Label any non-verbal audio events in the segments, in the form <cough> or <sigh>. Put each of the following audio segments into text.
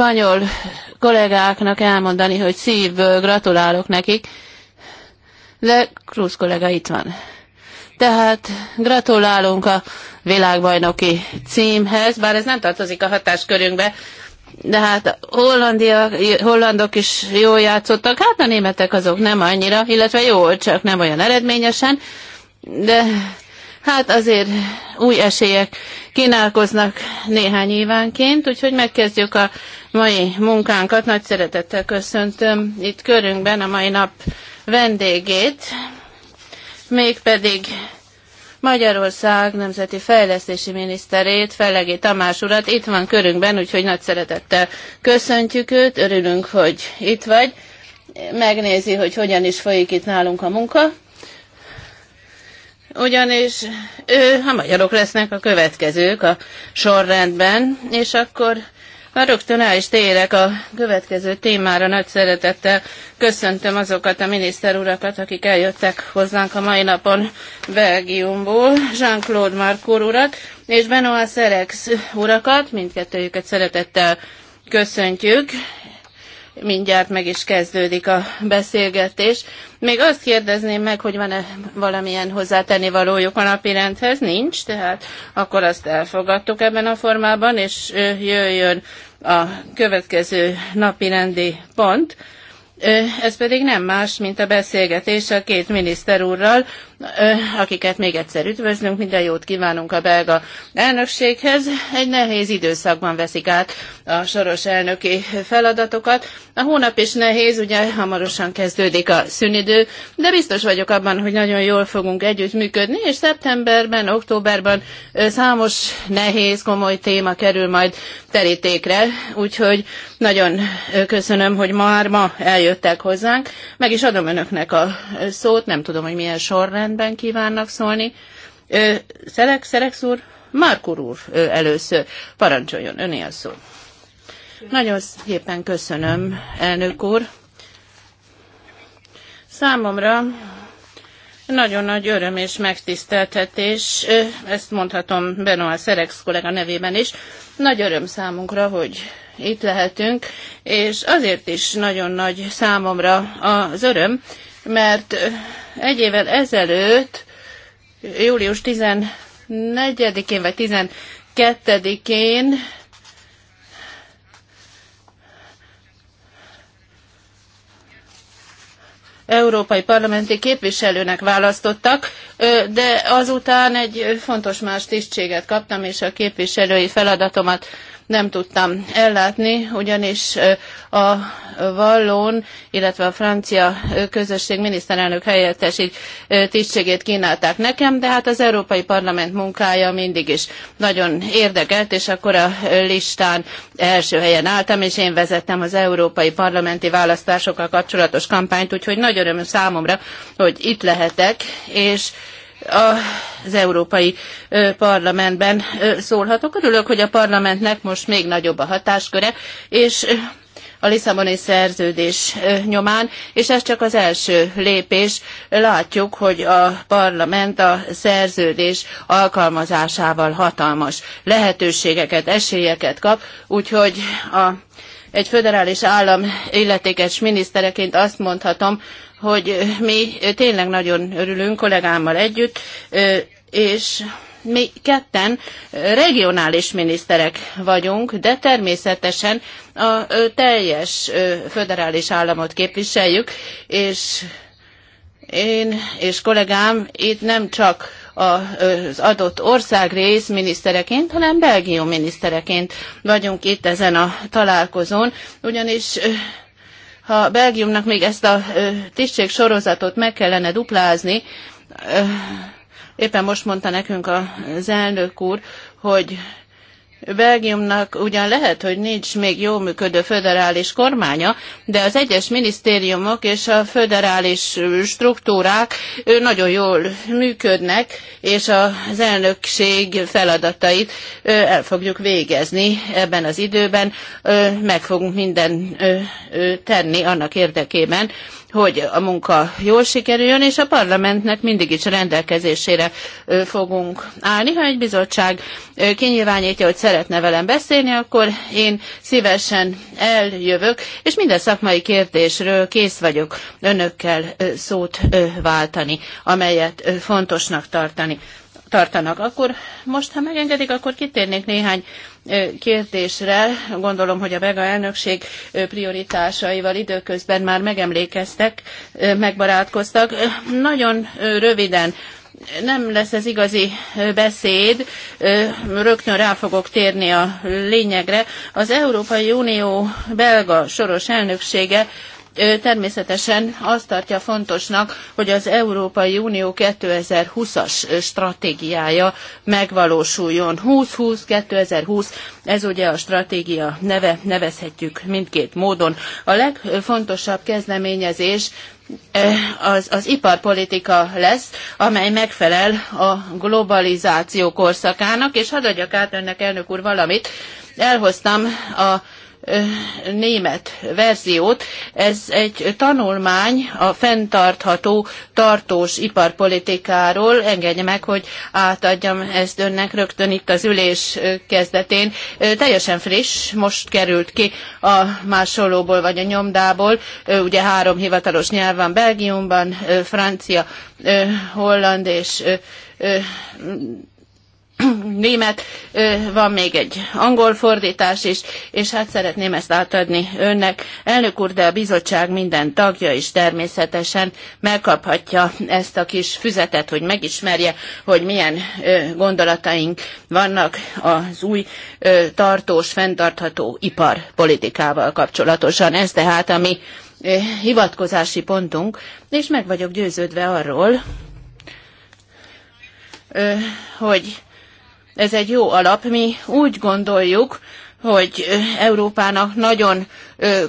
spanyol kollégáknak elmondani, hogy szívből gratulálok nekik, de Cruz kollega itt van. Tehát gratulálunk a világbajnoki címhez, bár ez nem tartozik a hatáskörünkbe, de hát Hollandia, hollandok is jól játszottak, hát a németek azok nem annyira, illetve jól, csak nem olyan eredményesen, de hát azért új esélyek kínálkoznak néhány évánként, úgyhogy megkezdjük a mai munkánkat. Nagy szeretettel köszöntöm itt körünkben a mai nap vendégét, mégpedig Magyarország nemzeti fejlesztési miniszterét, Fellegi Tamás urat. Itt van körünkben, úgyhogy nagy szeretettel köszöntjük őt, örülünk, hogy itt vagy. Megnézi, hogy hogyan is folyik itt nálunk a munka ugyanis ő, a magyarok lesznek a következők a sorrendben, és akkor már rögtön el is térek a következő témára nagy szeretettel. Köszöntöm azokat a miniszter urakat, akik eljöttek hozzánk a mai napon Belgiumból, Jean-Claude Marcour urat és Benoit Szerex urakat, mindkettőjüket szeretettel köszöntjük, mindjárt meg is kezdődik a beszélgetés. Még azt kérdezném meg, hogy van-e valamilyen hozzátenni valójuk a napi rendhez? Nincs, tehát akkor azt elfogadtuk ebben a formában, és jöjjön a következő napi rendi pont. Ez pedig nem más, mint a beszélgetés a két miniszter úrral, akiket még egyszer üdvözlünk, minden jót kívánunk a belga elnökséghez. Egy nehéz időszakban veszik át a soros elnöki feladatokat. A hónap is nehéz, ugye hamarosan kezdődik a szünidő, de biztos vagyok abban, hogy nagyon jól fogunk együttműködni, és szeptemberben, októberben számos nehéz, komoly téma kerül majd terítékre, úgyhogy nagyon köszönöm, hogy már ma eljöttek hozzánk. Meg is adom önöknek a szót, nem tudom, hogy milyen sorrend, rendben kívánnak szólni. Szelek, Szelek úr, Márkur úr először, parancsoljon, öné a szó. Nagyon szépen köszönöm, elnök úr. Számomra nagyon nagy öröm és megtiszteltetés, ezt mondhatom a Szerex kollega nevében is. Nagy öröm számunkra, hogy itt lehetünk, és azért is nagyon nagy számomra az öröm, mert egy évvel ezelőtt, július 14-én vagy 12-én európai parlamenti képviselőnek választottak, de azután egy fontos más tisztséget kaptam, és a képviselői feladatomat nem tudtam ellátni, ugyanis a vallón, illetve a francia közösség miniszterelnök helyettesi tisztségét kínálták nekem, de hát az Európai Parlament munkája mindig is nagyon érdekelt, és akkor a listán első helyen álltam, és én vezettem az európai parlamenti választásokkal kapcsolatos kampányt, úgyhogy nagy öröm számomra, hogy itt lehetek, és az Európai Parlamentben szólhatok. Örülök, hogy a parlamentnek most még nagyobb a hatásköre, és a Lisszaboni szerződés nyomán, és ez csak az első lépés. Látjuk, hogy a parlament a szerződés alkalmazásával hatalmas lehetőségeket, esélyeket kap, úgyhogy a egy föderális állam illetékes minisztereként azt mondhatom, hogy mi tényleg nagyon örülünk kollégámmal együtt, és mi ketten regionális miniszterek vagyunk, de természetesen a teljes föderális államot képviseljük, és én és kollégám itt nem csak az adott ország rész minisztereként, hanem Belgium minisztereként vagyunk itt ezen a találkozón, ugyanis ha Belgiumnak még ezt a tisztség sorozatot meg kellene duplázni, éppen most mondta nekünk az elnök úr, hogy Belgiumnak ugyan lehet, hogy nincs még jó működő föderális kormánya, de az egyes minisztériumok és a föderális struktúrák nagyon jól működnek, és az elnökség feladatait el fogjuk végezni ebben az időben. Meg fogunk minden tenni annak érdekében, hogy a munka jól sikerüljön, és a parlamentnek mindig is rendelkezésére fogunk állni. Ha egy bizottság kinyilvánítja, hogy szeretne velem beszélni, akkor én szívesen eljövök, és minden szakmai kérdésről kész vagyok önökkel szót váltani, amelyet fontosnak tartani tartanak. Akkor most, ha megengedik, akkor kitérnék néhány kérdésre. Gondolom, hogy a Vega elnökség prioritásaival időközben már megemlékeztek, megbarátkoztak. Nagyon röviden nem lesz ez igazi beszéd, rögtön rá fogok térni a lényegre. Az Európai Unió belga soros elnöksége természetesen azt tartja fontosnak, hogy az Európai Unió 2020-as stratégiája megvalósuljon. 2020-2020, ez ugye a stratégia neve, nevezhetjük mindkét módon. A legfontosabb kezdeményezés az, az iparpolitika lesz, amely megfelel a globalizáció korszakának, és hadd adjak át önnek, elnök úr, valamit. Elhoztam a német verziót. Ez egy tanulmány a fenntartható tartós iparpolitikáról. Engedje meg, hogy átadjam ezt önnek rögtön itt az ülés kezdetén. Teljesen friss, most került ki a másolóból vagy a nyomdából. Ugye három hivatalos nyelv van Belgiumban, francia, holland és <clears throat> német, van még egy angol fordítás is, és hát szeretném ezt átadni önnek. Elnök úr, de a bizottság minden tagja is természetesen megkaphatja ezt a kis füzetet, hogy megismerje, hogy milyen gondolataink vannak az új tartós, fenntartható iparpolitikával kapcsolatosan. Ez tehát a mi hivatkozási pontunk, és meg vagyok győződve arról, hogy ez egy jó alap. Mi úgy gondoljuk, hogy Európának nagyon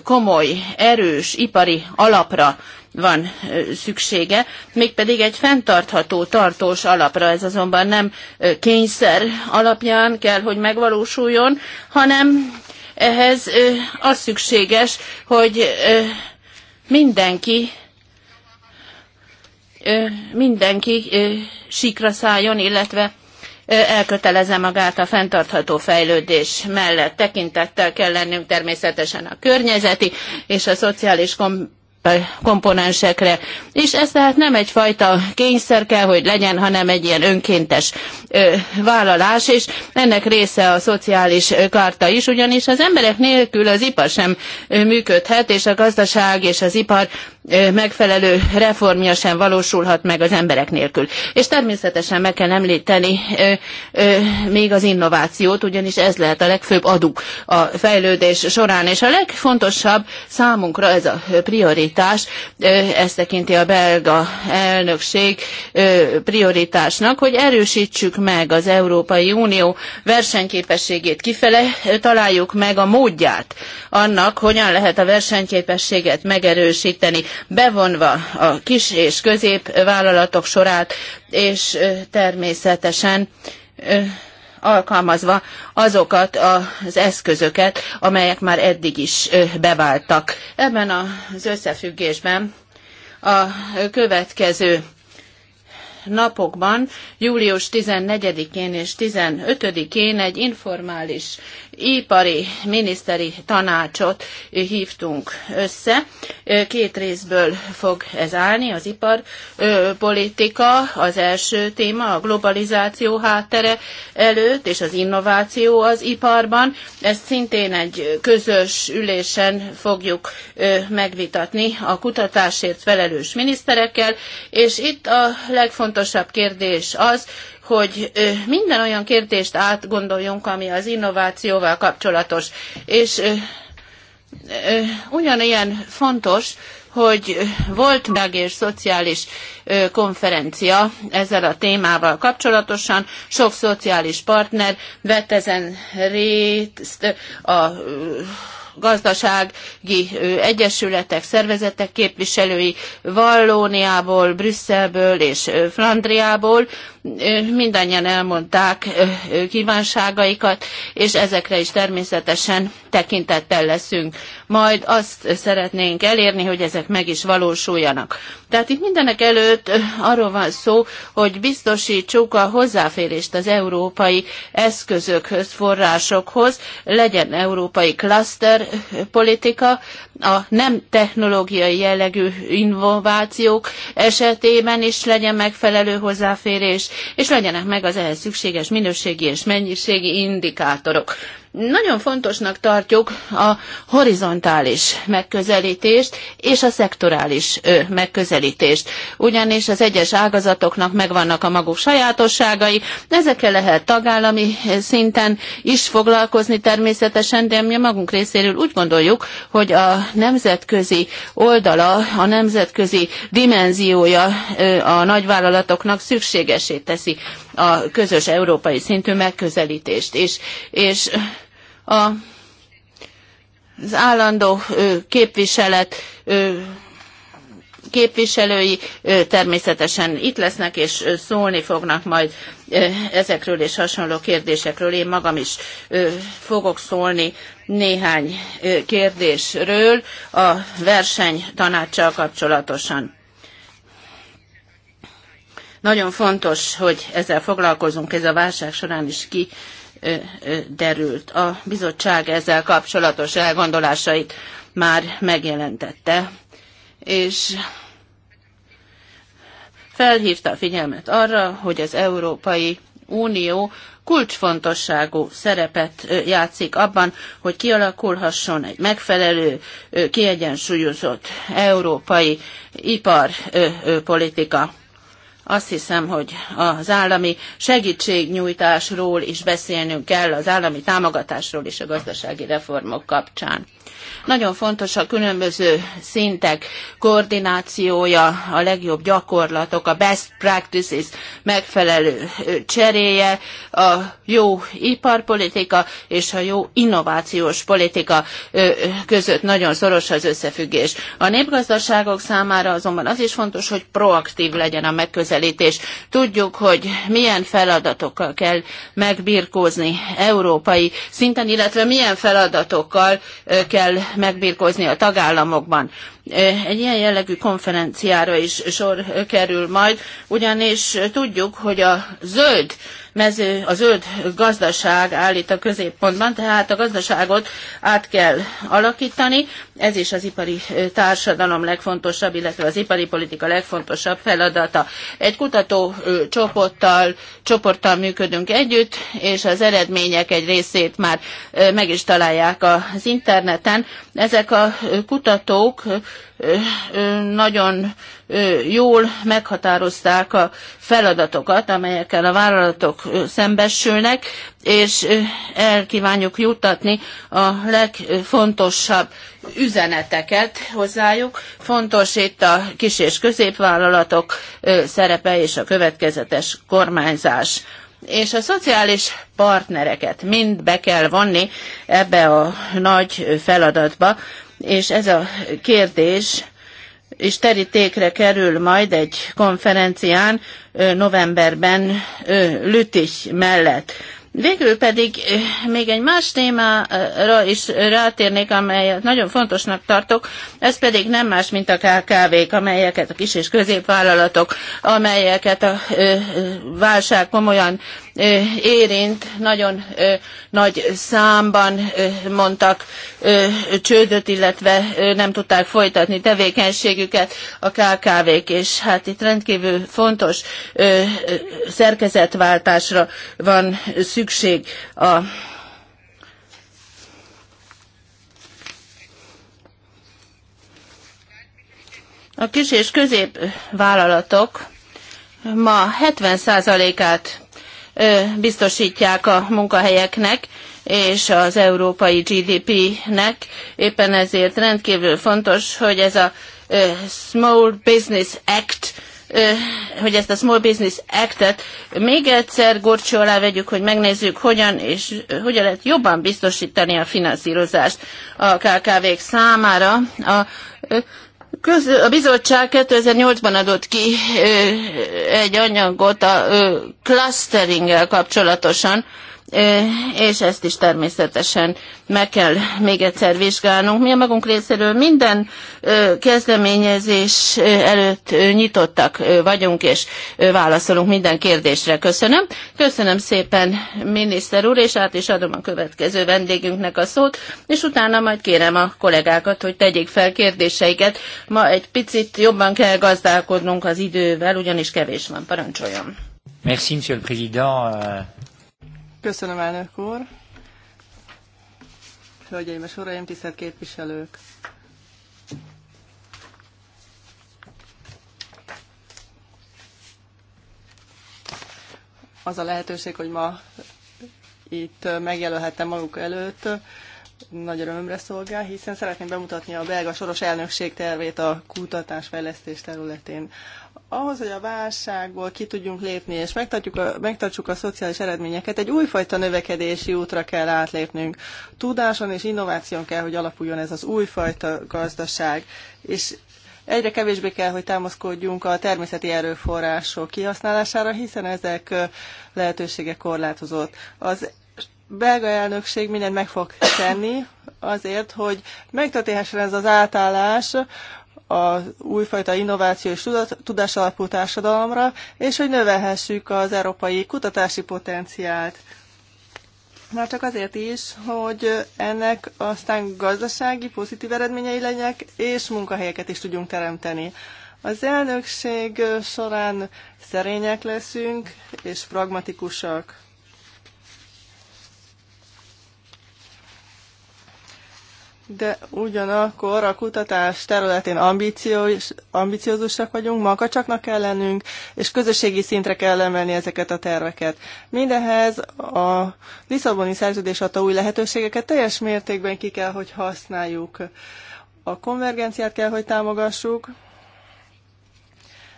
komoly, erős ipari alapra van szüksége, mégpedig egy fenntartható, tartós alapra. Ez azonban nem kényszer alapján kell, hogy megvalósuljon, hanem ehhez az szükséges, hogy mindenki mindenki sikra szálljon, illetve elköteleze magát a fenntartható fejlődés mellett. Tekintettel kell lennünk természetesen a környezeti és a szociális kom komponensekre. És ez tehát nem egyfajta kényszer kell, hogy legyen, hanem egy ilyen önkéntes ö, vállalás, és ennek része a szociális karta is, ugyanis az emberek nélkül az ipar sem működhet, és a gazdaság és az ipar ö, megfelelő reformja sem valósulhat meg az emberek nélkül. És természetesen meg kell említeni ö, ö, még az innovációt, ugyanis ez lehet a legfőbb adó a fejlődés során, és a legfontosabb számunkra ez a prioritás prioritás, ezt tekinti a belga elnökség prioritásnak, hogy erősítsük meg az Európai Unió versenyképességét kifele, találjuk meg a módját annak, hogyan lehet a versenyképességet megerősíteni, bevonva a kis és középvállalatok sorát, és természetesen alkalmazva azokat az eszközöket, amelyek már eddig is beváltak. Ebben az összefüggésben a következő napokban, július 14-én és 15-én egy informális ipari miniszteri tanácsot hívtunk össze. Két részből fog ez állni, az iparpolitika, az első téma, a globalizáció háttere előtt, és az innováció az iparban. Ezt szintén egy közös ülésen fogjuk megvitatni a kutatásért felelős miniszterekkel, és itt a legfontosabb kérdés az, hogy minden olyan kérdést átgondoljunk, ami az innovációval kapcsolatos. És ugyanilyen fontos, hogy volt meg és szociális konferencia ezzel a témával kapcsolatosan. Sok szociális partner vett ezen részt a gazdasági egyesületek, szervezetek képviselői Vallóniából, Brüsszelből és Flandriából, mindannyian elmondták kívánságaikat, és ezekre is természetesen tekintettel leszünk. Majd azt szeretnénk elérni, hogy ezek meg is valósuljanak. Tehát itt mindenek előtt arról van szó, hogy biztosítsuk a hozzáférést az európai eszközökhöz, forrásokhoz, legyen európai klaszter politika, a nem technológiai jellegű innovációk esetében is legyen megfelelő hozzáférés, és legyenek meg az ehhez szükséges minőségi és mennyiségi indikátorok. Nagyon fontosnak tartjuk a horizontális megközelítést és a szektorális megközelítést, ugyanis az egyes ágazatoknak megvannak a maguk sajátosságai, ezekkel lehet tagállami szinten is foglalkozni természetesen, de mi a magunk részéről úgy gondoljuk, hogy a nemzetközi oldala, a nemzetközi dimenziója a nagyvállalatoknak szükségesé teszi a közös európai szintű megközelítést is. És a, az állandó képviselet képviselői természetesen itt lesznek, és szólni fognak majd ezekről és hasonló kérdésekről. Én magam is fogok szólni néhány kérdésről a verseny tanácsal kapcsolatosan. Nagyon fontos, hogy ezzel foglalkozunk, ez a válság során is ki derült. A bizottság ezzel kapcsolatos elgondolásait már megjelentette, és felhívta a figyelmet arra, hogy az Európai Unió kulcsfontosságú szerepet játszik abban, hogy kialakulhasson egy megfelelő, kiegyensúlyozott európai iparpolitika. Azt hiszem, hogy az állami segítségnyújtásról is beszélnünk kell, az állami támogatásról is a gazdasági reformok kapcsán. Nagyon fontos a különböző szintek koordinációja, a legjobb gyakorlatok, a best practices megfelelő cseréje, a jó iparpolitika és a jó innovációs politika között nagyon szoros az összefüggés. A népgazdaságok számára azonban az is fontos, hogy proaktív legyen a megközelítés. Tudjuk, hogy milyen feladatokkal kell megbirkózni európai szinten, illetve milyen feladatokkal kell megbírkozni a tagállamokban. Egy ilyen jellegű konferenciára is sor kerül majd, ugyanis tudjuk, hogy a zöld mező, a zöld gazdaság állít a középpontban, tehát a gazdaságot át kell alakítani. Ez is az ipari társadalom legfontosabb, illetve az ipari politika legfontosabb feladata. Egy kutató csoporttal, csoporttal működünk együtt, és az eredmények egy részét már meg is találják az interneten. Ezek a kutatók nagyon jól meghatározták a feladatokat, amelyekkel a vállalatok szembesülnek, és el kívánjuk juttatni a legfontosabb üzeneteket hozzájuk. Fontos itt a kis- és középvállalatok szerepe és a következetes kormányzás és a szociális partnereket mind be kell vonni ebbe a nagy feladatba, és ez a kérdés is terítékre kerül majd egy konferencián novemberben Lüttich mellett. Végül pedig még egy más témára is rátérnék, amelyet nagyon fontosnak tartok, ez pedig nem más, mint a KKV-k, amelyeket a kis és középvállalatok, amelyeket a válság komolyan érint, nagyon nagy számban mondtak csődöt, illetve nem tudták folytatni tevékenységüket a KKV-k, és hát itt rendkívül fontos szerkezetváltásra van szükség a A kis és középvállalatok ma 70%-át biztosítják a munkahelyeknek és az európai GDP-nek. Éppen ezért rendkívül fontos, hogy ez a Small Business Act hogy ezt a Small Business Act-et még egyszer gorcsó alá vegyük, hogy megnézzük, hogyan és hogyan lehet jobban biztosítani a finanszírozást a KKV-k számára. A köz, a bizottság 2008-ban adott ki egy anyagot a clusteringgel kapcsolatosan, és ezt is természetesen meg kell még egyszer vizsgálnunk. Mi a magunk részéről minden kezdeményezés előtt nyitottak vagyunk, és válaszolunk minden kérdésre. Köszönöm. Köszönöm szépen, miniszter úr, és át is adom a következő vendégünknek a szót, és utána majd kérem a kollégákat, hogy tegyék fel kérdéseiket. Ma egy picit jobban kell gazdálkodnunk az idővel, ugyanis kevés van. Parancsoljon. Merci, monsieur le président. Euh, Köszönöm, elnök úr. Hölgyeim és uraim, tisztelt képviselők! Az a lehetőség, hogy ma itt megjelölhettem maguk előtt, nagy örömömre szolgál, hiszen szeretném bemutatni a belga soros elnökség tervét a kutatásfejlesztés területén ahhoz, hogy a válságból ki tudjunk lépni, és megtartjuk a, megtartsuk a szociális eredményeket, egy újfajta növekedési útra kell átlépnünk. Tudáson és innováción kell, hogy alapuljon ez az újfajta gazdaság, és egyre kevésbé kell, hogy támaszkodjunk a természeti erőforrások kihasználására, hiszen ezek lehetősége korlátozott. Az belga elnökség mindent meg fog tenni azért, hogy megtörténhessen ez az átállás, az újfajta innováció és tudás alapú társadalomra, és hogy növelhessük az európai kutatási potenciált. Már csak azért is, hogy ennek aztán gazdasági pozitív eredményei legyenek, és munkahelyeket is tudjunk teremteni. Az elnökség során szerények leszünk, és pragmatikusak. de ugyanakkor a kutatás területén ambíciós, ambiciózusak vagyunk, magacsaknak kell lennünk, és közösségi szintre kell emelni ezeket a terveket. Mindehez a Lisszaboni szerződés adta új lehetőségeket teljes mértékben ki kell, hogy használjuk. A konvergenciát kell, hogy támogassuk,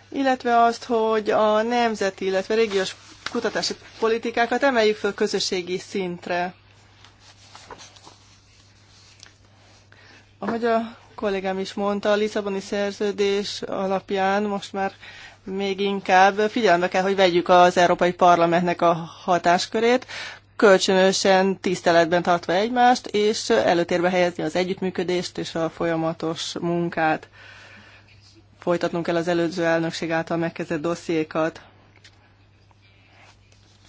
illetve azt, hogy a nemzeti, illetve régiós kutatási politikákat emeljük föl közösségi szintre Ahogy a kollégám is mondta, a Lisszaboni szerződés alapján most már még inkább figyelme kell, hogy vegyük az Európai Parlamentnek a hatáskörét, kölcsönösen tiszteletben tartva egymást, és előtérbe helyezni az együttműködést és a folyamatos munkát. Folytatnunk kell az előző elnökség által megkezdett dossziékat.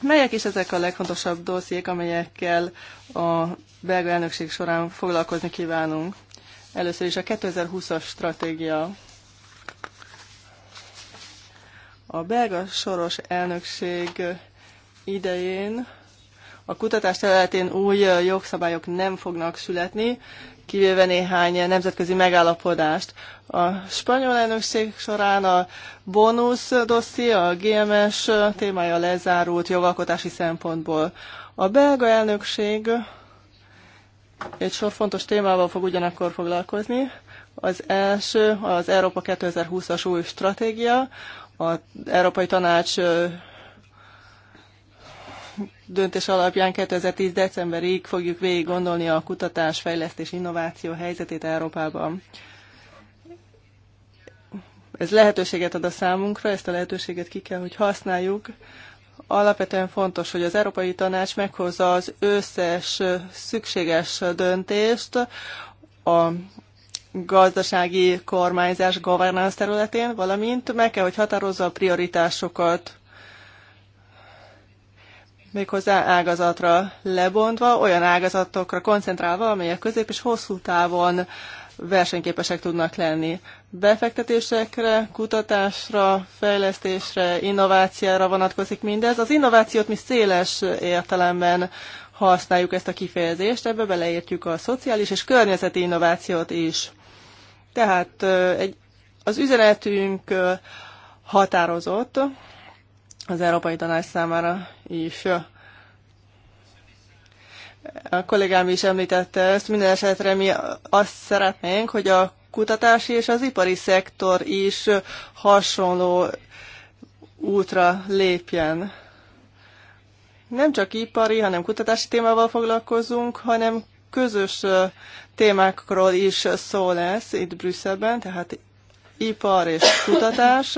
Melyek is ezek a legfontosabb dossziék, amelyekkel a belga elnökség során foglalkozni kívánunk? Először is a 2020-as stratégia. A belga soros elnökség idején a kutatás területén új jogszabályok nem fognak születni, kivéve néhány nemzetközi megállapodást. A spanyol elnökség során a bónusz dosszi, a GMS témája lezárult jogalkotási szempontból. A belga elnökség egy sor fontos témával fog ugyanakkor foglalkozni. Az első az Európa 2020-as új stratégia, az Európai Tanács döntés alapján 2010. decemberig fogjuk végig gondolni a kutatás, fejlesztés, innováció helyzetét Európában. Ez lehetőséget ad a számunkra, ezt a lehetőséget ki kell, hogy használjuk alapvetően fontos, hogy az Európai Tanács meghozza az összes szükséges döntést a gazdasági kormányzás governance területén, valamint meg kell, hogy határozza a prioritásokat méghozzá ágazatra lebontva, olyan ágazatokra koncentrálva, amelyek közép és hosszú távon versenyképesek tudnak lenni. Befektetésekre, kutatásra, fejlesztésre, innovációra vonatkozik mindez. Az innovációt mi széles értelemben használjuk ezt a kifejezést, ebbe beleértjük a szociális és környezeti innovációt is. Tehát egy, az üzenetünk határozott az Európai Tanács számára is. A kollégám is említette ezt, minden esetre mi azt szeretnénk, hogy a kutatási és az ipari szektor is hasonló útra lépjen. Nem csak ipari, hanem kutatási témával foglalkozunk, hanem közös témákról is szó lesz itt Brüsszelben, tehát ipar és kutatás,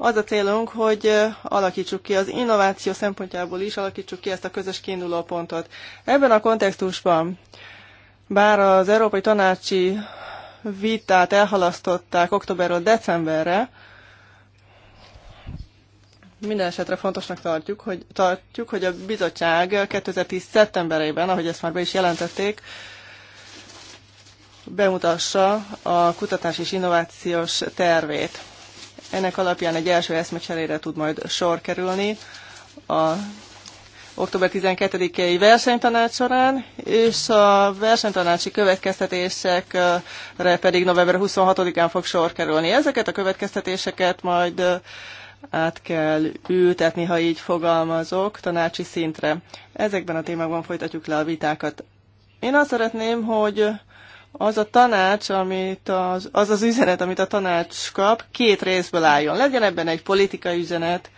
az a célunk, hogy alakítsuk ki az innováció szempontjából is, alakítsuk ki ezt a közös kiinduló pontot. Ebben a kontextusban, bár az Európai Tanácsi vitát elhalasztották októberről decemberre, minden esetre fontosnak tartjuk, hogy, tartjuk, hogy a bizottság 2010. szeptemberében, ahogy ezt már be is jelentették, bemutassa a kutatás és innovációs tervét. Ennek alapján egy első eszmecserére tud majd sor kerülni a október 12-i versenytanács során, és a versenytanácsi következtetésekre pedig november 26-án fog sor kerülni. Ezeket a következtetéseket majd át kell ültetni, ha így fogalmazok, tanácsi szintre. Ezekben a témákban folytatjuk le a vitákat. Én azt szeretném, hogy az a tanács, amit az, az az üzenet, amit a tanács kap, két részből álljon. Legyen ebben egy politikai üzenet,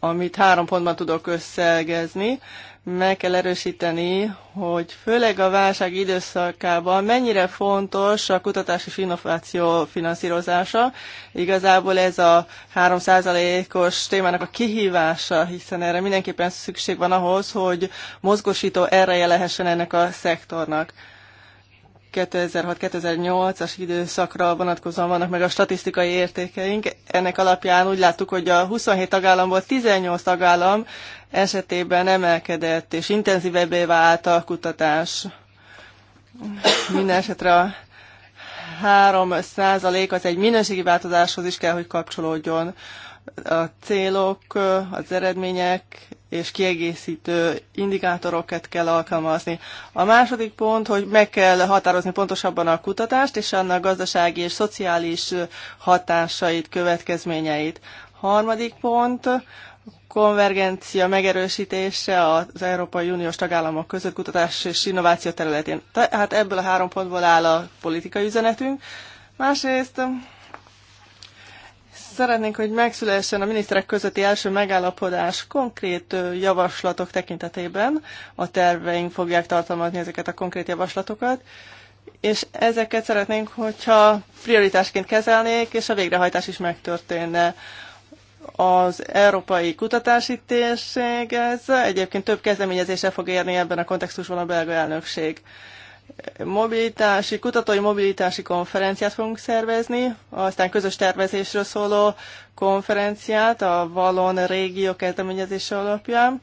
amit három pontban tudok összegezni meg kell erősíteni, hogy főleg a válság időszakában mennyire fontos a kutatás és innováció finanszírozása. Igazából ez a 3%-os témának a kihívása, hiszen erre mindenképpen szükség van ahhoz, hogy mozgósító ereje lehessen ennek a szektornak. 2006-2008-as időszakra vonatkozóan vannak meg a statisztikai értékeink. Ennek alapján úgy láttuk, hogy a 27 tagállamból 18 tagállam esetében emelkedett és intenzívebbé vált a kutatás. Minden esetre a 3 százalék az egy minőségi változáshoz is kell, hogy kapcsolódjon. A célok, az eredmények és kiegészítő indikátorokat kell alkalmazni. A második pont, hogy meg kell határozni pontosabban a kutatást, és annak gazdasági és szociális hatásait, következményeit. Harmadik pont, konvergencia megerősítése az Európai Uniós tagállamok között kutatás és innováció területén. Tehát ebből a három pontból áll a politikai üzenetünk. Másrészt Szeretnénk, hogy megszülessen a miniszterek közötti első megállapodás konkrét javaslatok tekintetében. A terveink fogják tartalmazni ezeket a konkrét javaslatokat, és ezeket szeretnénk, hogyha prioritásként kezelnék, és a végrehajtás is megtörténne az Európai Kutatási Térség, ez egyébként több kezdeményezéssel fog érni ebben a kontextusban a belga elnökség mobilitási, kutatói mobilitási konferenciát fogunk szervezni, aztán közös tervezésről szóló konferenciát a Valon régió kezdeményezése alapján,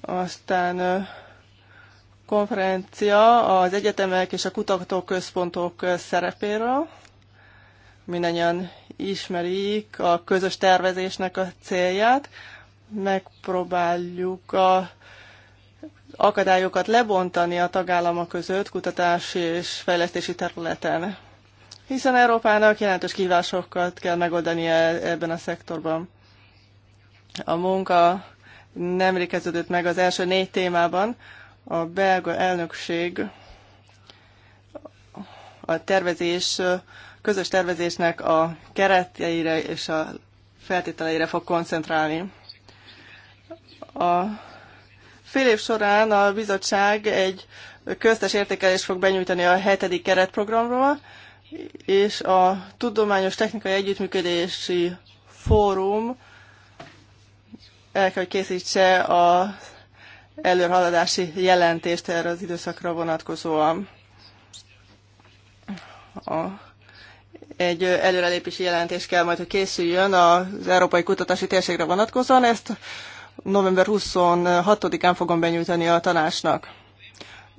aztán konferencia az egyetemek és a kutatóközpontok szerepéről. mindannyian ismerik a közös tervezésnek a célját. Megpróbáljuk a akadályokat lebontani a tagállamok között kutatási és fejlesztési területen. Hiszen Európának jelentős kívásokat kell megoldania ebben a szektorban. A munka nem kezdődött meg az első négy témában. A belga elnökség a tervezés, közös tervezésnek a keretjeire és a feltételeire fog koncentrálni. A Fél év során a bizottság egy köztes értékelést fog benyújtani a hetedik keretprogramról, és a Tudományos Technikai Együttműködési Fórum el kell, hogy készítse a előrehaladási jelentést erre az időszakra vonatkozóan. A, egy előrelépési jelentés kell majd, hogy készüljön az európai kutatási térségre vonatkozóan. Ezt november 26-án fogom benyújtani a tanácsnak.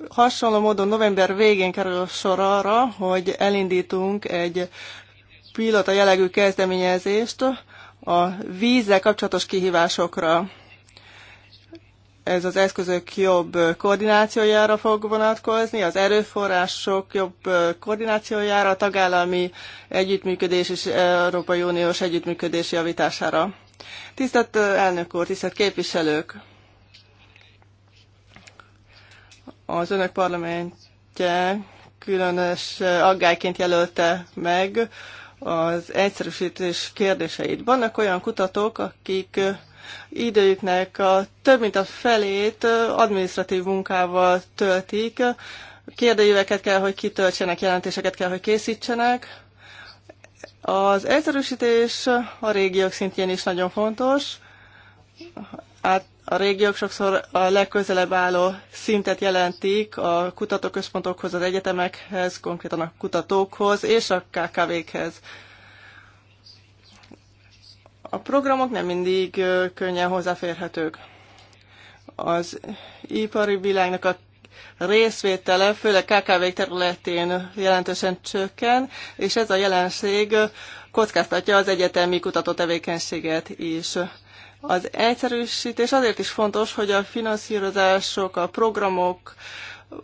Hasonló módon november végén kerül sor arra, hogy elindítunk egy pilota jellegű kezdeményezést a vízzel kapcsolatos kihívásokra. Ez az eszközök jobb koordinációjára fog vonatkozni, az erőforrások jobb koordinációjára, a tagállami együttműködés és Európai Uniós együttműködés javítására. Tisztelt elnök úr, tisztelt képviselők! Az önök parlamentje különös aggályként jelölte meg az egyszerűsítés kérdéseit. Vannak olyan kutatók, akik időjüknek a több mint a felét administratív munkával töltik, kérdőjöveket kell, hogy kitöltsenek, jelentéseket kell, hogy készítsenek, az egyszerűsítés a régiók szintjén is nagyon fontos. Át a régiók sokszor a legközelebb álló szintet jelentik a kutatóközpontokhoz, az egyetemekhez, konkrétan a kutatókhoz és a KKV-khez. A programok nem mindig könnyen hozzáférhetők. Az ipari világnak a részvétele, főleg KKV területén jelentősen csökken, és ez a jelenség kockáztatja az egyetemi kutatótevékenységet is. Az egyszerűsítés azért is fontos, hogy a finanszírozások, a programok,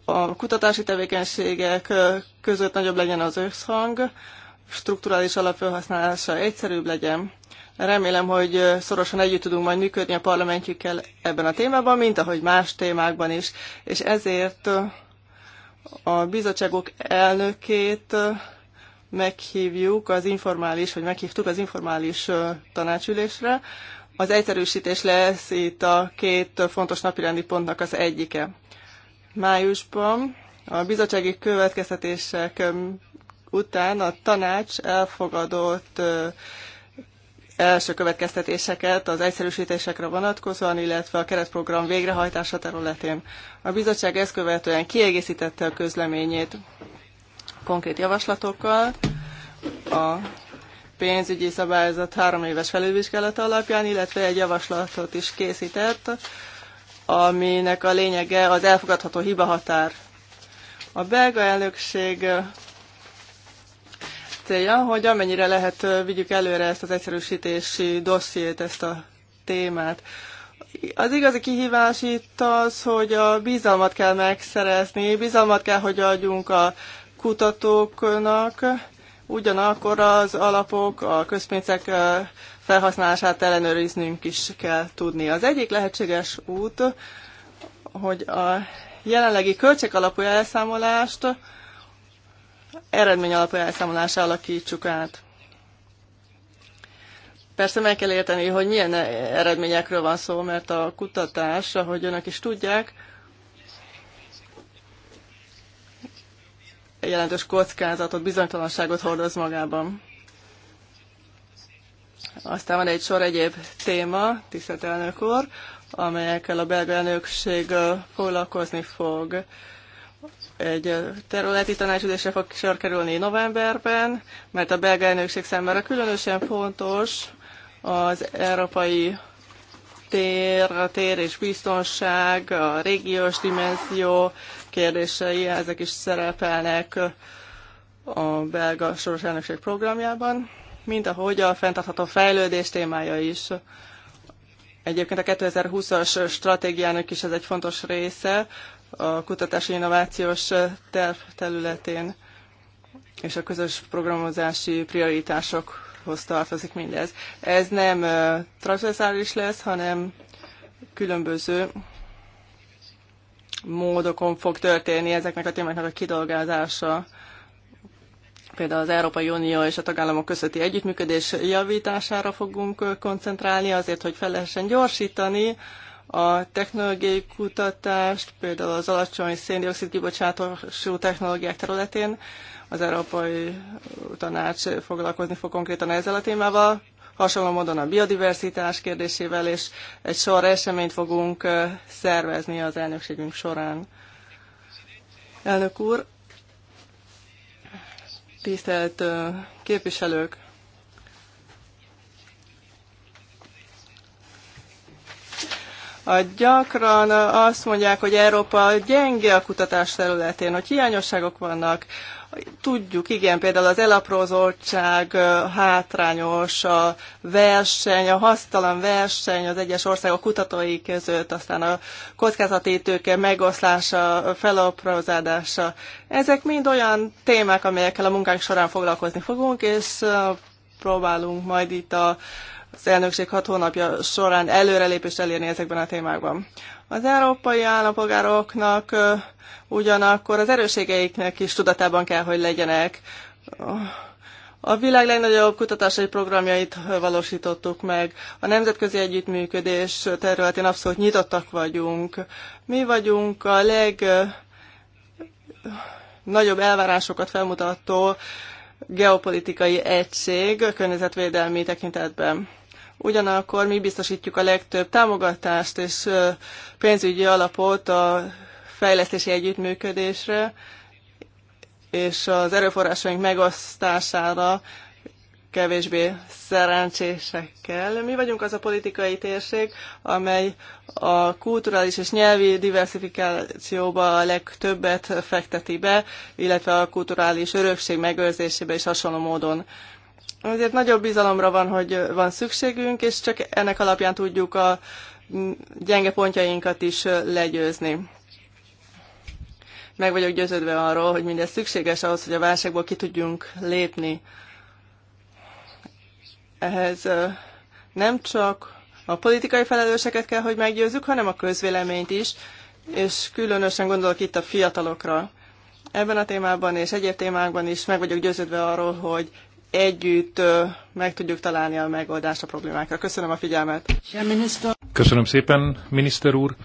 a kutatási tevékenységek között nagyobb legyen az összhang, strukturális alapfelhasználása egyszerűbb legyen. Remélem, hogy szorosan együtt tudunk majd működni a parlamentjükkel ebben a témában, mint ahogy más témákban is. És ezért a bizottságok elnökét meghívjuk az informális, vagy meghívtuk az informális tanácsülésre. Az egyszerűsítés lesz itt a két fontos napirendi pontnak az egyike. Májusban a bizottsági következtetések után a tanács elfogadott első következtetéseket az egyszerűsítésekre vonatkozóan, illetve a keretprogram végrehajtása területén. A bizottság ezt követően kiegészítette a közleményét konkrét javaslatokkal a pénzügyi szabályzat három éves felülvizsgálata alapján, illetve egy javaslatot is készített, aminek a lényege az elfogadható hibahatár. A belga elnökség célja, hogy amennyire lehet vigyük előre ezt az egyszerűsítési dossziét, ezt a témát. Az igazi kihívás itt az, hogy a bizalmat kell megszerezni, bizalmat kell, hogy adjunk a kutatóknak, ugyanakkor az alapok, a közpénzek felhasználását ellenőriznünk is kell tudni. Az egyik lehetséges út, hogy a jelenlegi költségalapú elszámolást eredmény alapú elszámolásra alakítsuk át. Persze meg kell érteni, hogy milyen eredményekről van szó, mert a kutatás, ahogy önök is tudják, jelentős kockázatot, bizonytalanságot hordoz magában. Aztán van egy sor egyéb téma, tisztelt elnök úr, amelyekkel a belga elnökség foglalkozni fog. Egy területi tanácsülésre fog sor kerülni novemberben, mert a belga elnökség számára különösen fontos az európai tér, a tér és biztonság, a régiós dimenzió kérdései, ezek is szerepelnek a belga soros elnökség programjában, mint ahogy a fenntartható fejlődés témája is. Egyébként a 2020-as stratégiának is ez egy fontos része, a kutatási innovációs terv területén, és a közös programozási prioritásokhoz tartozik mindez. Ez nem transversális lesz, hanem különböző módokon fog történni ezeknek a témáknak a kidolgázása, például az Európai Unió és a tagállamok közötti együttműködés javítására fogunk koncentrálni, azért, hogy fel lehessen gyorsítani a technológiai kutatást, például az alacsony széndiokszid kibocsátású technológiák területén. Az Európai Tanács foglalkozni fog konkrétan ezzel a témával, hasonló módon a biodiversitás kérdésével, és egy sor eseményt fogunk szervezni az elnökségünk során. Elnök úr, tisztelt képviselők! A gyakran azt mondják, hogy Európa gyenge a kutatás területén, hogy hiányosságok vannak. Tudjuk, igen, például az elaprózoltság hátrányos, a verseny, a hasztalan verseny az egyes országok kutatói között, aztán a kockázatítőke megoszlása, felaprózódása. Ezek mind olyan témák, amelyekkel a munkánk során foglalkozni fogunk, és próbálunk majd itt a az elnökség hat hónapja során előrelépést elérni ezekben a témákban. Az európai állampolgároknak ugyanakkor az erőségeiknek is tudatában kell, hogy legyenek. A világ legnagyobb kutatásai programjait valósítottuk meg. A nemzetközi együttműködés területén abszolút nyitottak vagyunk. Mi vagyunk a legnagyobb elvárásokat felmutató geopolitikai egység környezetvédelmi tekintetben. Ugyanakkor mi biztosítjuk a legtöbb támogatást és pénzügyi alapot a fejlesztési együttműködésre, és az erőforrásaink megosztására kevésbé szerencsésekkel. Mi vagyunk az a politikai térség, amely a kulturális és nyelvi diversifikációba a legtöbbet fekteti be, illetve a kulturális örökség megőrzésébe is hasonló módon. Azért nagyobb bizalomra van, hogy van szükségünk, és csak ennek alapján tudjuk a gyenge pontjainkat is legyőzni. Meg vagyok győződve arról, hogy mindez szükséges ahhoz, hogy a válságból ki tudjunk lépni. Ehhez nem csak a politikai felelőseket kell, hogy meggyőzzük, hanem a közvéleményt is, és különösen gondolok itt a fiatalokra. Ebben a témában és egyéb témákban is meg vagyok győződve arról, hogy együtt meg tudjuk találni a megoldást a problémákra. Köszönöm a figyelmet. Köszönöm szépen, miniszter úr.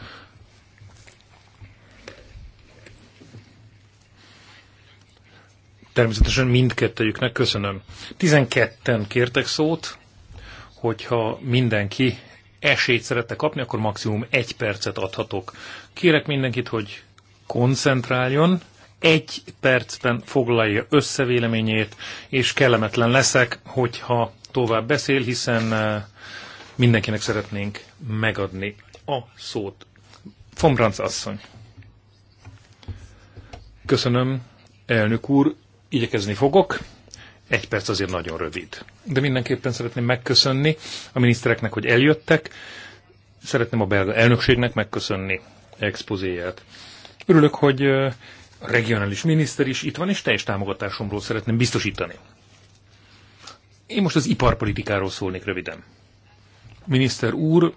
Természetesen mindkettőjüknek köszönöm. 12-en kértek szót, hogyha mindenki esélyt szeretne kapni, akkor maximum egy percet adhatok. Kérek mindenkit, hogy koncentráljon, egy percben foglalja össze véleményét, és kellemetlen leszek, hogyha tovább beszél, hiszen eh, mindenkinek szeretnénk megadni a szót. Fombranc asszony. Köszönöm, elnök úr, igyekezni fogok. Egy perc azért nagyon rövid. De mindenképpen szeretném megköszönni a minisztereknek, hogy eljöttek. Szeretném a belga elnökségnek megköszönni expozéját. Örülök, hogy eh, a regionális miniszter is itt van, és teljes támogatásomról szeretném biztosítani. Én most az iparpolitikáról szólnék röviden. Miniszter úr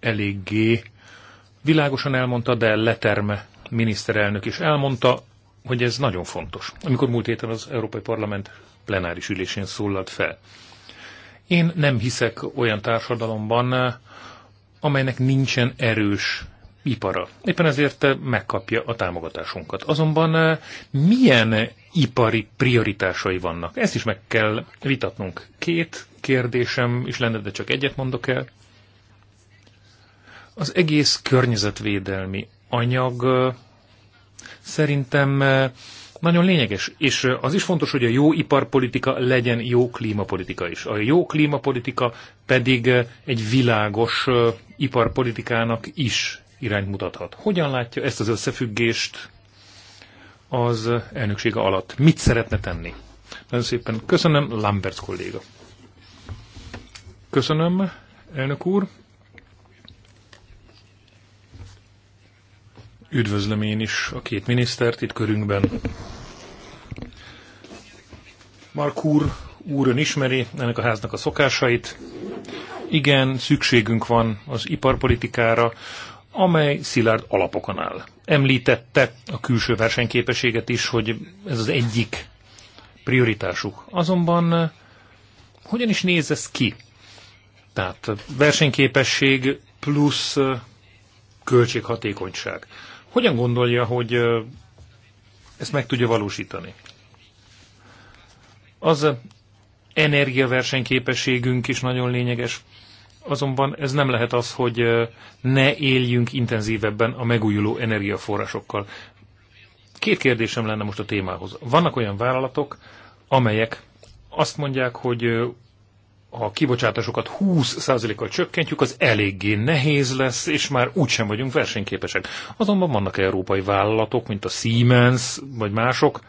eléggé világosan elmondta, de leterme miniszterelnök is elmondta, hogy ez nagyon fontos. Amikor múlt héten az Európai Parlament plenáris ülésén szólalt fel. Én nem hiszek olyan társadalomban, amelynek nincsen erős ipara. Éppen ezért eh, megkapja a támogatásunkat. Azonban eh, milyen ipari prioritásai vannak? Ezt is meg kell vitatnunk. Két kérdésem is lenne, de csak egyet mondok el. Az egész környezetvédelmi anyag eh, szerintem nagyon lényeges, és az is fontos, hogy a jó iparpolitika legyen jó klímapolitika is. A jó klímapolitika pedig egy világos iparpolitikának is irányt mutathat. Hogyan látja ezt az összefüggést az elnöksége alatt? Mit szeretne tenni? Nagyon szépen köszönöm, Lambert kolléga. Köszönöm, elnök úr. Üdvözlöm én is a két minisztert itt körünkben. Mark úr, úr ön ismeri ennek a háznak a szokásait. Igen, szükségünk van az iparpolitikára, amely szilárd alapokon áll. Említette a külső versenyképességet is, hogy ez az egyik prioritásuk. Azonban eh, hogyan is néz ez ki? Tehát versenyképesség plusz eh, költséghatékonyság. Hogyan gondolja, hogy eh, ezt meg tudja valósítani? Az energiaversenyképességünk is nagyon lényeges azonban ez nem lehet az, hogy ne éljünk intenzívebben a megújuló energiaforrásokkal. Két kérdésem lenne most a témához. Vannak olyan vállalatok, amelyek azt mondják, hogy a kibocsátásokat 20%-kal csökkentjük, az eléggé nehéz lesz, és már úgysem vagyunk versenyképesek. Azonban vannak európai vállalatok, mint a Siemens, vagy mások,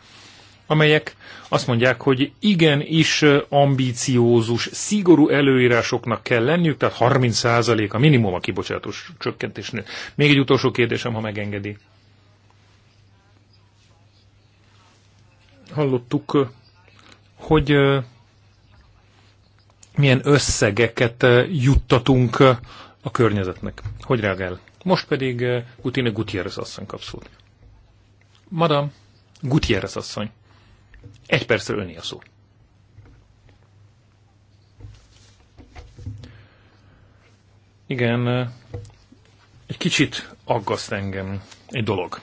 amelyek azt mondják, hogy igenis ambíciózus, szigorú előírásoknak kell lenniük, tehát 30% a minimum a kibocsátós csökkentésnél. Még egy utolsó kérdésem, ha megengedi. Hallottuk, hogy milyen összegeket juttatunk a környezetnek. Hogy reagál? Most pedig Gutine Gutierrez asszony kapszult. Madame, Gutierrez asszony. Egy percre öné a szó. Igen, egy kicsit aggaszt engem egy dolog.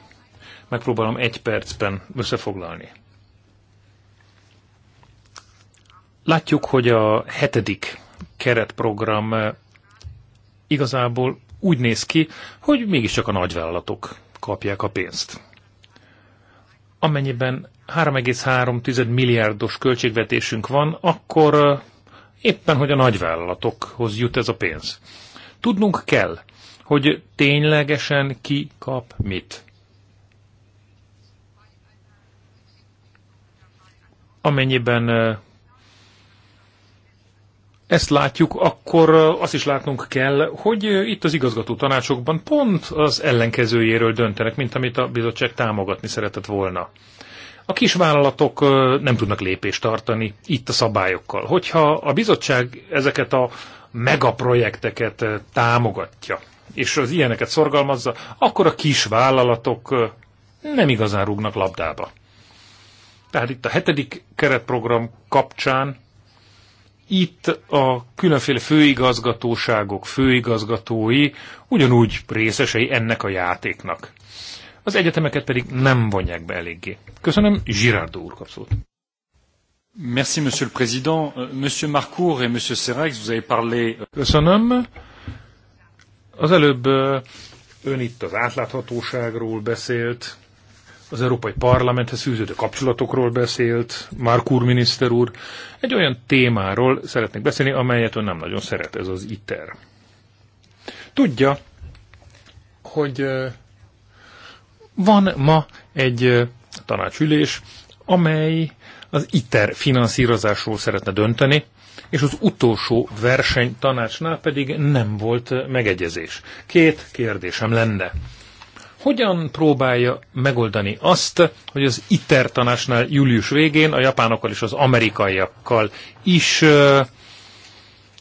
Megpróbálom egy percben összefoglalni. Látjuk, hogy a hetedik keretprogram igazából úgy néz ki, hogy mégiscsak a nagyvállalatok kapják a pénzt. Amennyiben 3,3 milliárdos költségvetésünk van, akkor éppen hogy a nagyvállalatokhoz jut ez a pénz. Tudnunk kell, hogy ténylegesen ki kap mit. Amennyiben ezt látjuk, akkor azt is látnunk kell, hogy itt az igazgató tanácsokban pont az ellenkezőjéről döntenek, mint amit a bizottság támogatni szeretett volna. A kisvállalatok nem tudnak lépést tartani itt a szabályokkal. Hogyha a bizottság ezeket a megaprojekteket támogatja, és az ilyeneket szorgalmazza, akkor a kisvállalatok nem igazán rúgnak labdába. Tehát itt a hetedik keretprogram kapcsán itt a különféle főigazgatóságok, főigazgatói ugyanúgy részesei ennek a játéknak az egyetemeket pedig nem vonják be eléggé. Köszönöm, Girardó úr kapszót. Merci, monsieur le président. Euh, monsieur Marcourt et monsieur Serrex, vous avez parlé... Euh, Köszönöm. Az előbb euh, ön itt az átláthatóságról beszélt, az Európai Parlamenthez fűződő kapcsolatokról beszélt, Markúr miniszter úr. Egy olyan témáról szeretnék beszélni, amelyet ön nem nagyon szeret, ez az ITER. Tudja, hogy van ma egy tanácsülés, amely az ITER finanszírozásról szeretne dönteni, és az utolsó verseny tanácsnál pedig nem volt megegyezés. Két kérdésem lenne. Hogyan próbálja megoldani azt, hogy az ITER tanácsnál július végén a japánokkal és az amerikaiakkal is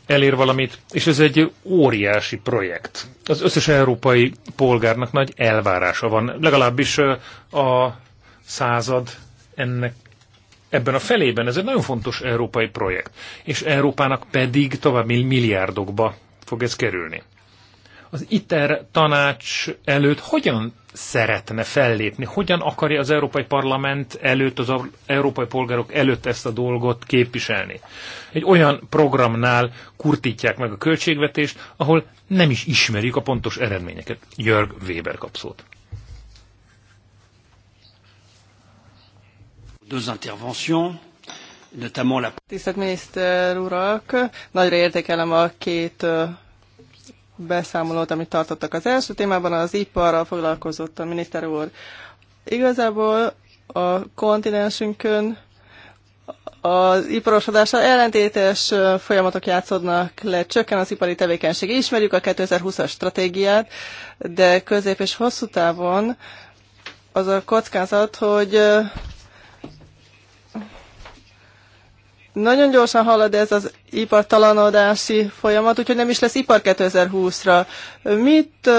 elér valamit, és ez egy óriási projekt. Az összes európai polgárnak nagy elvárása van, legalábbis a század ennek ebben a felében. Ez egy nagyon fontos európai projekt, és Európának pedig további milliárdokba fog ez kerülni. Az ITER tanács előtt hogyan szeretne fellépni? Hogyan akarja az Európai Parlament előtt, az európai polgárok előtt ezt a dolgot képviselni? Egy olyan programnál kurtítják meg a költségvetést, ahol nem is ismerik a pontos eredményeket. Jörg Weber kapszót. Deux interventions. Tisztelt miniszter urak, nagyra értékelem a két beszámolót, amit tartottak az első témában, az iparral foglalkozott a miniszter úr. Igazából a kontinensünkön az iparosodása ellentétes folyamatok játszódnak le, csökken az ipari tevékenység. Ismerjük a 2020-as stratégiát, de közép és hosszú távon az a kockázat, hogy Nagyon gyorsan halad ez az ipartalanodási folyamat, úgyhogy nem is lesz ipar 2020-ra. Mit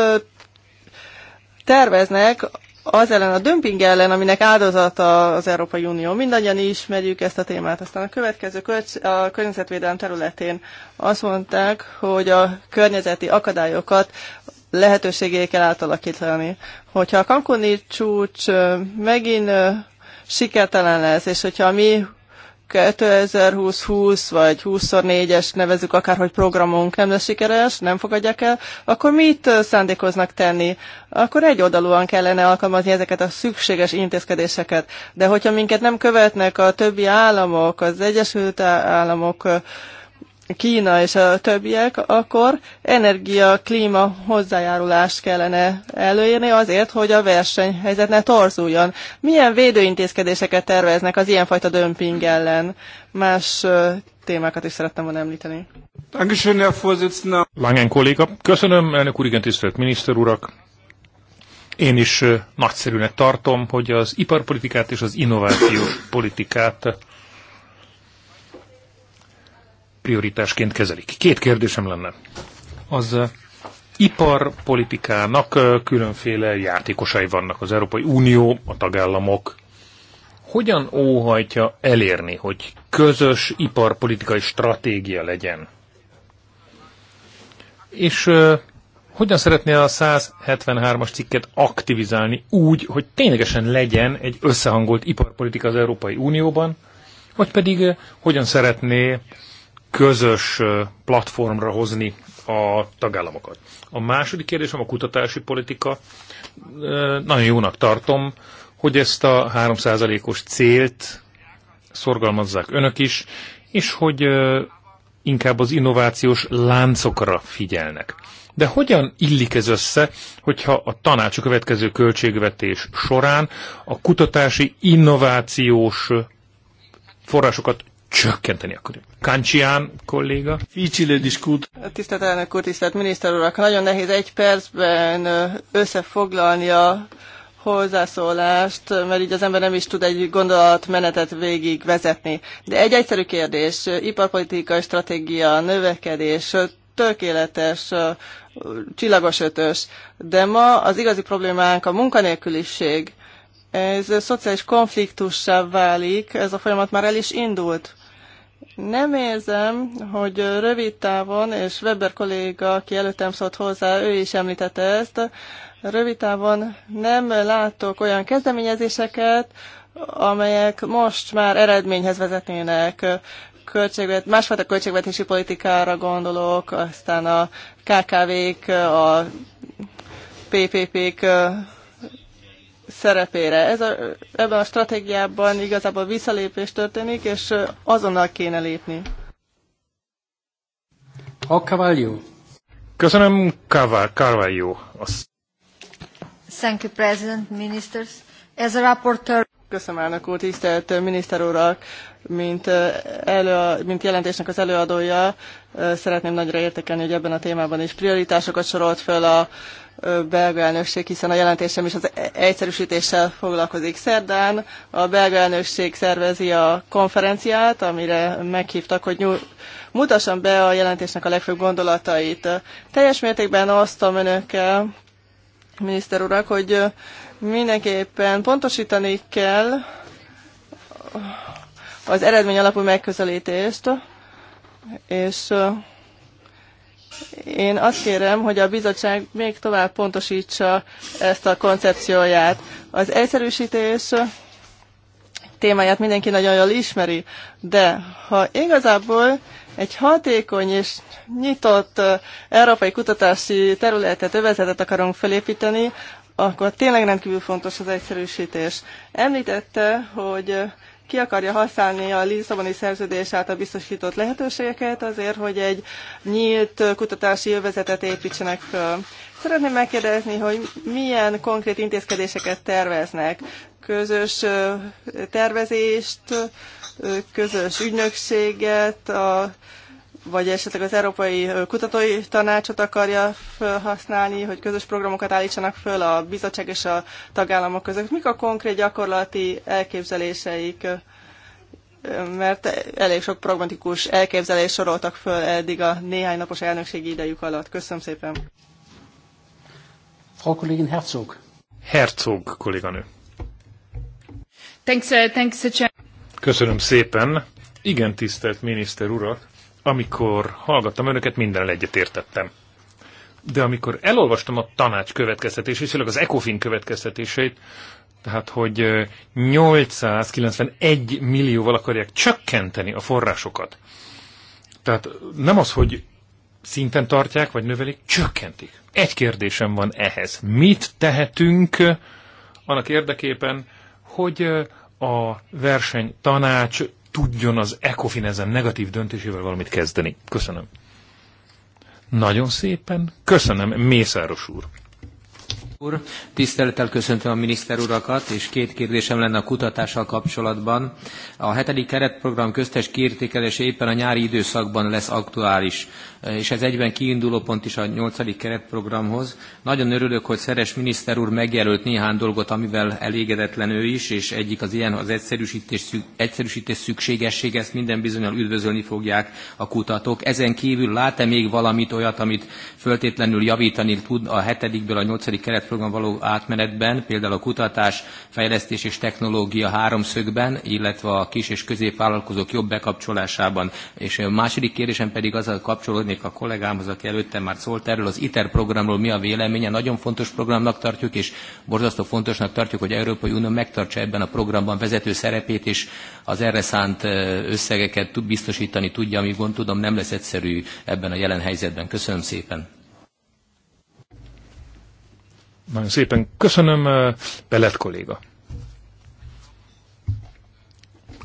terveznek az ellen, a dömping ellen, aminek áldozata az Európai Unió. Mindannyian ismerjük ezt a témát. Aztán a következő a környezetvédelem területén azt mondták, hogy a környezeti akadályokat lehetőségé kell átalakítani. Hogyha a Cancuni csúcs megint sikertelen lesz, és hogyha a mi 2020-20 vagy 20x4-es nevezük akárhogy programunk nem lesz sikeres, nem fogadják el, akkor mit szándékoznak tenni? Akkor egy oldalúan kellene alkalmazni ezeket a szükséges intézkedéseket. De hogyha minket nem követnek a többi államok, az Egyesült Államok, Kína és a többiek, akkor energia, klíma hozzájárulást kellene előírni azért, hogy a versenyhelyzet ne torzuljon. Milyen védőintézkedéseket terveznek az ilyenfajta dömping ellen? Más témákat is szerettem volna említeni. Langen kolléga, köszönöm, elnök úr, igen, tisztelt miniszter urak. Én is nagyszerűnek tartom, hogy az iparpolitikát és az innovációpolitikát. politikát prioritásként kezelik. Két kérdésem lenne. Az eh, iparpolitikának eh, különféle játékosai vannak az Európai Unió, a tagállamok. Hogyan óhajtja elérni, hogy közös iparpolitikai stratégia legyen? És eh, hogyan szeretné a 173-as cikket aktivizálni úgy, hogy ténylegesen legyen egy összehangolt iparpolitika az Európai Unióban, vagy pedig hogyan szeretné közös platformra hozni a tagállamokat. A második kérdésem a kutatási politika. Nagyon jónak tartom, hogy ezt a 3%-os célt szorgalmazzák önök is, és hogy inkább az innovációs láncokra figyelnek. De hogyan illik ez össze, hogyha a tanács a következő költségvetés során a kutatási innovációs forrásokat csökkenteni akkor. Kancsián kolléga. Ficile diskut. Tisztelt elnök úr, tisztelt miniszter urak, nagyon nehéz egy percben összefoglalni a hozzászólást, mert így az ember nem is tud egy gondolatmenetet végig vezetni. De egy egyszerű kérdés, iparpolitikai stratégia, növekedés, tökéletes, csillagos ötös. De ma az igazi problémánk a munkanélküliség ez szociális konfliktussá válik, ez a folyamat már el is indult. Nem érzem, hogy rövid távon, és Weber kolléga, aki előttem szólt hozzá, ő is említette ezt, rövid távon nem látok olyan kezdeményezéseket, amelyek most már eredményhez vezetnének. Költségvet, másfajta költségvetési politikára gondolok, aztán a KKV-k, a PPP-k szerepére. Ez a, ebben a stratégiában igazából visszalépés történik, és azonnal kéne lépni. A Cavallo. Köszönöm, Carvalho. Thank you, President, Ministers. As a rapporteur... Köszönöm, elnök úr, tisztelt miniszter urak, mint, elő, mint jelentésnek az előadója, szeretném nagyra értékelni, hogy ebben a témában is prioritásokat sorolt föl a belga elnökség, hiszen a jelentésem is az e- egyszerűsítéssel foglalkozik. Szerdán a belga elnökség szervezi a konferenciát, amire meghívtak, hogy nyúl, mutassam be a jelentésnek a legfőbb gondolatait. Teljes mértékben osztom önökkel, miniszter urak, hogy mindenképpen pontosítani kell az eredmény alapú megközelítést, és én azt kérem, hogy a bizottság még tovább pontosítsa ezt a koncepcióját. Az egyszerűsítés témáját mindenki nagyon jól ismeri, de ha igazából egy hatékony és nyitott európai kutatási területet, övezetet akarunk felépíteni, akkor tényleg rendkívül fontos az egyszerűsítés. Említette, hogy ki akarja használni a Lisszaboni szerződés által biztosított lehetőségeket azért, hogy egy nyílt kutatási jövezetet építsenek föl. Szeretném megkérdezni, hogy milyen konkrét intézkedéseket terveznek. Közös tervezést, közös ügynökséget, a vagy esetleg az Európai Kutatói Tanácsot akarja felhasználni, hogy közös programokat állítsanak föl a bizottság és a tagállamok között. Mik a konkrét gyakorlati elképzeléseik? Mert elég sok pragmatikus elképzelés soroltak föl eddig a néhány napos elnökségi idejük alatt. Köszönöm szépen. Frau Kollegin Herzog. Herzog kolléganő. Thanks, uh, thanks, uh, Köszönöm szépen. Igen, tisztelt miniszter urak! Amikor hallgattam önöket, minden egyet értettem. De amikor elolvastam a tanács következtetését, főleg az ECOFIN következtetéseit, tehát hogy 891 millióval akarják csökkenteni a forrásokat. Tehát nem az, hogy szinten tartják, vagy növelik, csökkentik. Egy kérdésem van ehhez. Mit tehetünk annak érdekében, hogy a verseny tanács tudjon az ECOFIN ezen negatív döntésével valamit kezdeni. Köszönöm. Nagyon szépen. Köszönöm, Mészáros úr. Úr, tisztelettel köszöntöm a miniszter urakat, és két kérdésem lenne a kutatással kapcsolatban. A hetedik keretprogram köztes kiértékelése éppen a nyári időszakban lesz aktuális és ez egyben kiinduló pont is a nyolcadik keretprogramhoz. Nagyon örülök, hogy Szeres miniszter úr megjelölt néhány dolgot, amivel elégedetlen ő is, és egyik az ilyen az egyszerűsítés, egyszerűsítés szükségesség, ezt minden bizonyal üdvözölni fogják a kutatók. Ezen kívül lát-e még valamit olyat, amit föltétlenül javítani tud a hetedikből a nyolcadik keretprogram való átmenetben, például a kutatás, fejlesztés és technológia háromszögben, illetve a kis és középvállalkozók jobb bekapcsolásában. És a második kérdésem pedig az a kapcsolódik, fordulnék a kollégámhoz, aki előtte már szólt erről az ITER programról, mi a véleménye. Nagyon fontos programnak tartjuk, és borzasztó fontosnak tartjuk, hogy Európai Unió megtartsa ebben a programban vezető szerepét, és az erre szánt összegeket biztosítani tudja, ami gond tudom, nem lesz egyszerű ebben a jelen helyzetben. Köszönöm szépen. Nagyon szépen köszönöm, Belet kolléga.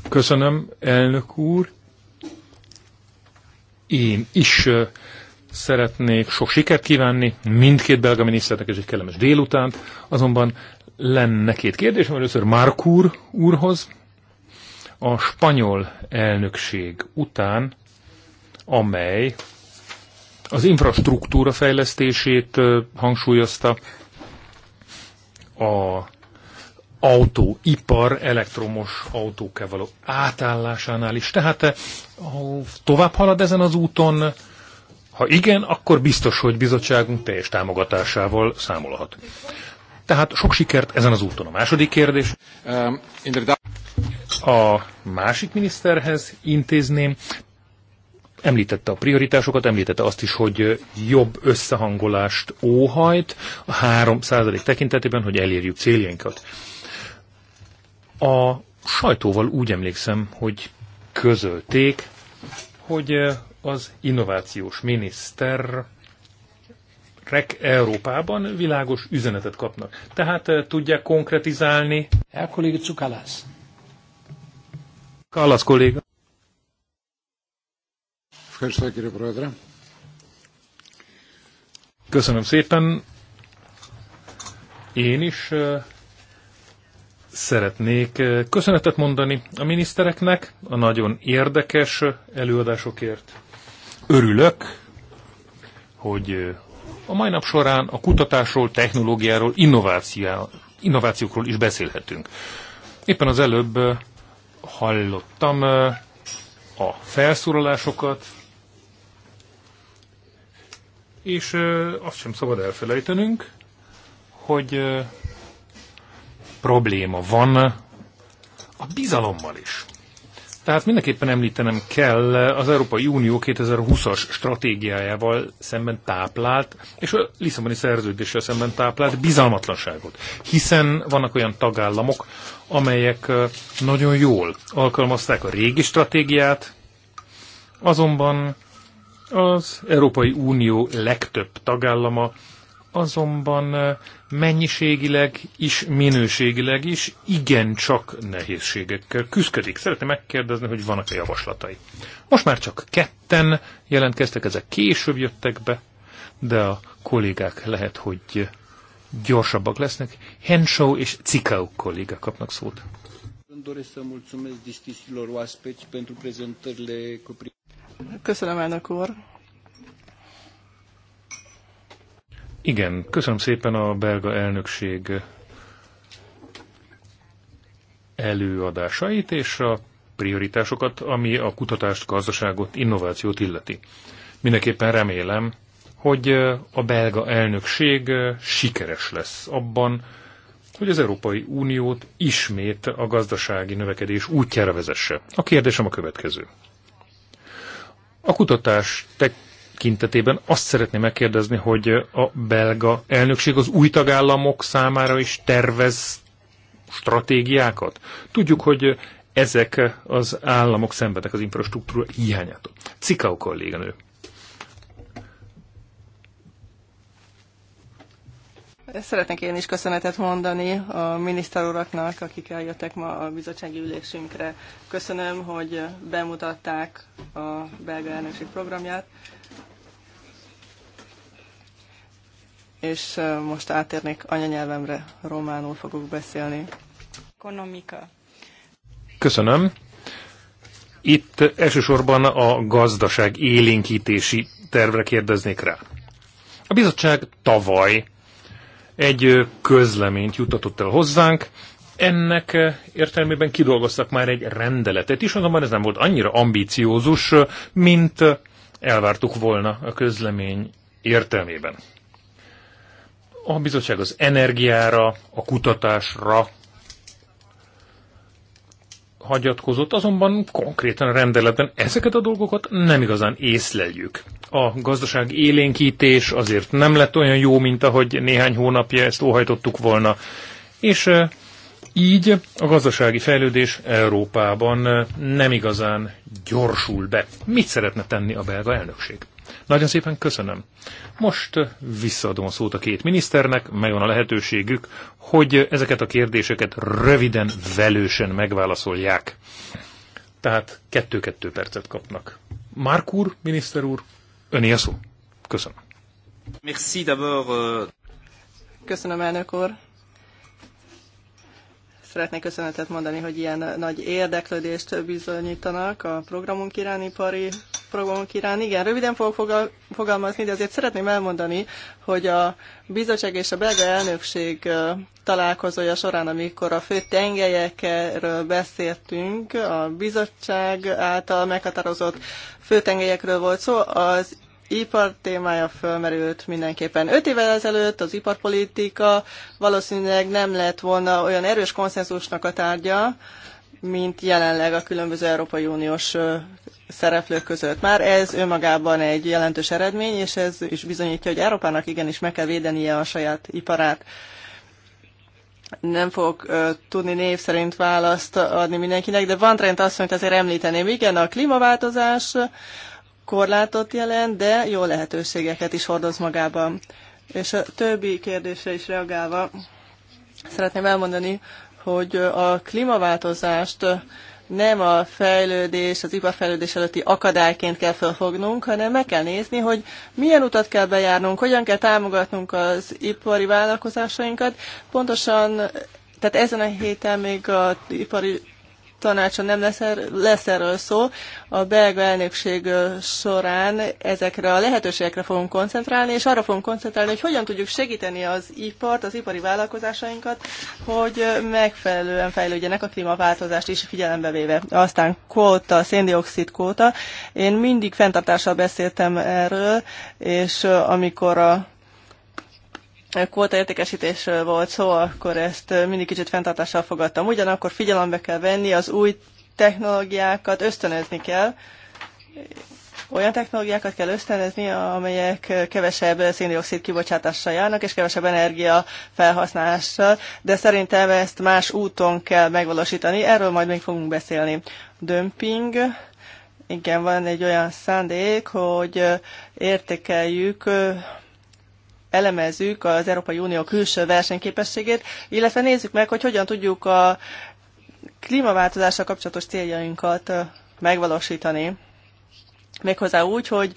Köszönöm, elnök úr. Én is szeretnék sok sikert kívánni mindkét belga miniszternek, és egy kellemes délutánt. Azonban lenne két kérdésem, először Márk úr, úrhoz. A spanyol elnökség után, amely az infrastruktúra fejlesztését hangsúlyozta, a autóipar elektromos autókkal való átállásánál is. Tehát eh, ha tovább halad ezen az úton, ha igen, akkor biztos, hogy bizottságunk teljes támogatásával számolhat. Tehát sok sikert ezen az úton. A második kérdés. Um, a másik miniszterhez intézném. Említette a prioritásokat, említette azt is, hogy jobb összehangolást óhajt a 3 tekintetében, hogy elérjük céljainkat. A sajtóval úgy emlékszem, hogy közölték, hogy eh, az innovációs miniszter rek Európában világos üzenetet kapnak. Tehát eh, tudják konkretizálni. El kolléga Cukalász. Kallasz kolléga. Köszönöm szépen. Én is eh, szeretnék eh, köszönetet mondani a minisztereknek a nagyon érdekes eh, előadásokért. Örülök, hogy eh, a mai nap során a kutatásról, technológiáról, innovációkról is beszélhetünk. Éppen az előbb hallottam a felszólalásokat, és azt sem szabad elfelejtenünk, hogy probléma van a bizalommal is. Tehát mindenképpen említenem kell az Európai Unió 2020-as stratégiájával szemben táplált, és a Lisszaboni szerződéssel szemben táplált bizalmatlanságot. Hiszen vannak olyan tagállamok, amelyek nagyon jól alkalmazták a régi stratégiát, azonban az Európai Unió legtöbb tagállama azonban mennyiségileg is, minőségileg is igencsak nehézségekkel küzdik. Szeretném megkérdezni, hogy vannak-e javaslatai. Most már csak ketten jelentkeztek, ezek később jöttek be, de a kollégák lehet, hogy gyorsabbak lesznek. Henshaw és Cikau kollégák kapnak szót. Köszönöm, elnök úr! Igen, köszönöm szépen a belga elnökség előadásait és a prioritásokat, ami a kutatást, gazdaságot, innovációt illeti. Mindenképpen remélem, hogy a belga elnökség sikeres lesz abban, hogy az Európai Uniót ismét a gazdasági növekedés útjára vezesse. A kérdésem a következő. A kutatás tekintetében azt szeretném megkérdezni, hogy a belga elnökség az új tagállamok számára is tervez stratégiákat? Tudjuk, hogy ezek az államok szenvedek az infrastruktúra hiányától. Cikau kolléganő. Szeretnék én is köszönetet mondani a miniszter uraknak, akik eljöttek ma a bizottsági ülésünkre. Köszönöm, hogy bemutatták a belga elnökség programját, és most átérnék anyanyelvemre, románul fogok beszélni. Ekonomika. Köszönöm. Itt elsősorban a gazdaság élénkítési tervre kérdeznék rá. A bizottság tavaly egy közleményt jutatott el hozzánk, ennek értelmében kidolgoztak már egy rendeletet is, azonban ez nem volt annyira ambíciózus, mint elvártuk volna a közlemény értelmében. A bizottság az energiára, a kutatásra hagyatkozott, azonban konkrétan a rendeletben ezeket a dolgokat nem igazán észleljük. A gazdaság élénkítés azért nem lett olyan jó, mint ahogy néhány hónapja ezt óhajtottuk volna, és eh, így a gazdasági fejlődés Európában eh, nem igazán gyorsul be. Mit szeretne tenni a belga elnökség? Nagyon szépen köszönöm. Most visszaadom a szót a két miniszternek, megvan a lehetőségük, hogy ezeket a kérdéseket röviden, velősen megválaszolják. Tehát kettő-kettő percet kapnak. Márk úr, miniszter úr, öné a szó. Köszönöm. Merci d'abord. Köszönöm, elnök úr. Szeretnék köszönetet mondani, hogy ilyen nagy érdeklődést bizonyítanak a programunk irányi pari programok irán. Igen, röviden fogok fogalmazni, de azért szeretném elmondani, hogy a bizottság és a belga elnökség találkozója során, amikor a fő tengelyekről beszéltünk, a bizottság által meghatározott fő tengelyekről volt szó, az ipar témája fölmerült mindenképpen. Öt évvel ezelőtt az iparpolitika valószínűleg nem lett volna olyan erős konszenzusnak a tárgya, mint jelenleg a különböző Európai Uniós szereplők között. Már ez önmagában egy jelentős eredmény, és ez is bizonyítja, hogy Európának igenis meg kell védenie a saját iparát. Nem fogok ö, tudni név szerint választ adni mindenkinek, de Van trend azt, hogy azért említeném. Igen, a klímaváltozás korlátot jelent, de jó lehetőségeket is hordoz magában. És a többi kérdésre is reagálva szeretném elmondani, hogy a klímaváltozást nem a fejlődés, az iparfejlődés előtti akadályként kell felfognunk, hanem meg kell nézni, hogy milyen utat kell bejárnunk, hogyan kell támogatnunk az ipari vállalkozásainkat. Pontosan, tehát ezen a héten még az ipari tanácson nem lesz, er, lesz erről szó. A belga elnökség során ezekre a lehetőségekre fogunk koncentrálni, és arra fogunk koncentrálni, hogy hogyan tudjuk segíteni az ipart, az ipari vállalkozásainkat, hogy megfelelően fejlődjenek a klímaváltozást is figyelembe véve. Aztán kóta, széndiokszid kóta. Én mindig fenntartással beszéltem erről, és amikor a kvóta értékesítésről volt szó, akkor ezt mindig kicsit fenntartással fogadtam. Ugyanakkor figyelembe kell venni az új technológiákat, ösztönözni kell. Olyan technológiákat kell ösztönözni, amelyek kevesebb széndiokszid kibocsátással járnak, és kevesebb energia felhasználással, de szerintem ezt más úton kell megvalósítani. Erről majd még fogunk beszélni. Dömping igen, van egy olyan szándék, hogy értékeljük elemezzük az Európai Unió külső versenyképességét, illetve nézzük meg, hogy hogyan tudjuk a klímaváltozással kapcsolatos céljainkat megvalósítani. Méghozzá úgy, hogy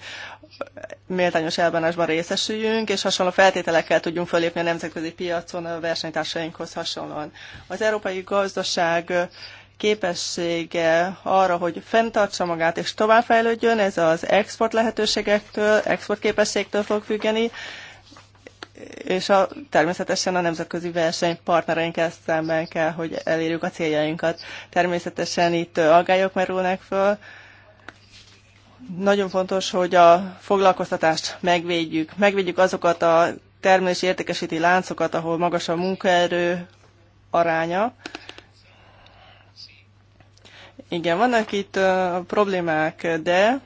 méltányos elbánásban részesüljünk, és hasonló feltételekkel tudjunk fölépni a nemzetközi piacon a versenytársainkhoz hasonlóan. Az európai gazdaság képessége arra, hogy fenntartsa magát és továbbfejlődjön, ez az export lehetőségektől, export képességtől fog függeni, és a, természetesen a nemzetközi verseny partnereinkkel szemben kell, hogy elérjük a céljainkat. Természetesen itt aggályok merülnek föl. Nagyon fontos, hogy a foglalkoztatást megvédjük. Megvédjük azokat a termelési értékesíti láncokat, ahol magas a munkaerő aránya. Igen, vannak itt uh, problémák, de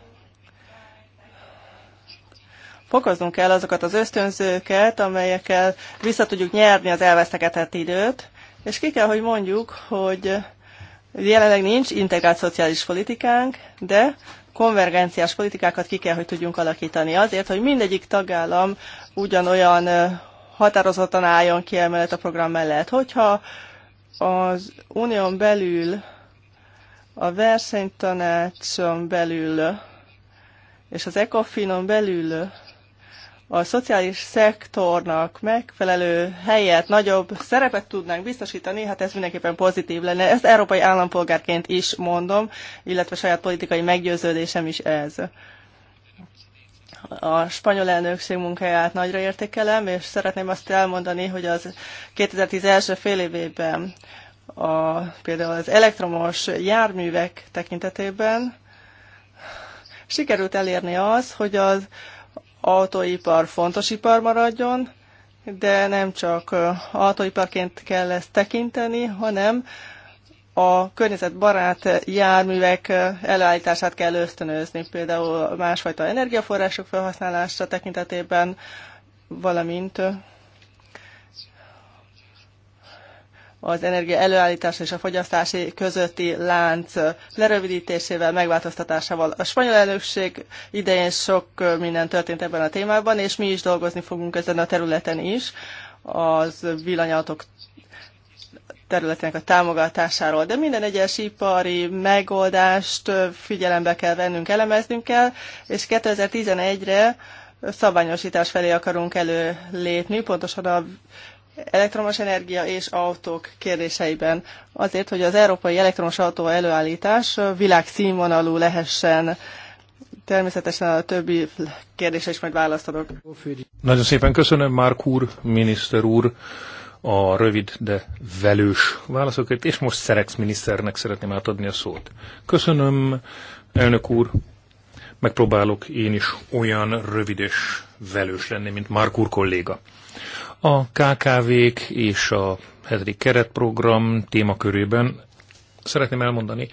fokoznunk kell azokat az ösztönzőket, amelyekkel vissza tudjuk nyerni az elvesztegetett időt, és ki kell, hogy mondjuk, hogy jelenleg nincs integrált szociális politikánk, de konvergenciás politikákat ki kell, hogy tudjunk alakítani azért, hogy mindegyik tagállam ugyanolyan határozottan álljon ki emellett a program mellett. Hogyha az unión belül, a versenytanácson belül és az ECOFIN-on belül a szociális szektornak megfelelő helyet, nagyobb szerepet tudnánk biztosítani, hát ez mindenképpen pozitív lenne. Ezt európai állampolgárként is mondom, illetve saját politikai meggyőződésem is ez. A spanyol elnökség munkáját nagyra értékelem, és szeretném azt elmondani, hogy az első fél évében a, például az elektromos járművek tekintetében sikerült elérni az, hogy az autóipar fontos ipar maradjon, de nem csak autóiparként kell ezt tekinteni, hanem a környezetbarát járművek előállítását kell ösztönözni, például másfajta energiaforrások felhasználása tekintetében, valamint az energia előállítása és a fogyasztási közötti lánc lerövidítésével, megváltoztatásával. A spanyol elnökség idején sok minden történt ebben a témában, és mi is dolgozni fogunk ezen a területen is, az villanyautók területének a támogatásáról, de minden egyes ipari megoldást figyelembe kell vennünk, elemeznünk kell, és 2011-re szabványosítás felé akarunk előlépni, pontosan a elektromos energia és autók kérdéseiben. Azért, hogy az európai elektromos autó előállítás világszínvonalú lehessen. Természetesen a többi kérdésre is majd választodok. Nagyon szépen köszönöm, Márk úr, miniszter úr, a rövid, de velős válaszokért, és most Szerex miniszternek szeretném átadni a szót. Köszönöm, elnök úr, megpróbálok én is olyan rövid és velős lenni, mint Márk úr kolléga. A KKV-k és a Hedri keretprogram témakörében szeretném elmondani,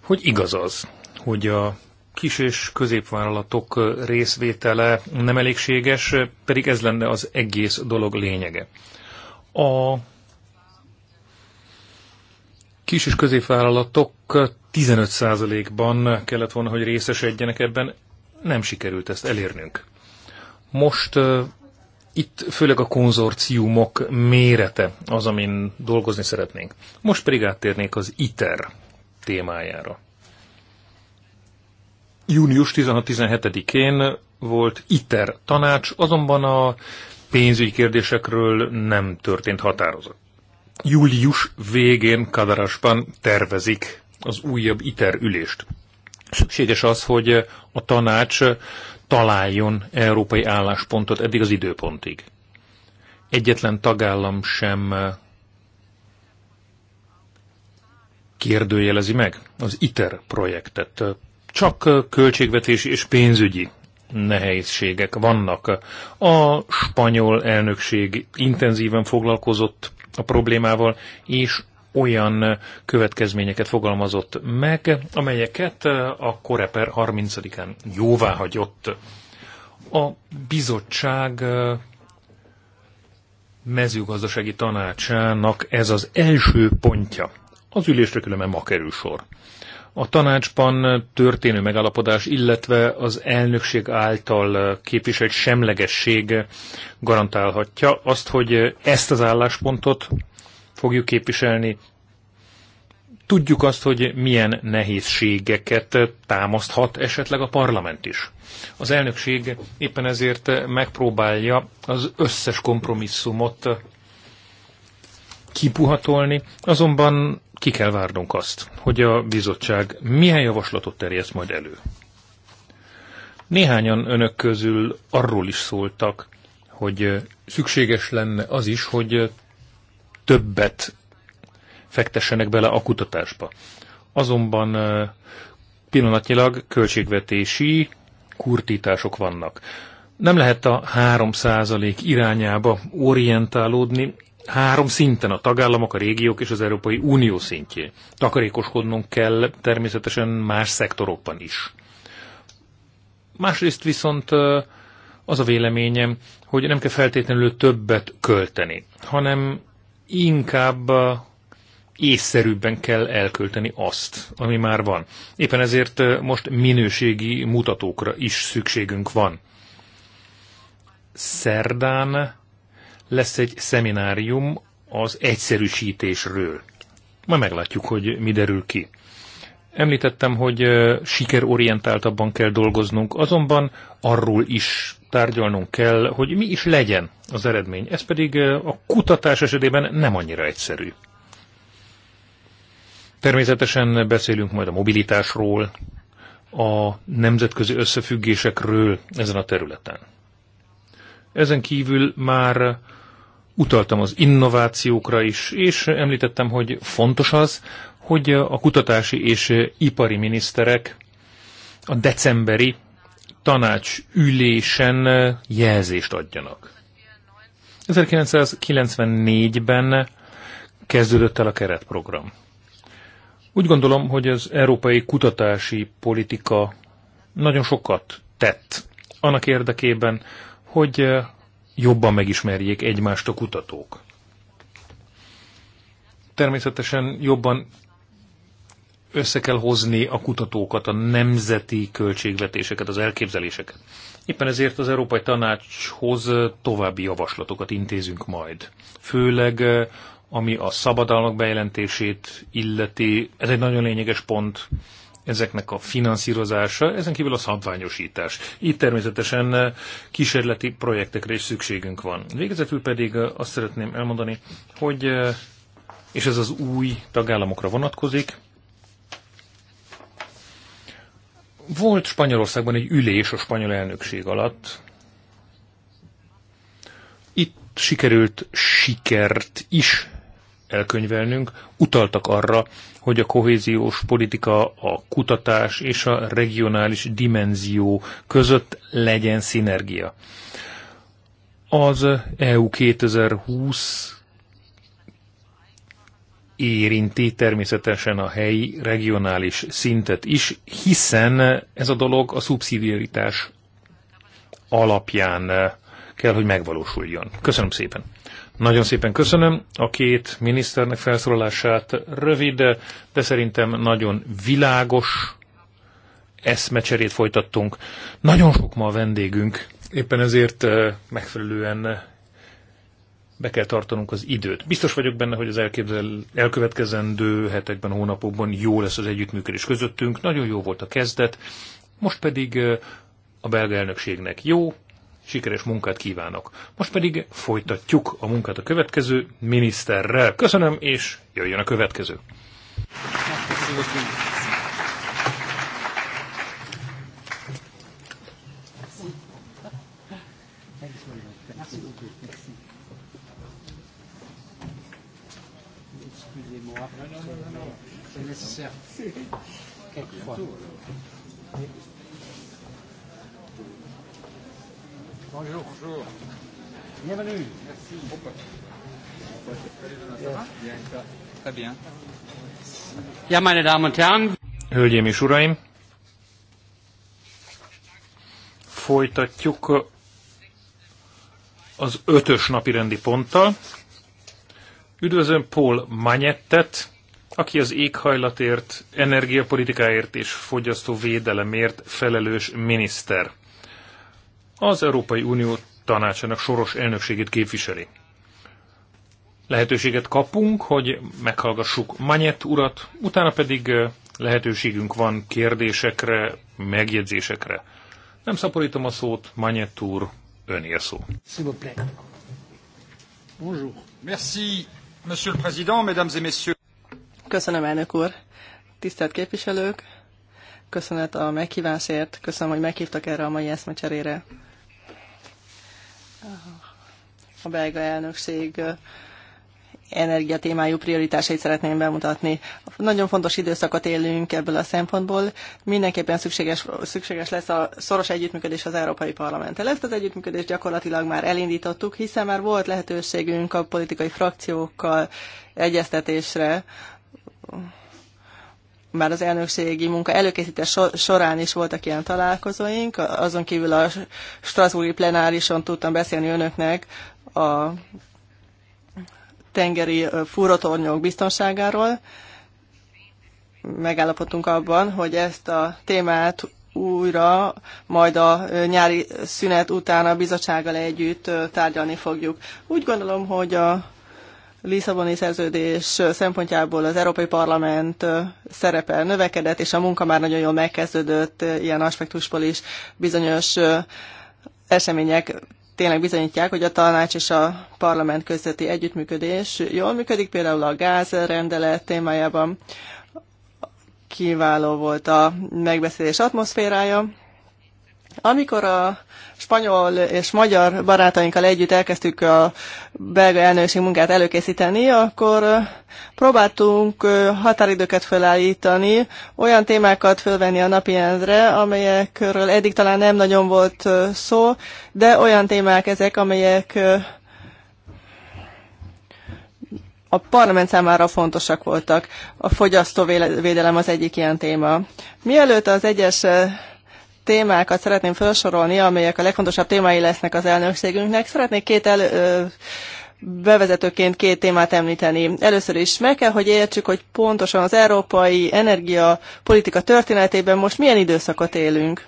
hogy igaz az, hogy a kis és középvállalatok részvétele nem elégséges, pedig ez lenne az egész dolog lényege. A kis és középvállalatok 15%-ban kellett volna, hogy részesedjenek ebben, nem sikerült ezt elérnünk. Most itt főleg a konzorciumok mérete az, amin dolgozni szeretnénk. Most pedig áttérnék az ITER témájára. Június 16-17-én volt ITER tanács, azonban a pénzügyi kérdésekről nem történt határozat. Július végén Kadarasban tervezik az újabb ITER ülést. Szükséges az, hogy a tanács találjon európai álláspontot eddig az időpontig. Egyetlen tagállam sem eh, kérdőjelezi meg az ITER projektet. Csak eh, költségvetési és pénzügyi nehézségek vannak. A spanyol elnökség intenzíven foglalkozott a problémával, és olyan következményeket fogalmazott meg, amelyeket eh, a Koreper 30-án jóvá hagyott. A bizottság eh, mezőgazdasági tanácsának ez az első pontja. Az ülésre különben ma kerül sor. A tanácsban történő megalapodás, illetve az elnökség által képviselt semlegesség garantálhatja azt, hogy ezt az álláspontot fogjuk képviselni. Tudjuk azt, hogy milyen nehézségeket támaszthat esetleg a parlament is. Az elnökség éppen ezért megpróbálja az összes kompromisszumot kipuhatolni, azonban ki kell várnunk azt, hogy a bizottság milyen javaslatot terjeszt majd elő. Néhányan önök közül arról is szóltak, hogy szükséges lenne az is, hogy többet fektessenek bele a kutatásba. Azonban pillanatnyilag költségvetési kurtítások vannak. Nem lehet a 3% irányába orientálódni, három szinten, a tagállamok, a régiók és az Európai Unió szintjén. Takarékoskodnunk kell természetesen más szektorokban is. Másrészt viszont az a véleményem, hogy nem kell feltétlenül többet költeni, hanem inkább uh, észszerűbben kell elkölteni azt, ami már van. Éppen ezért uh, most minőségi mutatókra is szükségünk van. Szerdán lesz egy szeminárium az egyszerűsítésről. Ma meglátjuk, hogy mi derül ki. Említettem, hogy uh, sikerorientáltabban kell dolgoznunk, azonban arról is tárgyalnunk kell, hogy mi is legyen az eredmény. Ez pedig a kutatás esetében nem annyira egyszerű. Természetesen beszélünk majd a mobilitásról, a nemzetközi összefüggésekről ezen a területen. Ezen kívül már utaltam az innovációkra is, és említettem, hogy fontos az, hogy a kutatási és ipari miniszterek a decemberi tanács ülésen jelzést adjanak. 1994-ben kezdődött el a keretprogram. Úgy gondolom, hogy az európai kutatási politika nagyon sokat tett annak érdekében, hogy jobban megismerjék egymást a kutatók. Természetesen jobban össze kell hozni a kutatókat, a nemzeti költségvetéseket, az elképzeléseket. Éppen ezért az Európai Tanácshoz további javaslatokat intézünk majd. Főleg eh, ami a szabadalmak bejelentését illeti, ez egy nagyon lényeges pont, ezeknek a finanszírozása, ezen kívül a szabványosítás. Itt természetesen eh, kísérleti projektekre is szükségünk van. Végezetül pedig eh, azt szeretném elmondani, hogy, és ez az új tagállamokra vonatkozik, Volt Spanyolországban egy ülés a spanyol elnökség alatt. Itt sikerült sikert is elkönyvelnünk. Utaltak arra, hogy a kohéziós politika, a kutatás és a regionális dimenzió között legyen szinergia. Az EU 2020 érinti természetesen a helyi, regionális szintet is, hiszen ez a dolog a szubszidiaritás alapján eh, kell, hogy megvalósuljon. Köszönöm szépen! Nagyon szépen köszönöm a két miniszternek felszólalását. Rövid, de szerintem nagyon világos eszmecserét folytattunk. Nagyon sok ma a vendégünk, éppen ezért eh, megfelelően be kell tartanunk az időt. Biztos vagyok benne, hogy az elképzel, elkövetkezendő hetekben, hónapokban jó lesz az együttműködés közöttünk. Nagyon jó volt a kezdet, most pedig a belga elnökségnek jó, sikeres munkát kívánok. Most pedig folytatjuk a munkát a következő miniszterrel. Köszönöm, és jöjjön a következő. Köszönöm. anniversaire. Quelquefois. Bonjour. Bonjour. Bienvenue. Merci. Ja, meine Damen und Herren. Hölgyeim és uraim, folytatjuk az ötös napi rendi ponttal. Üdvözlöm Paul Manyettet, aki az éghajlatért, energiapolitikáért és fogyasztóvédelemért felelős miniszter. Az Európai Unió tanácsának soros elnökségét képviseli. Lehetőséget kapunk, hogy meghallgassuk Manyet urat, utána pedig lehetőségünk van kérdésekre, megjegyzésekre. Nem szaporítom a szót, Manyet úr, önél szó. Bonjour. Merci, monsieur le président, mesdames et messieurs. Köszönöm, elnök úr. Tisztelt képviselők, köszönet a meghívásért, köszönöm, hogy meghívtak erre a mai eszmecserére. A belga elnökség eh, energiatémájú prioritásait szeretném bemutatni. Nagyon fontos időszakot élünk ebből a szempontból. Mindenképpen szükséges, szükséges lesz a szoros együttműködés az Európai Parlamenttel. Ezt az együttműködést gyakorlatilag már elindítottuk, hiszen már volt lehetőségünk a politikai frakciókkal egyeztetésre már az elnökségi munka előkészítés során is voltak ilyen találkozóink, azon kívül a Strasbourgi plenárison tudtam beszélni önöknek a tengeri fúrotornyok biztonságáról. Megállapodtunk abban, hogy ezt a témát újra, majd a nyári szünet után a bizottsággal együtt tárgyalni fogjuk. Úgy gondolom, hogy a Lisszaboni szerződés szempontjából az Európai Parlament szerepe növekedett, és a munka már nagyon jól megkezdődött ilyen aspektusból is. Bizonyos események tényleg bizonyítják, hogy a tanács és a parlament közötti együttműködés jól működik, például a gázrendelet témájában kiváló volt a megbeszélés atmoszférája, amikor a spanyol és magyar barátainkkal együtt elkezdtük a belga elnökség munkát előkészíteni, akkor próbáltunk határidőket felállítani, olyan témákat fölvenni a endre, amelyekről eddig talán nem nagyon volt szó, de olyan témák ezek, amelyek a parlament számára fontosak voltak. A fogyasztóvédelem az egyik ilyen téma. Mielőtt az egyes témákat szeretném felsorolni, amelyek a legfontosabb témái lesznek az elnökségünknek. Szeretnék két el, ö, bevezetőként két témát említeni. Először is meg kell, hogy értsük, hogy pontosan az európai energiapolitika történetében most milyen időszakot élünk.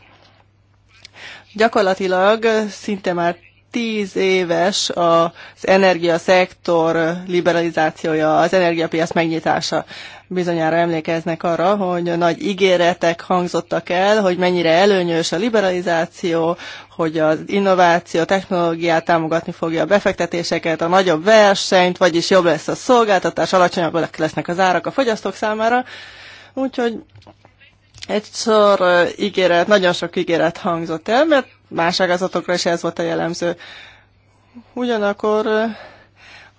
Gyakorlatilag szinte már tíz éves az energiaszektor liberalizációja, az energiapiac megnyitása. Bizonyára emlékeznek arra, hogy nagy ígéretek hangzottak el, hogy mennyire előnyös a liberalizáció, hogy az innováció, technológiát támogatni fogja a befektetéseket, a nagyobb versenyt, vagyis jobb lesz a szolgáltatás, alacsonyabbak lesznek az árak a fogyasztók számára. Úgyhogy egy sor ígéret, nagyon sok ígéret hangzott el, mert más ágazatokra is ez volt a jellemző. Ugyanakkor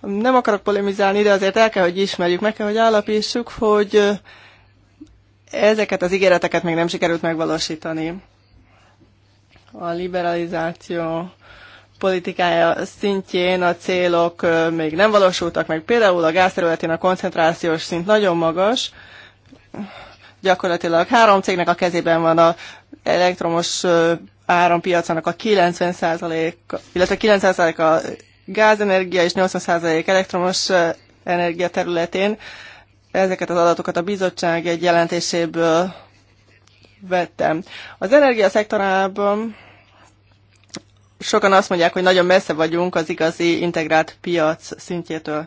nem akarok polemizálni, de azért el kell, hogy ismerjük, meg kell, hogy állapítsuk, hogy ezeket az ígéreteket még nem sikerült megvalósítani. A liberalizáció politikája szintjén a célok még nem valósultak meg. Például a gázterületén a koncentrációs szint nagyon magas, gyakorlatilag három cégnek a kezében van a elektromos árampiacának a 90%, illetve 90% a gázenergia és 80% elektromos energia területén. Ezeket az adatokat a bizottság egy jelentéséből vettem. Az energia szektorában sokan azt mondják, hogy nagyon messze vagyunk az igazi integrált piac szintjétől.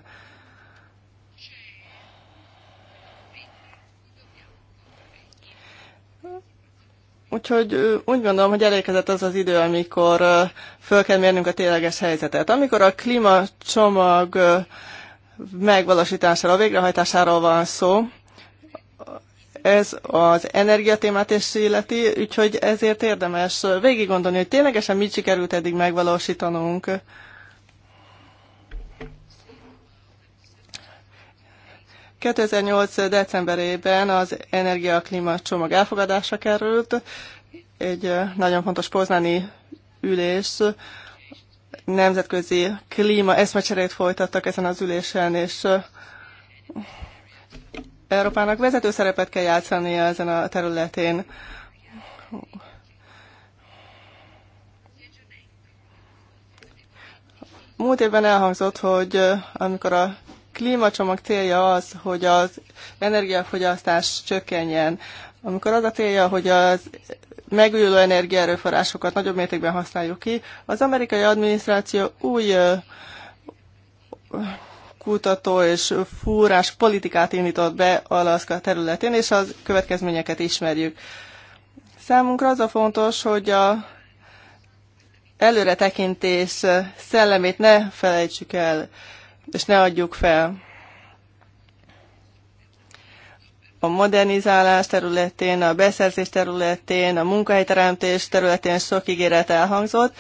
Úgyhogy úgy gondolom, hogy elérkezett az az idő, amikor föl kell mérnünk a tényleges helyzetet. Amikor a klímacsomag megvalósítására végrehajtásáról van szó, ez az energiatémát is illeti, úgyhogy ezért érdemes végig gondolni, hogy ténylegesen mit sikerült eddig megvalósítanunk. 2008. decemberében az energia-klíma csomag elfogadása került, egy nagyon fontos poznani ülés, nemzetközi klíma eszmecserét folytattak ezen az ülésen, és Európának vezető szerepet kell játszania ezen a területén. Múlt évben elhangzott, hogy amikor a klímacsomag célja az, hogy az energiafogyasztás csökkenjen. Amikor az a célja, hogy az megújuló energiaerőforrásokat nagyobb mértékben használjuk ki, az amerikai adminisztráció új kutató és fúrás politikát indított be Alaszka területén, és az következményeket ismerjük. Számunkra az a fontos, hogy a előretekintés szellemét ne felejtsük el és ne adjuk fel. A modernizálás területén, a beszerzés területén, a munkahelyteremtés területén sok ígéret elhangzott.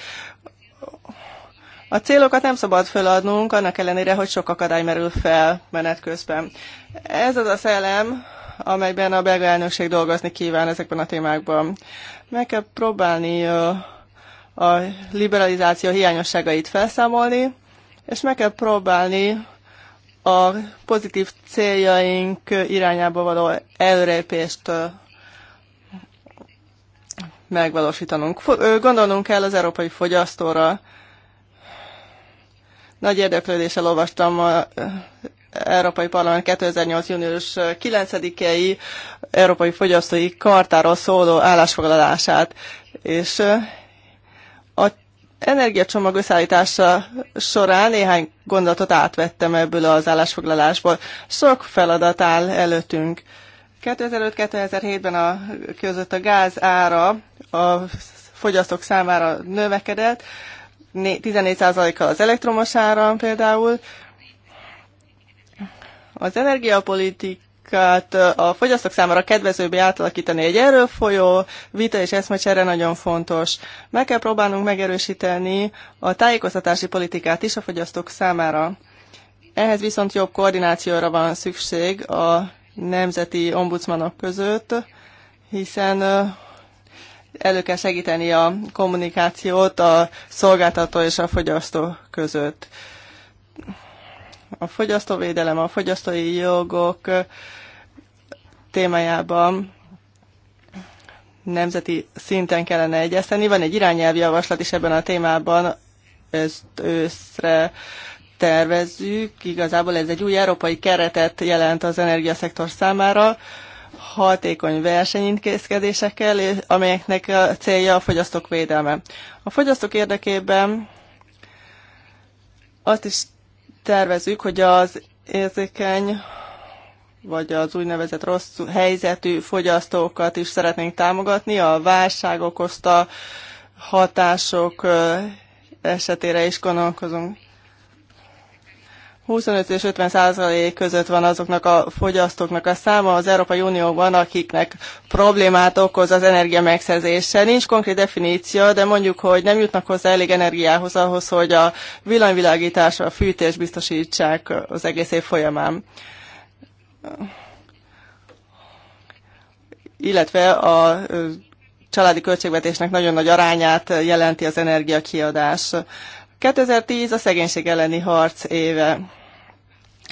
A célokat nem szabad feladnunk, annak ellenére, hogy sok akadály merül fel menet közben. Ez az a szellem, amelyben a belga elnökség dolgozni kíván ezekben a témákban. Meg kell próbálni a liberalizáció hiányosságait felszámolni, és meg kell próbálni a pozitív céljaink irányába való elrépést megvalósítanunk. Gondolnunk kell az európai fogyasztóra. Nagy érdeklődéssel olvastam a Európai Parlament 2008. június 9-i Európai Fogyasztói Kartáról szóló állásfoglalását, és a energiacsomag összeállítása során néhány gondolatot átvettem ebből az állásfoglalásból. Sok feladat áll előttünk. 2005-2007-ben a, között a gáz ára a fogyasztók számára növekedett, 14%-kal az elektromos áram például. Az energiapolitik politikát a fogyasztók számára kedvezőbbé átalakítani. Egy erről folyó vita és eszmecsere nagyon fontos. Meg kell próbálnunk megerősíteni a tájékoztatási politikát is a fogyasztók számára. Ehhez viszont jobb koordinációra van szükség a nemzeti ombudsmanok között, hiszen elő kell segíteni a kommunikációt a szolgáltató és a fogyasztó között. A fogyasztóvédelem, a fogyasztói jogok témájában nemzeti szinten kellene egyezteni. Van egy irányelvi javaslat is ebben a témában, ezt őszre tervezzük. Igazából ez egy új európai keretet jelent az energiaszektor számára, hatékony versenyintézkedésekkel, amelyeknek a célja a fogyasztók védelme. A fogyasztók érdekében azt is tervezzük, hogy az érzékeny vagy az úgynevezett rossz helyzetű fogyasztókat is szeretnénk támogatni, a válság okozta hatások esetére is gondolkozunk. 25 és 50 százalék között van azoknak a fogyasztóknak a száma az Európai Unióban, akiknek problémát okoz az energia megszerzése. Nincs konkrét definíció, de mondjuk, hogy nem jutnak hozzá elég energiához ahhoz, hogy a villanyvilágításra a fűtés biztosítsák az egész év folyamán illetve a családi költségvetésnek nagyon nagy arányát jelenti az energiakiadás. 2010 a szegénység elleni harc éve.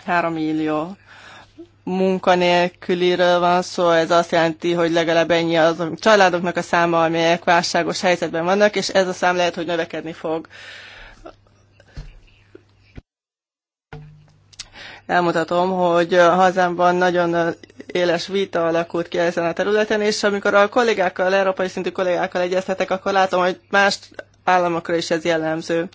3 millió munkanélküliről van szó, ez azt jelenti, hogy legalább ennyi az a családoknak a száma, amelyek válságos helyzetben vannak, és ez a szám lehet, hogy növekedni fog. elmutatom, hogy a hazámban nagyon éles vita alakult ki ezen a területen, és amikor a kollégákkal, európai szintű kollégákkal egyeztetek, akkor látom, hogy más államokra is ez jellemző.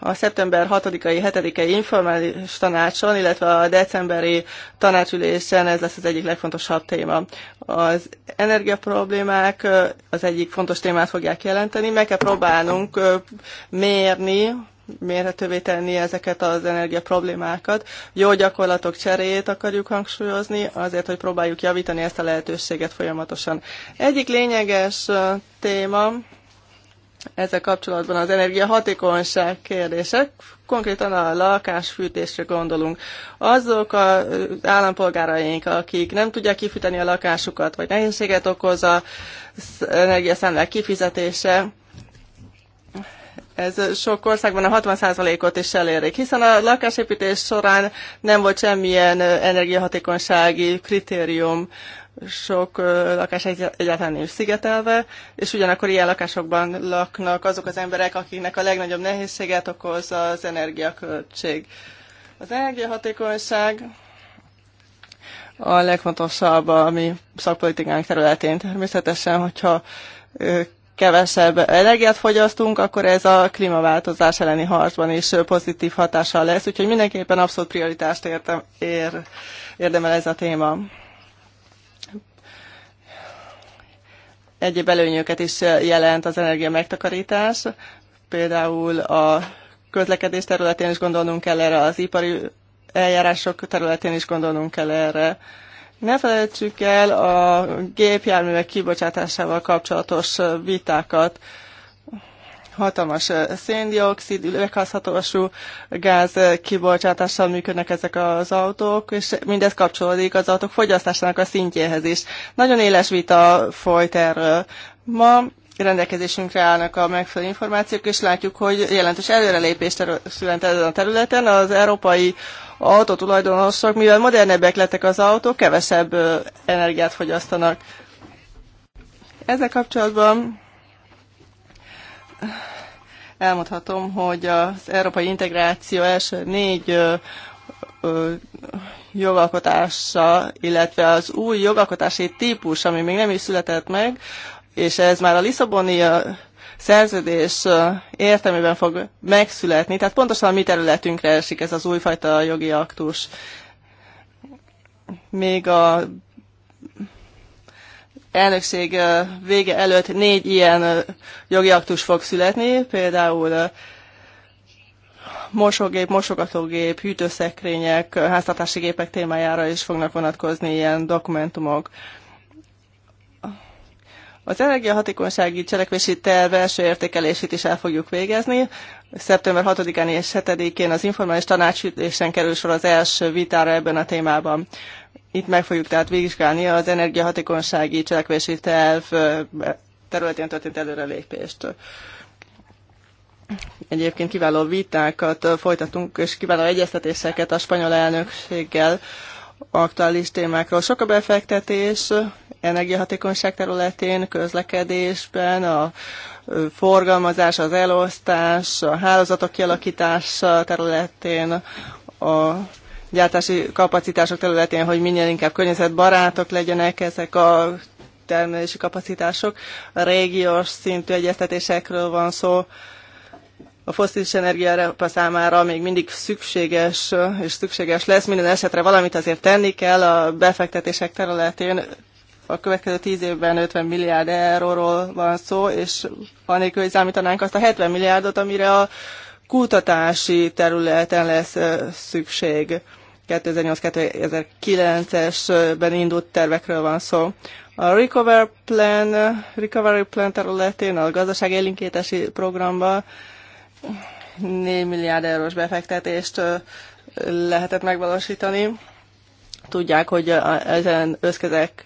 A szeptember 6-ai, 7 ai informális tanácson, illetve a decemberi tanácsülésen ez lesz az egyik legfontosabb téma. Az energiaproblémák az egyik fontos témát fogják jelenteni. Meg kell próbálnunk mérni, mérhetővé tenni ezeket az energia problémákat. Jó gyakorlatok cseréjét akarjuk hangsúlyozni, azért, hogy próbáljuk javítani ezt a lehetőséget folyamatosan. Egyik lényeges téma ezzel kapcsolatban az energia hatékonyság kérdések. Konkrétan a lakásfűtésre gondolunk. Azok az állampolgáraink, akik nem tudják kifűteni a lakásukat, vagy nehézséget okoz az energiaszámlák kifizetése, ez sok országban a 60%-ot is elérik, hiszen a lakásépítés során nem volt semmilyen energiahatékonysági kritérium, sok lakás egy, egyáltalán is szigetelve, és ugyanakkor ilyen lakásokban laknak azok az emberek, akiknek a legnagyobb nehézséget okoz az energiaköltség. Az energiahatékonyság a legfontosabb a mi szakpolitikánk területén. Természetesen, hogyha kevesebb energiát fogyasztunk, akkor ez a klímaváltozás elleni harcban is pozitív hatással lesz, úgyhogy mindenképpen abszolút prioritást értem, ér, érdemel ez a téma. Egyéb előnyöket is jelent az energia megtakarítás, például a közlekedés területén is gondolnunk kell erre, az ipari eljárások területén is gondolnunk kell erre, ne felejtsük el a gépjárművek kibocsátásával kapcsolatos vitákat. Hatalmas eh, széndiokszid, üvegházhatású gáz eh, kibocsátással működnek ezek az autók, és mindez kapcsolódik az autók fogyasztásának a szintjéhez is. Nagyon éles vita folyt erről. Ma rendelkezésünkre állnak a megfelelő információk, és látjuk, hogy jelentős előrelépést született ezen a területen. Az európai autótulajdonosok, mivel modernebbek lettek az autók, kevesebb energiát fogyasztanak. Ezzel kapcsolatban elmondhatom, hogy az európai integráció első négy jogalkotása, illetve az új jogalkotási típus, ami még nem is született meg, és ez már a Lisszaboni szerződés értelmében fog megszületni, tehát pontosan a mi területünkre esik ez az újfajta jogi aktus. Még a elnökség vége előtt négy ilyen jogi aktus fog születni, például mosógép, mosogatógép, hűtőszekrények, háztartási gépek témájára is fognak vonatkozni ilyen dokumentumok. Az energiahatékonysági cselekvési terv első értékelését is el fogjuk végezni. Szeptember 6-án és 7-én az informális tanácsütésen kerül sor az első vitára ebben a témában. Itt meg fogjuk tehát vizsgálni az energiahatékonysági cselekvési terv területén történt előrelépést. Egyébként kiváló vitákat folytatunk, és kiváló egyeztetéseket a spanyol elnökséggel aktuális témákról. Sok a befektetés energiahatékonyság területén, közlekedésben, a forgalmazás, az elosztás, a hálózatok kialakítása területén, a gyártási kapacitások területén, hogy minél inkább környezetbarátok legyenek ezek a termelési kapacitások. A régiós szintű egyeztetésekről van szó, a foszilis Európa számára még mindig szükséges és szükséges lesz. Minden esetre valamit azért tenni kell a befektetések területén. A következő tíz évben 50 milliárd euróról van szó, és anélkül, hogy számítanánk azt a 70 milliárdot, amire a kutatási területen lesz szükség. 2008-2009-esben indult tervekről van szó. A Recovery Plan, Recovery Plan területén, a gazdaság élinkítési programban 4 milliárd eurós befektetést lehetett megvalósítani. Tudják, hogy ezen összkezek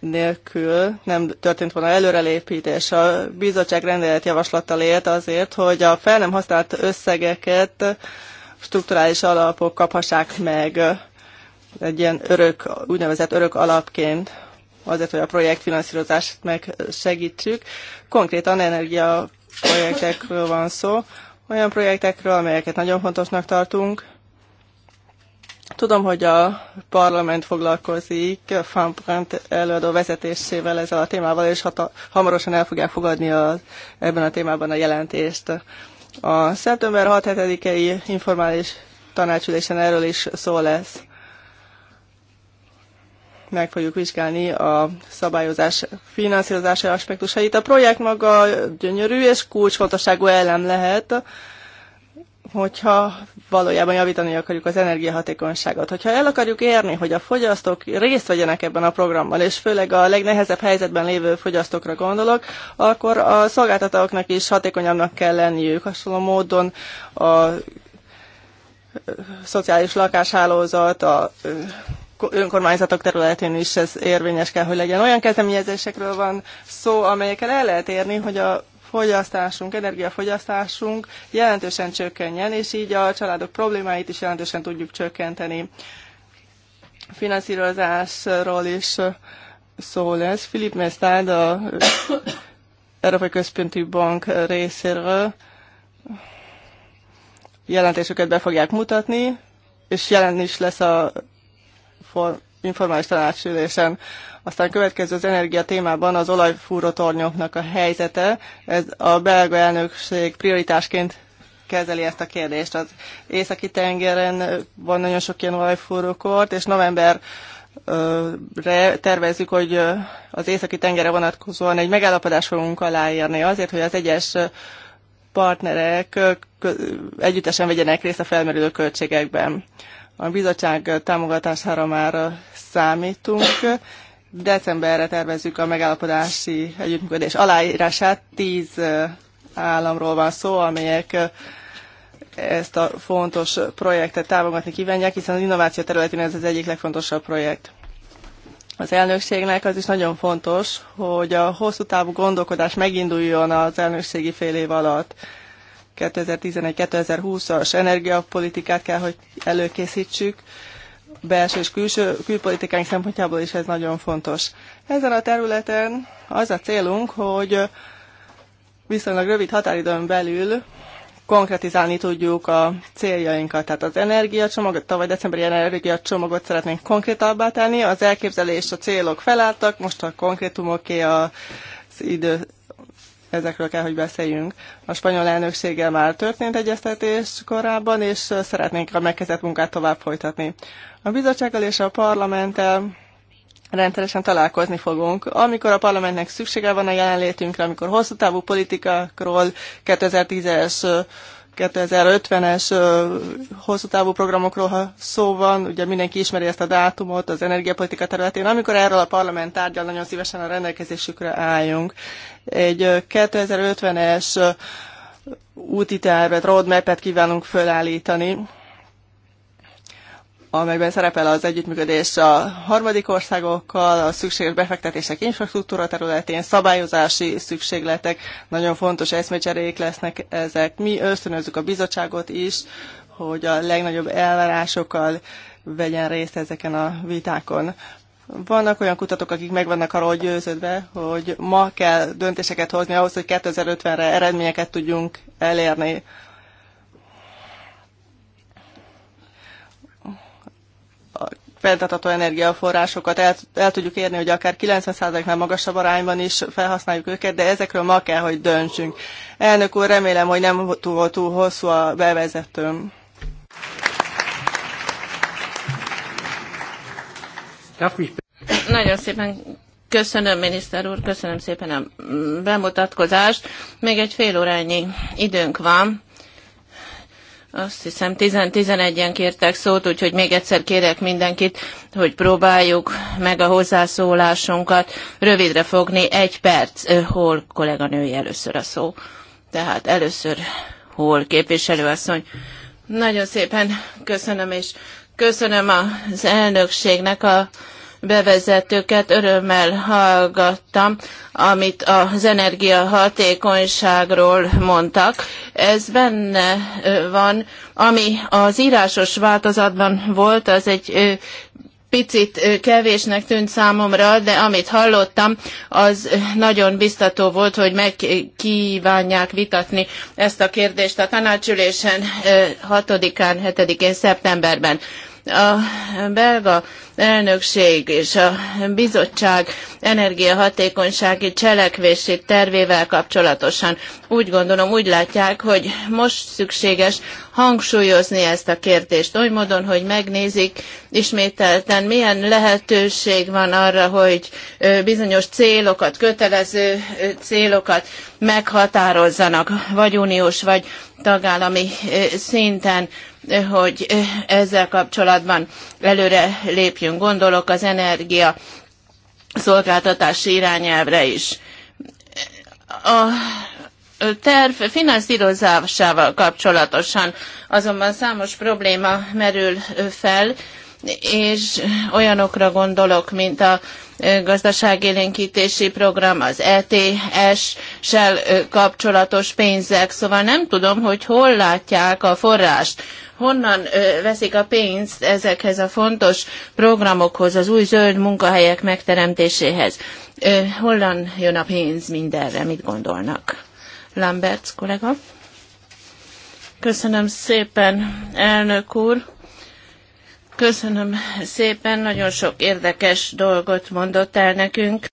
nélkül nem történt volna előrelépítés. A bizottság rendelet javaslattal élt azért, hogy a fel nem használt összegeket strukturális alapok kaphassák meg egy ilyen örök, úgynevezett örök alapként azért, hogy a projekt meg segítsük. Konkrétan energia projektekről van szó, olyan projektekről, amelyeket nagyon fontosnak tartunk. Tudom, hogy a parlament foglalkozik Fanprant előadó vezetésével ezzel a témával, és hata, hamarosan el fogják fogadni a, ebben a témában a jelentést. A szeptember 6-7-i informális tanácsülésen erről is szó lesz meg fogjuk vizsgálni a szabályozás finanszírozási aspektusait. A projekt maga gyönyörű és kulcsfontosságú elem lehet, hogyha valójában javítani akarjuk az energiahatékonyságot. Hogyha el akarjuk érni, hogy a fogyasztók részt vegyenek ebben a programban, és főleg a legnehezebb helyzetben lévő fogyasztókra gondolok, akkor a szolgáltatóknak is hatékonyabbnak kell lenniük. Hasonló módon a szociális lakáshálózat, a önkormányzatok területén is ez érvényes kell, hogy legyen. Olyan kezdeményezésekről van szó, amelyekkel el lehet érni, hogy a fogyasztásunk, energiafogyasztásunk jelentősen csökkenjen, és így a családok problémáit is jelentősen tudjuk csökkenteni. Finanszírozásról is szó lesz. Filip Mestad, a Európai Központi Bank részéről jelentésüket be fogják mutatni, és jelen is lesz a for, informális tanácsülésen. Aztán következő az energia témában az olajfúrótornyoknak a helyzete. Ez a belga elnökség prioritásként kezeli ezt a kérdést. Az északi tengeren van nagyon sok ilyen olajfúrókort, és november tervezzük, hogy az északi tengere vonatkozóan egy megállapodás fogunk aláírni azért, hogy az egyes partnerek együttesen vegyenek részt a felmerülő költségekben. A bizottság támogatására már számítunk. Decemberre tervezzük a megállapodási együttműködés aláírását. Tíz államról van szó, amelyek ezt a fontos projektet támogatni kívánják, hiszen az innováció területén ez az egyik legfontosabb projekt. Az elnökségnek az is nagyon fontos, hogy a hosszú távú gondolkodás meginduljon az elnökségi fél év alatt. 2011-2020-as energiapolitikát kell, hogy előkészítsük. Belső és külső, külpolitikánk szempontjából is ez nagyon fontos. Ezen a területen az a célunk, hogy viszonylag rövid határidőn belül konkretizálni tudjuk a céljainkat. Tehát az energiacsomagot, tavaly decemberi energiacsomagot szeretnénk konkrétabbá tenni. Az elképzelés, a célok felálltak, most a konkrétumoké az idő ezekről kell, hogy beszéljünk. A spanyol elnökséggel már történt egyeztetés korábban, és szeretnénk a megkezdett munkát tovább folytatni. A bizottsággal és a parlamenttel rendszeresen találkozni fogunk. Amikor a parlamentnek szüksége van a jelenlétünkre, amikor hosszú távú politikakról 2010-es 2050-es hosszú távú programokról, ha szó van, ugye mindenki ismeri ezt a dátumot az energiapolitika területén, amikor erről a parlament tárgyal, nagyon szívesen a rendelkezésükre álljunk. Egy 2050-es úti tervet, roadmap-et kívánunk fölállítani, amelyben szerepel az együttműködés a harmadik országokkal, a szükséges befektetések infrastruktúra területén, szabályozási szükségletek, nagyon fontos eszmecserék lesznek ezek. Mi ösztönözzük a bizottságot is, hogy a legnagyobb elvárásokkal vegyen részt ezeken a vitákon. Vannak olyan kutatók, akik meg vannak arról győződve, hogy ma kell döntéseket hozni ahhoz, hogy 2050-re eredményeket tudjunk elérni fenntartható energiaforrásokat el, el tudjuk érni, hogy akár 90%-nál magasabb arányban is felhasználjuk őket, de ezekről ma kell, hogy döntsünk. Elnök úr, remélem, hogy nem volt túl, túl hosszú a bevezetőm. Nagyon szépen köszönöm, miniszter úr, köszönöm szépen a bemutatkozást. Még egy fél órányi időnk van azt hiszem 11 en kértek szót, úgyhogy még egyszer kérek mindenkit, hogy próbáljuk meg a hozzászólásunkat rövidre fogni. Egy perc, hol kolléganői először a szó. Tehát először hol képviselőasszony. Nagyon szépen köszönöm, és köszönöm az elnökségnek a bevezetőket örömmel hallgattam, amit az energiahatékonyságról mondtak. Ez benne van, ami az írásos változatban volt, az egy picit kevésnek tűnt számomra, de amit hallottam, az nagyon biztató volt, hogy megkívánják vitatni ezt a kérdést a tanácsülésen 6-án, 7-én szeptemberben. A belga elnökség és a bizottság energiahatékonysági cselekvési tervével kapcsolatosan úgy gondolom, úgy látják, hogy most szükséges hangsúlyozni ezt a kérdést oly módon, hogy megnézik ismételten, milyen lehetőség van arra, hogy bizonyos célokat, kötelező célokat meghatározzanak, vagy uniós, vagy tagállami szinten hogy ezzel kapcsolatban előre lépjünk. Gondolok az energia szolgáltatási irányelvre is. A terv finanszírozásával kapcsolatosan azonban számos probléma merül fel, és olyanokra gondolok, mint a gazdaságélénkítési program, az ETS-sel kapcsolatos pénzek, szóval nem tudom, hogy hol látják a forrást, honnan veszik a pénzt ezekhez a fontos programokhoz, az új zöld munkahelyek megteremtéséhez. Honnan jön a pénz mindenre, mit gondolnak? Lamberts kollega. Köszönöm szépen, elnök úr. Köszönöm szépen, nagyon sok érdekes dolgot mondott el nekünk.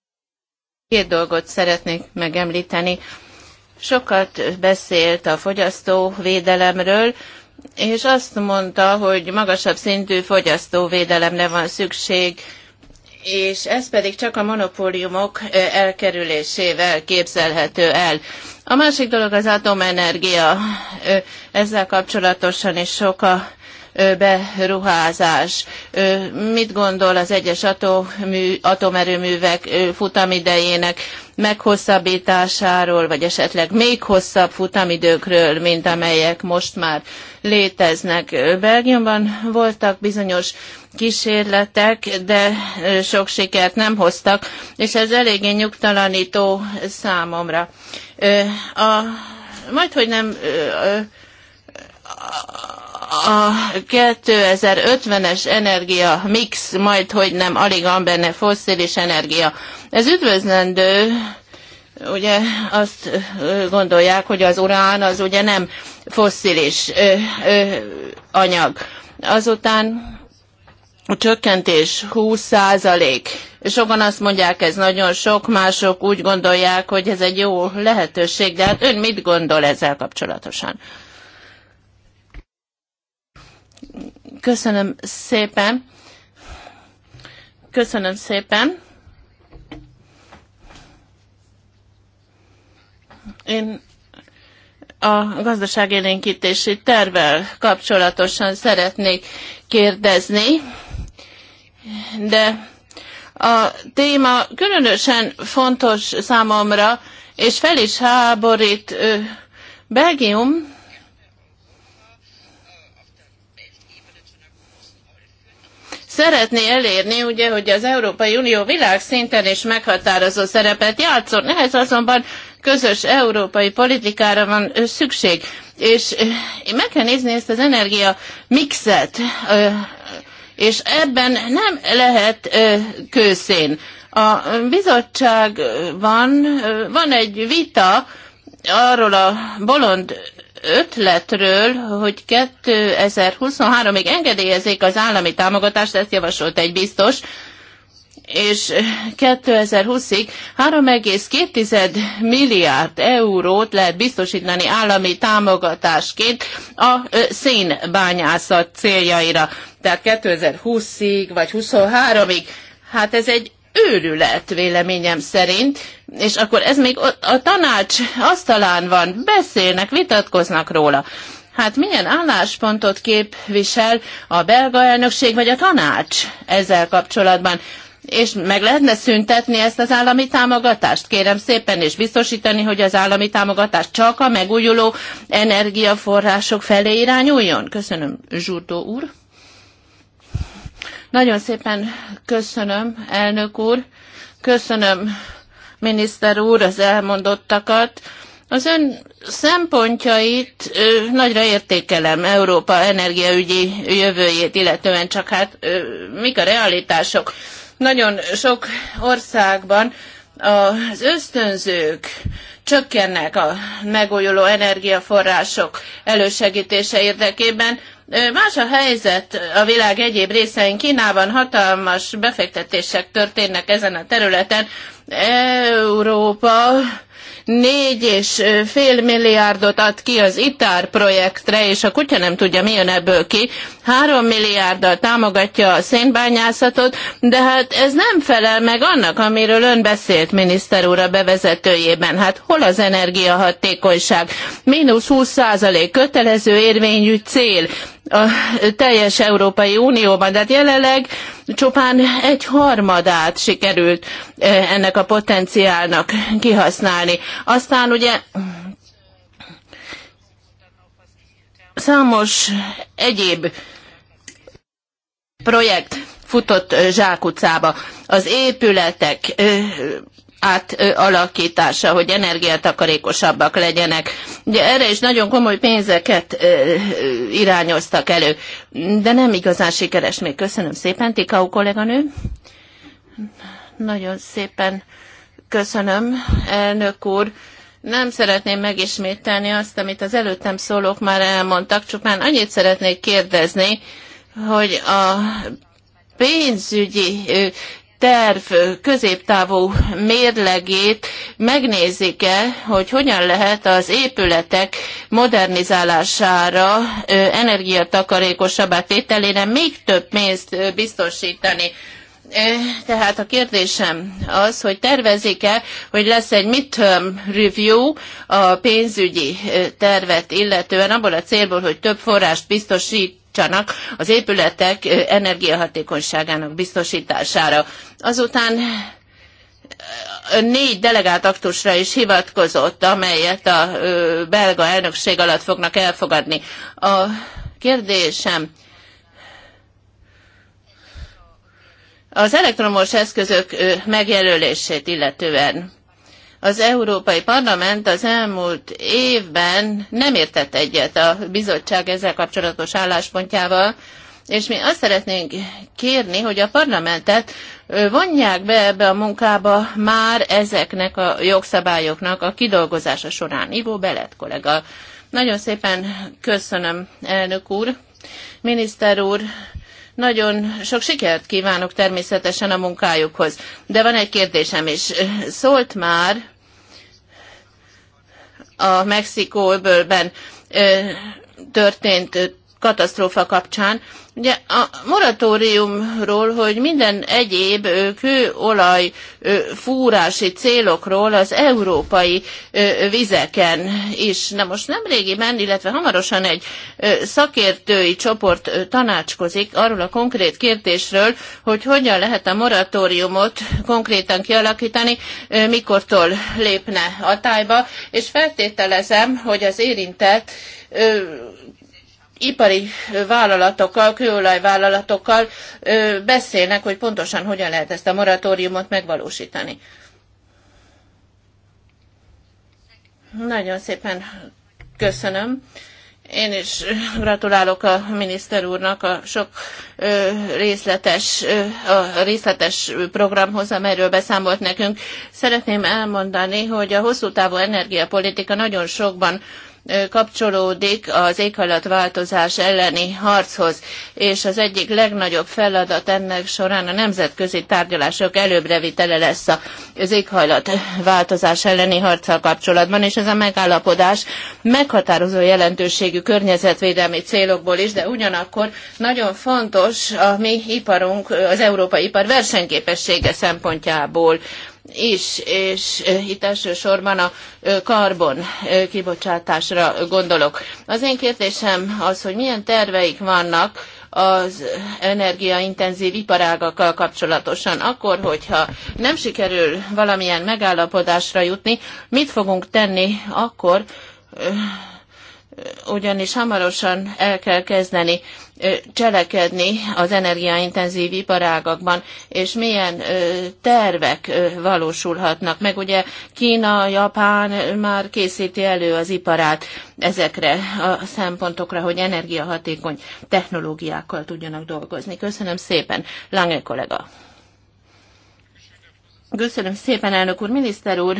Két dolgot szeretnék megemlíteni. Sokat beszélt a fogyasztóvédelemről, és azt mondta, hogy magasabb szintű fogyasztóvédelemre van szükség, és ez pedig csak a monopóliumok elkerülésével képzelhető el. A másik dolog az atomenergia. Ezzel kapcsolatosan is sok a beruházás. Mit gondol az egyes atomű, atomerőművek futamidejének meghosszabbításáról, vagy esetleg még hosszabb futamidőkről, mint amelyek most már léteznek. Belgiumban voltak bizonyos kísérletek, de sok sikert nem hoztak, és ez eléggé nyugtalanító számomra. A, majd, hogy nem a 2050-es energia mix, majd hogy nem, alig van benne fosszilis energia. Ez üdvözlendő, ugye azt gondolják, hogy az urán az ugye nem fosszilis ö, ö, anyag. Azután a csökkentés 20 százalék. Sokan azt mondják, ez nagyon sok, mások úgy gondolják, hogy ez egy jó lehetőség, de hát ön mit gondol ezzel kapcsolatosan? Köszönöm szépen. Köszönöm szépen. Én a gazdaságélénkítési tervvel kapcsolatosan szeretnék kérdezni, de a téma különösen fontos számomra, és fel is háborít Belgium szeretné elérni, ugye, hogy az Európai Unió világszinten is meghatározó szerepet játszon. Ehhez azonban közös európai politikára van szükség. És meg kell nézni ezt az energia mixet, és ebben nem lehet kőszén. A bizottságban van egy vita arról a bolond ötletről, hogy 2023-ig engedélyezzék az állami támogatást, ezt javasolt egy biztos, és 2020-ig 3,2 milliárd eurót lehet biztosítani állami támogatásként a szénbányászat céljaira. Tehát 2020-ig vagy 23-ig. Hát ez egy őrület véleményem szerint, és akkor ez még a tanács asztalán van, beszélnek, vitatkoznak róla. Hát milyen álláspontot képvisel a belga elnökség vagy a tanács ezzel kapcsolatban? és meg lehetne szüntetni ezt az állami támogatást, kérem szépen, és biztosítani, hogy az állami támogatás csak a megújuló energiaforrások felé irányuljon. Köszönöm, Zsurdó úr. Nagyon szépen köszönöm, elnök úr, köszönöm, miniszter úr, az elmondottakat. Az ön szempontjait ö, nagyra értékelem Európa energiaügyi jövőjét, illetően csak hát ö, mik a realitások. Nagyon sok országban az ösztönzők csökkennek a megújuló energiaforrások elősegítése érdekében, Más a helyzet a világ egyéb részein. Kínában hatalmas befektetések történnek ezen a területen. Európa négy és fél milliárdot ad ki az ITAR projektre, és a kutya nem tudja, mi jön ebből ki. Három milliárddal támogatja a szénbányászatot, de hát ez nem felel meg annak, amiről ön beszélt, miniszter úr, a bevezetőjében. Hát hol az energiahatékonyság? Mínusz 20 százalék kötelező érvényű cél a teljes Európai Unióban, tehát jelenleg csupán egy harmadát sikerült eh, ennek a potenciálnak kihasználni. Aztán ugye számos egyéb projekt futott eh, zsákutcába. Az épületek eh, átalakítása, hogy energiatakarékosabbak legyenek. Ugye erre is nagyon komoly pénzeket ö, irányoztak elő, de nem igazán sikeres még. Köszönöm szépen, Tikau kolléganő. Nagyon szépen köszönöm, elnök úr. Nem szeretném megismételni azt, amit az előttem szólók már elmondtak, csupán annyit szeretnék kérdezni, hogy a pénzügyi terv középtávú mérlegét megnézik-e, hogy hogyan lehet az épületek modernizálására, energiatakarékosabbá tételére még több pénzt biztosítani. Tehát a kérdésem az, hogy tervezik-e, hogy lesz egy midterm review a pénzügyi tervet illetően, abból a célból, hogy több forrást biztosít fordítsanak az épületek energiahatékonyságának biztosítására. Azután négy delegált aktusra is hivatkozott, amelyet a belga elnökség alatt fognak elfogadni. A kérdésem, az elektromos eszközök megjelölését illetően az Európai Parlament az elmúlt évben nem értett egyet a bizottság ezzel kapcsolatos álláspontjával, és mi azt szeretnénk kérni, hogy a parlamentet vonják be ebbe a munkába már ezeknek a jogszabályoknak a kidolgozása során. Ivo Belet kollega. Nagyon szépen köszönöm, elnök úr, miniszter úr, nagyon sok sikert kívánok természetesen a munkájukhoz. De van egy kérdésem is. Szólt már a Mexikó öbölben történt katasztrófa kapcsán. Ugye a moratóriumról, hogy minden egyéb kőolaj fúrási célokról az európai vizeken is. Na most nem régiben, illetve hamarosan egy szakértői csoport tanácskozik arról a konkrét kérdésről, hogy hogyan lehet a moratóriumot konkrétan kialakítani, mikortól lépne a tájba, és feltételezem, hogy az érintett ipari vállalatokkal, kőolajvállalatokkal beszélnek, hogy pontosan hogyan lehet ezt a moratóriumot megvalósítani. Nagyon szépen köszönöm. Én is gratulálok a miniszter úrnak a sok részletes, a részletes programhoz, amelyről beszámolt nekünk. Szeretném elmondani, hogy a hosszú távú energiapolitika nagyon sokban kapcsolódik az éghajlatváltozás elleni harchoz, és az egyik legnagyobb feladat ennek során a nemzetközi tárgyalások előbbrevitele lesz az éghajlatváltozás elleni harccal kapcsolatban, és ez a megállapodás meghatározó jelentőségű környezetvédelmi célokból is, de ugyanakkor nagyon fontos a mi iparunk, az európai ipar versenyképessége szempontjából is, és itt elsősorban a karbon kibocsátásra gondolok. Az én kérdésem az, hogy milyen terveik vannak, az energiaintenzív iparágakkal kapcsolatosan. Akkor, hogyha nem sikerül valamilyen megállapodásra jutni, mit fogunk tenni akkor, ugyanis hamarosan el kell kezdeni cselekedni az energiaintenzív iparágakban, és milyen tervek valósulhatnak meg. Ugye Kína, Japán már készíti elő az iparát ezekre a szempontokra, hogy energiahatékony technológiákkal tudjanak dolgozni. Köszönöm szépen, Lange kollega. Köszönöm szépen, elnök úr, miniszter úr.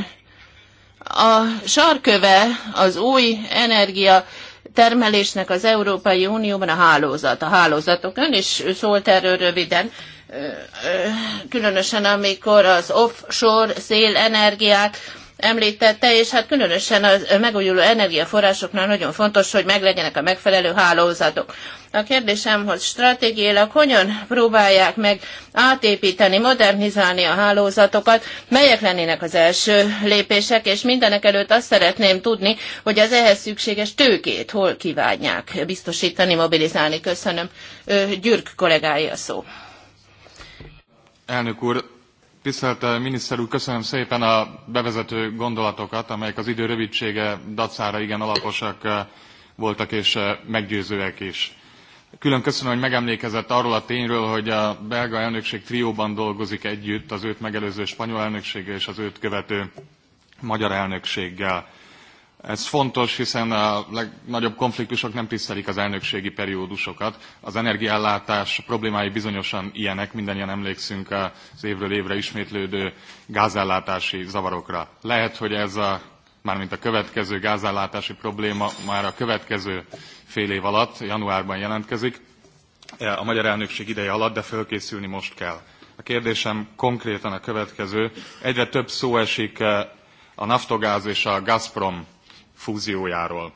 A sarköve az új energia termelésnek az Európai Unióban a hálózat, a hálózatok. Ön is szólt erről röviden, különösen amikor az offshore szélenergiát említette, és hát különösen a megújuló energiaforrásoknál nagyon fontos, hogy meglegyenek a megfelelő hálózatok. A kérdésem, hogy stratégiailag hogyan próbálják meg átépíteni, modernizálni a hálózatokat, melyek lennének az első lépések, és mindenek előtt azt szeretném tudni, hogy az ehhez szükséges tőkét hol kívánják biztosítani, mobilizálni. Köszönöm. Gyürk a szó. Elnök úr, Tisztelt miniszter úr, köszönöm szépen a bevezető gondolatokat, amelyek az idő rövidsége dacára igen alaposak voltak és meggyőzőek is. Külön köszönöm, hogy megemlékezett arról a tényről, hogy a belga elnökség trióban dolgozik együtt az őt megelőző spanyol elnökséggel és az őt követő magyar elnökséggel. Ez fontos, hiszen a legnagyobb konfliktusok nem tisztelik az elnökségi periódusokat. Az energiállátás problémái bizonyosan ilyenek, mindannyian emlékszünk az évről évre ismétlődő gázellátási zavarokra. Lehet, hogy ez a, mármint a következő gázellátási probléma már a következő fél év alatt, januárban jelentkezik, e, a magyar elnökség ideje alatt, de fölkészülni most kell. A kérdésem konkrétan a következő. Egyre több szó esik e, a Naftogáz és a Gazprom fúziójáról.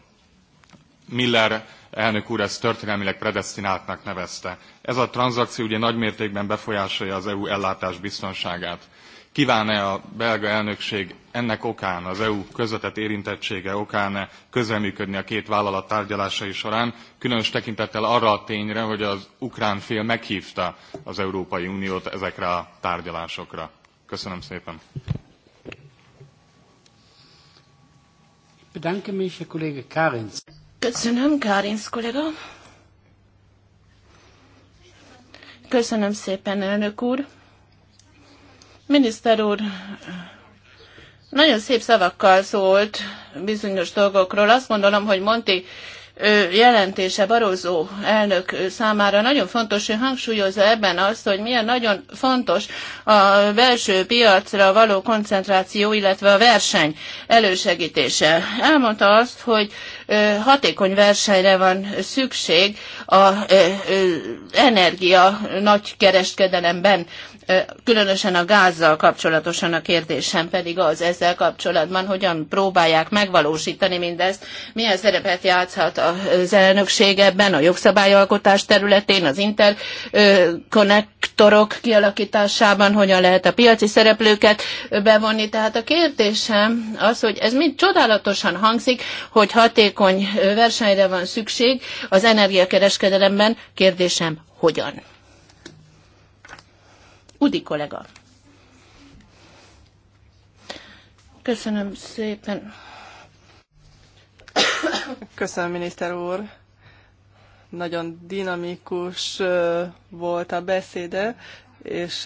Miller elnök úr ezt történelmileg predestináltnak nevezte. Ez a tranzakció ugye nagymértékben befolyásolja az EU ellátás biztonságát. Kíván-e a belga elnökség ennek okán, az EU közvetett érintettsége okán közreműködni a két vállalat tárgyalásai során, különös tekintettel arra a tényre, hogy az ukrán fél meghívta az Európai Uniót ezekre a tárgyalásokra. Köszönöm szépen. Bedanke mich, Herr Kollege Karins. Köszönöm, Karins kollega. Köszönöm szépen, elnök úr. Miniszter úr, nagyon szép szavakkal szólt bizonyos dolgokról. Azt gondolom, hogy Monti jelentése Barózó elnök számára nagyon fontos, hogy hangsúlyozza ebben azt, hogy milyen nagyon fontos a belső piacra való koncentráció, illetve a verseny elősegítése. Elmondta azt, hogy hatékony versenyre van szükség a energia nagy kereskedelemben, különösen a gázzal kapcsolatosan a kérdésem pedig az ezzel kapcsolatban, hogyan próbálják megvalósítani mindezt, milyen szerepet játszhat az elnökség ebben, a jogszabályalkotás területén, az interkonnektorok kialakításában, hogyan lehet a piaci szereplőket bevonni. Tehát a kérdésem az, hogy ez mind csodálatosan hangzik, hogy hatékony hatékony versenyre van szükség az energiakereskedelemben. Kérdésem, hogyan? Udi kollega. Köszönöm szépen. Köszönöm, miniszter úr. Nagyon dinamikus volt a beszéde, és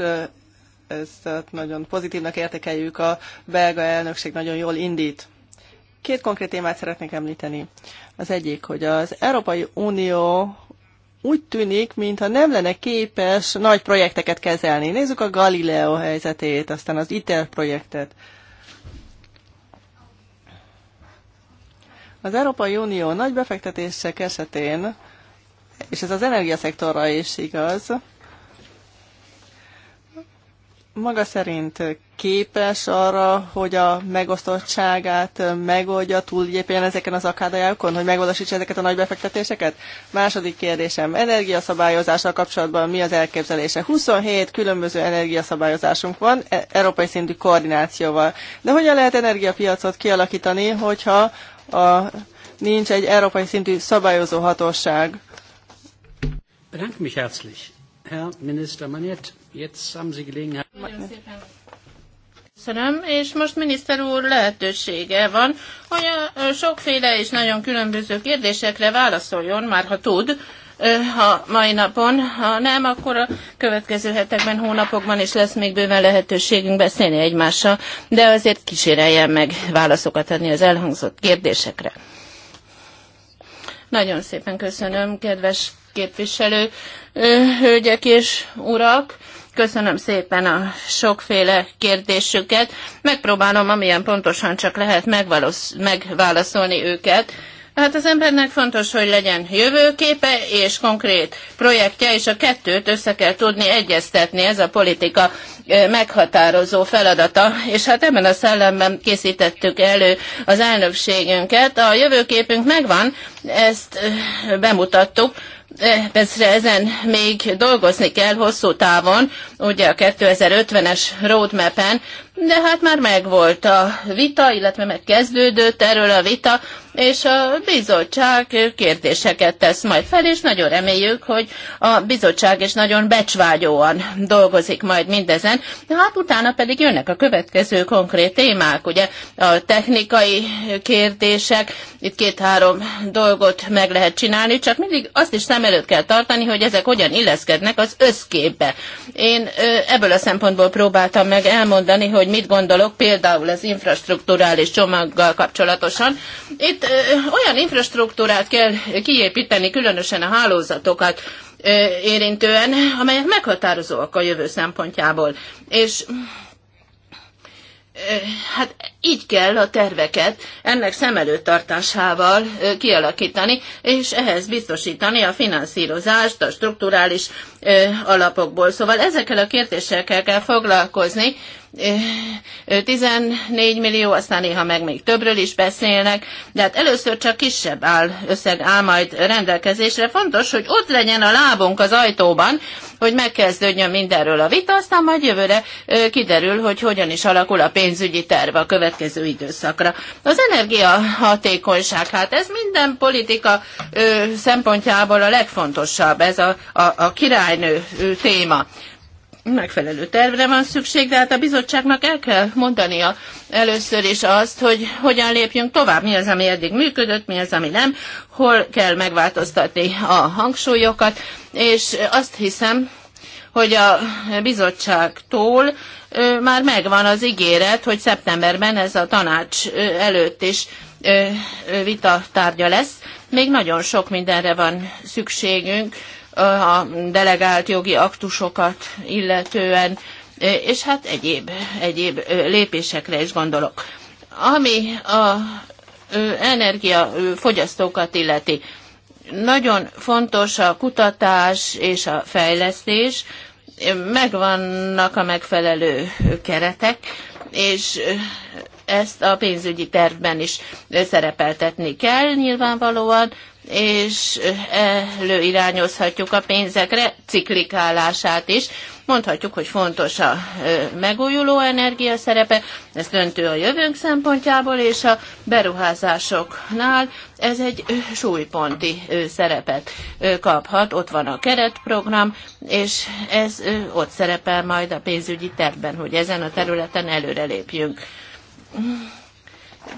ezt nagyon pozitívnak értékeljük. A belga elnökség nagyon jól indít. Két konkrét témát szeretnék említeni. Az egyik, hogy az Európai Unió úgy tűnik, mintha nem lenne képes nagy projekteket kezelni. Nézzük a Galileo helyzetét, aztán az ITER projektet. Az Európai Unió nagy befektetések esetén, és ez az energiaszektorra is igaz, maga szerint képes arra, hogy a megosztottságát megoldja, túllépjen ezeken az akadályokon, hogy megvalósítsa ezeket a nagy befektetéseket? Második kérdésem, energiaszabályozással kapcsolatban mi az elképzelése? 27 különböző energiaszabályozásunk van, e európai szintű koordinációval. De hogyan lehet energiapiacot kialakítani, hogyha a, nincs egy európai szintű szabályozó hatóság? Herr Minister Jetzt haben Sie Gelegenheit. Köszönöm, és most miniszter úr lehetősége van, hogy a sokféle és nagyon különböző kérdésekre válaszoljon, már ha tud, ha mai napon, ha nem, akkor a következő hetekben, hónapokban is lesz még bőven lehetőségünk beszélni egymással, de azért kíséreljen meg válaszokat adni az elhangzott kérdésekre. Nagyon szépen köszönöm, kedves képviselő hölgyek és urak! Köszönöm szépen a sokféle kérdésüket. Megpróbálom, amilyen pontosan csak lehet megválaszolni őket. Hát az embernek fontos, hogy legyen jövőképe és konkrét projektje, és a kettőt össze kell tudni egyeztetni, ez a politika meghatározó feladata, és hát ebben a szellemben készítettük elő az elnökségünket. A jövőképünk megvan, ezt bemutattuk, persze ezen még dolgozni kell hosszú távon, ugye a 2050-es roadmap-en, de hát már megvolt a vita, illetve megkezdődött erről a vita, és a bizottság kérdéseket tesz majd fel, és nagyon reméljük, hogy a bizottság is nagyon becsvágyóan dolgozik majd mindezen. De hát utána pedig jönnek a következő konkrét témák, ugye a technikai kérdések, itt két-három dolgot meg lehet csinálni, csak mindig azt is szem előtt kell tartani, hogy ezek hogyan illeszkednek az összképbe. Én ebből a szempontból próbáltam meg elmondani, hogy hogy mit gondolok például az infrastruktúrális csomaggal kapcsolatosan. Itt ö, olyan infrastruktúrát kell kiépíteni, különösen a hálózatokat ö, érintően, amelyek meghatározóak a jövő szempontjából. És hát így kell a terveket ennek szem előtt tartásával kialakítani, és ehhez biztosítani a finanszírozást a strukturális alapokból. Szóval ezekkel a kérdésekkel kell foglalkozni, 14 millió, aztán néha meg még többről is beszélnek, de hát először csak kisebb áll, összeg áll majd rendelkezésre. Fontos, hogy ott legyen a lábunk az ajtóban, hogy megkezdődjön mindenről a vita, aztán majd jövőre kiderül, hogy hogyan is alakul a pénzügyi terve a következő időszakra. Az energiahatékonyság, hát ez minden politika szempontjából a legfontosabb, ez a, a, a királynő téma megfelelő tervre van szükség, de hát a bizottságnak el kell mondania először is azt, hogy hogyan lépjünk tovább, mi az, ami eddig működött, mi az, ami nem, hol kell megváltoztatni a hangsúlyokat, és azt hiszem, hogy a bizottságtól már megvan az ígéret, hogy szeptemberben ez a tanács előtt is vita tárgya lesz. Még nagyon sok mindenre van szükségünk, a delegált jogi aktusokat illetően, e, és hát egyéb, egyéb e, lépésekre is gondolok. Ami a e, energiafogyasztókat illeti, nagyon fontos a kutatás és a fejlesztés, megvannak a megfelelő keretek, és ezt a pénzügyi tervben is szerepeltetni kell nyilvánvalóan, és előirányozhatjuk a pénzekre ciklikálását is. Mondhatjuk, hogy fontos a megújuló energia szerepe, ez döntő a jövőnk szempontjából, és a beruházásoknál ez egy súlyponti szerepet kaphat. Ott van a keretprogram, és ez ott szerepel majd a pénzügyi tervben, hogy ezen a területen előrelépjünk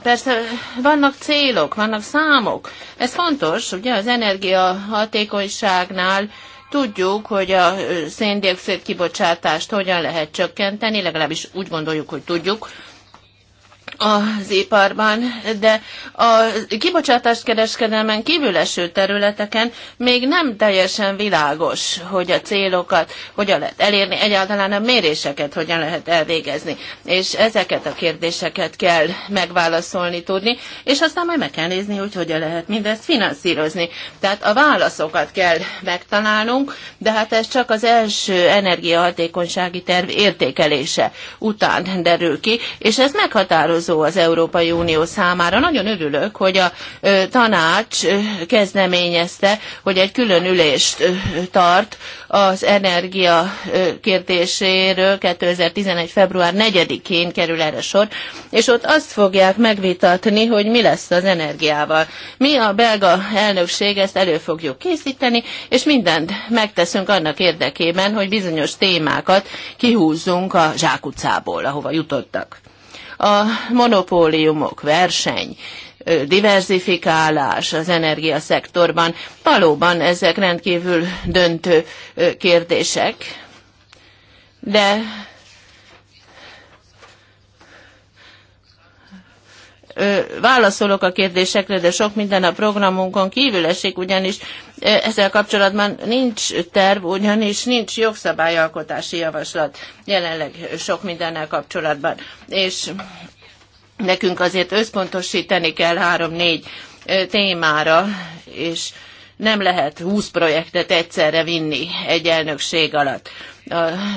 persze vannak célok, vannak számok. Ez fontos, ugye az energiahatékonyságnál tudjuk, hogy a széndiokszid kibocsátást hogyan lehet csökkenteni, legalábbis úgy gondoljuk, hogy tudjuk, az iparban, de a kibocsátás kereskedelmen kívül eső területeken még nem teljesen világos, hogy a célokat hogyan lehet elérni, egyáltalán a méréseket hogyan lehet elvégezni. És ezeket a kérdéseket kell megválaszolni tudni, és aztán majd meg kell nézni, hogy hogyan lehet mindezt finanszírozni. Tehát a válaszokat kell megtalálnunk, de hát ez csak az első energiahatékonysági terv értékelése után derül ki, és ez meghatároz vonzó az Európai Unió számára. Nagyon örülök, hogy a tanács kezdeményezte, hogy egy külön ülést tart az energia kérdéséről 2011. február 4-én kerül erre sor, és ott azt fogják megvitatni, hogy mi lesz az energiával. Mi a belga elnökség ezt elő fogjuk készíteni, és mindent megteszünk annak érdekében, hogy bizonyos témákat kihúzzunk a zsákutcából, ahova jutottak. A monopóliumok, verseny, diversifikálás az energiaszektorban, valóban ezek rendkívül döntő kérdések, de válaszolok a kérdésekre, de sok minden a programunkon kívül esik, ugyanis ezzel kapcsolatban nincs terv, ugyanis nincs jogszabályalkotási javaslat jelenleg sok mindennel kapcsolatban. És nekünk azért összpontosítani kell három-négy témára, és nem lehet 20 projektet egyszerre vinni egy elnökség alatt.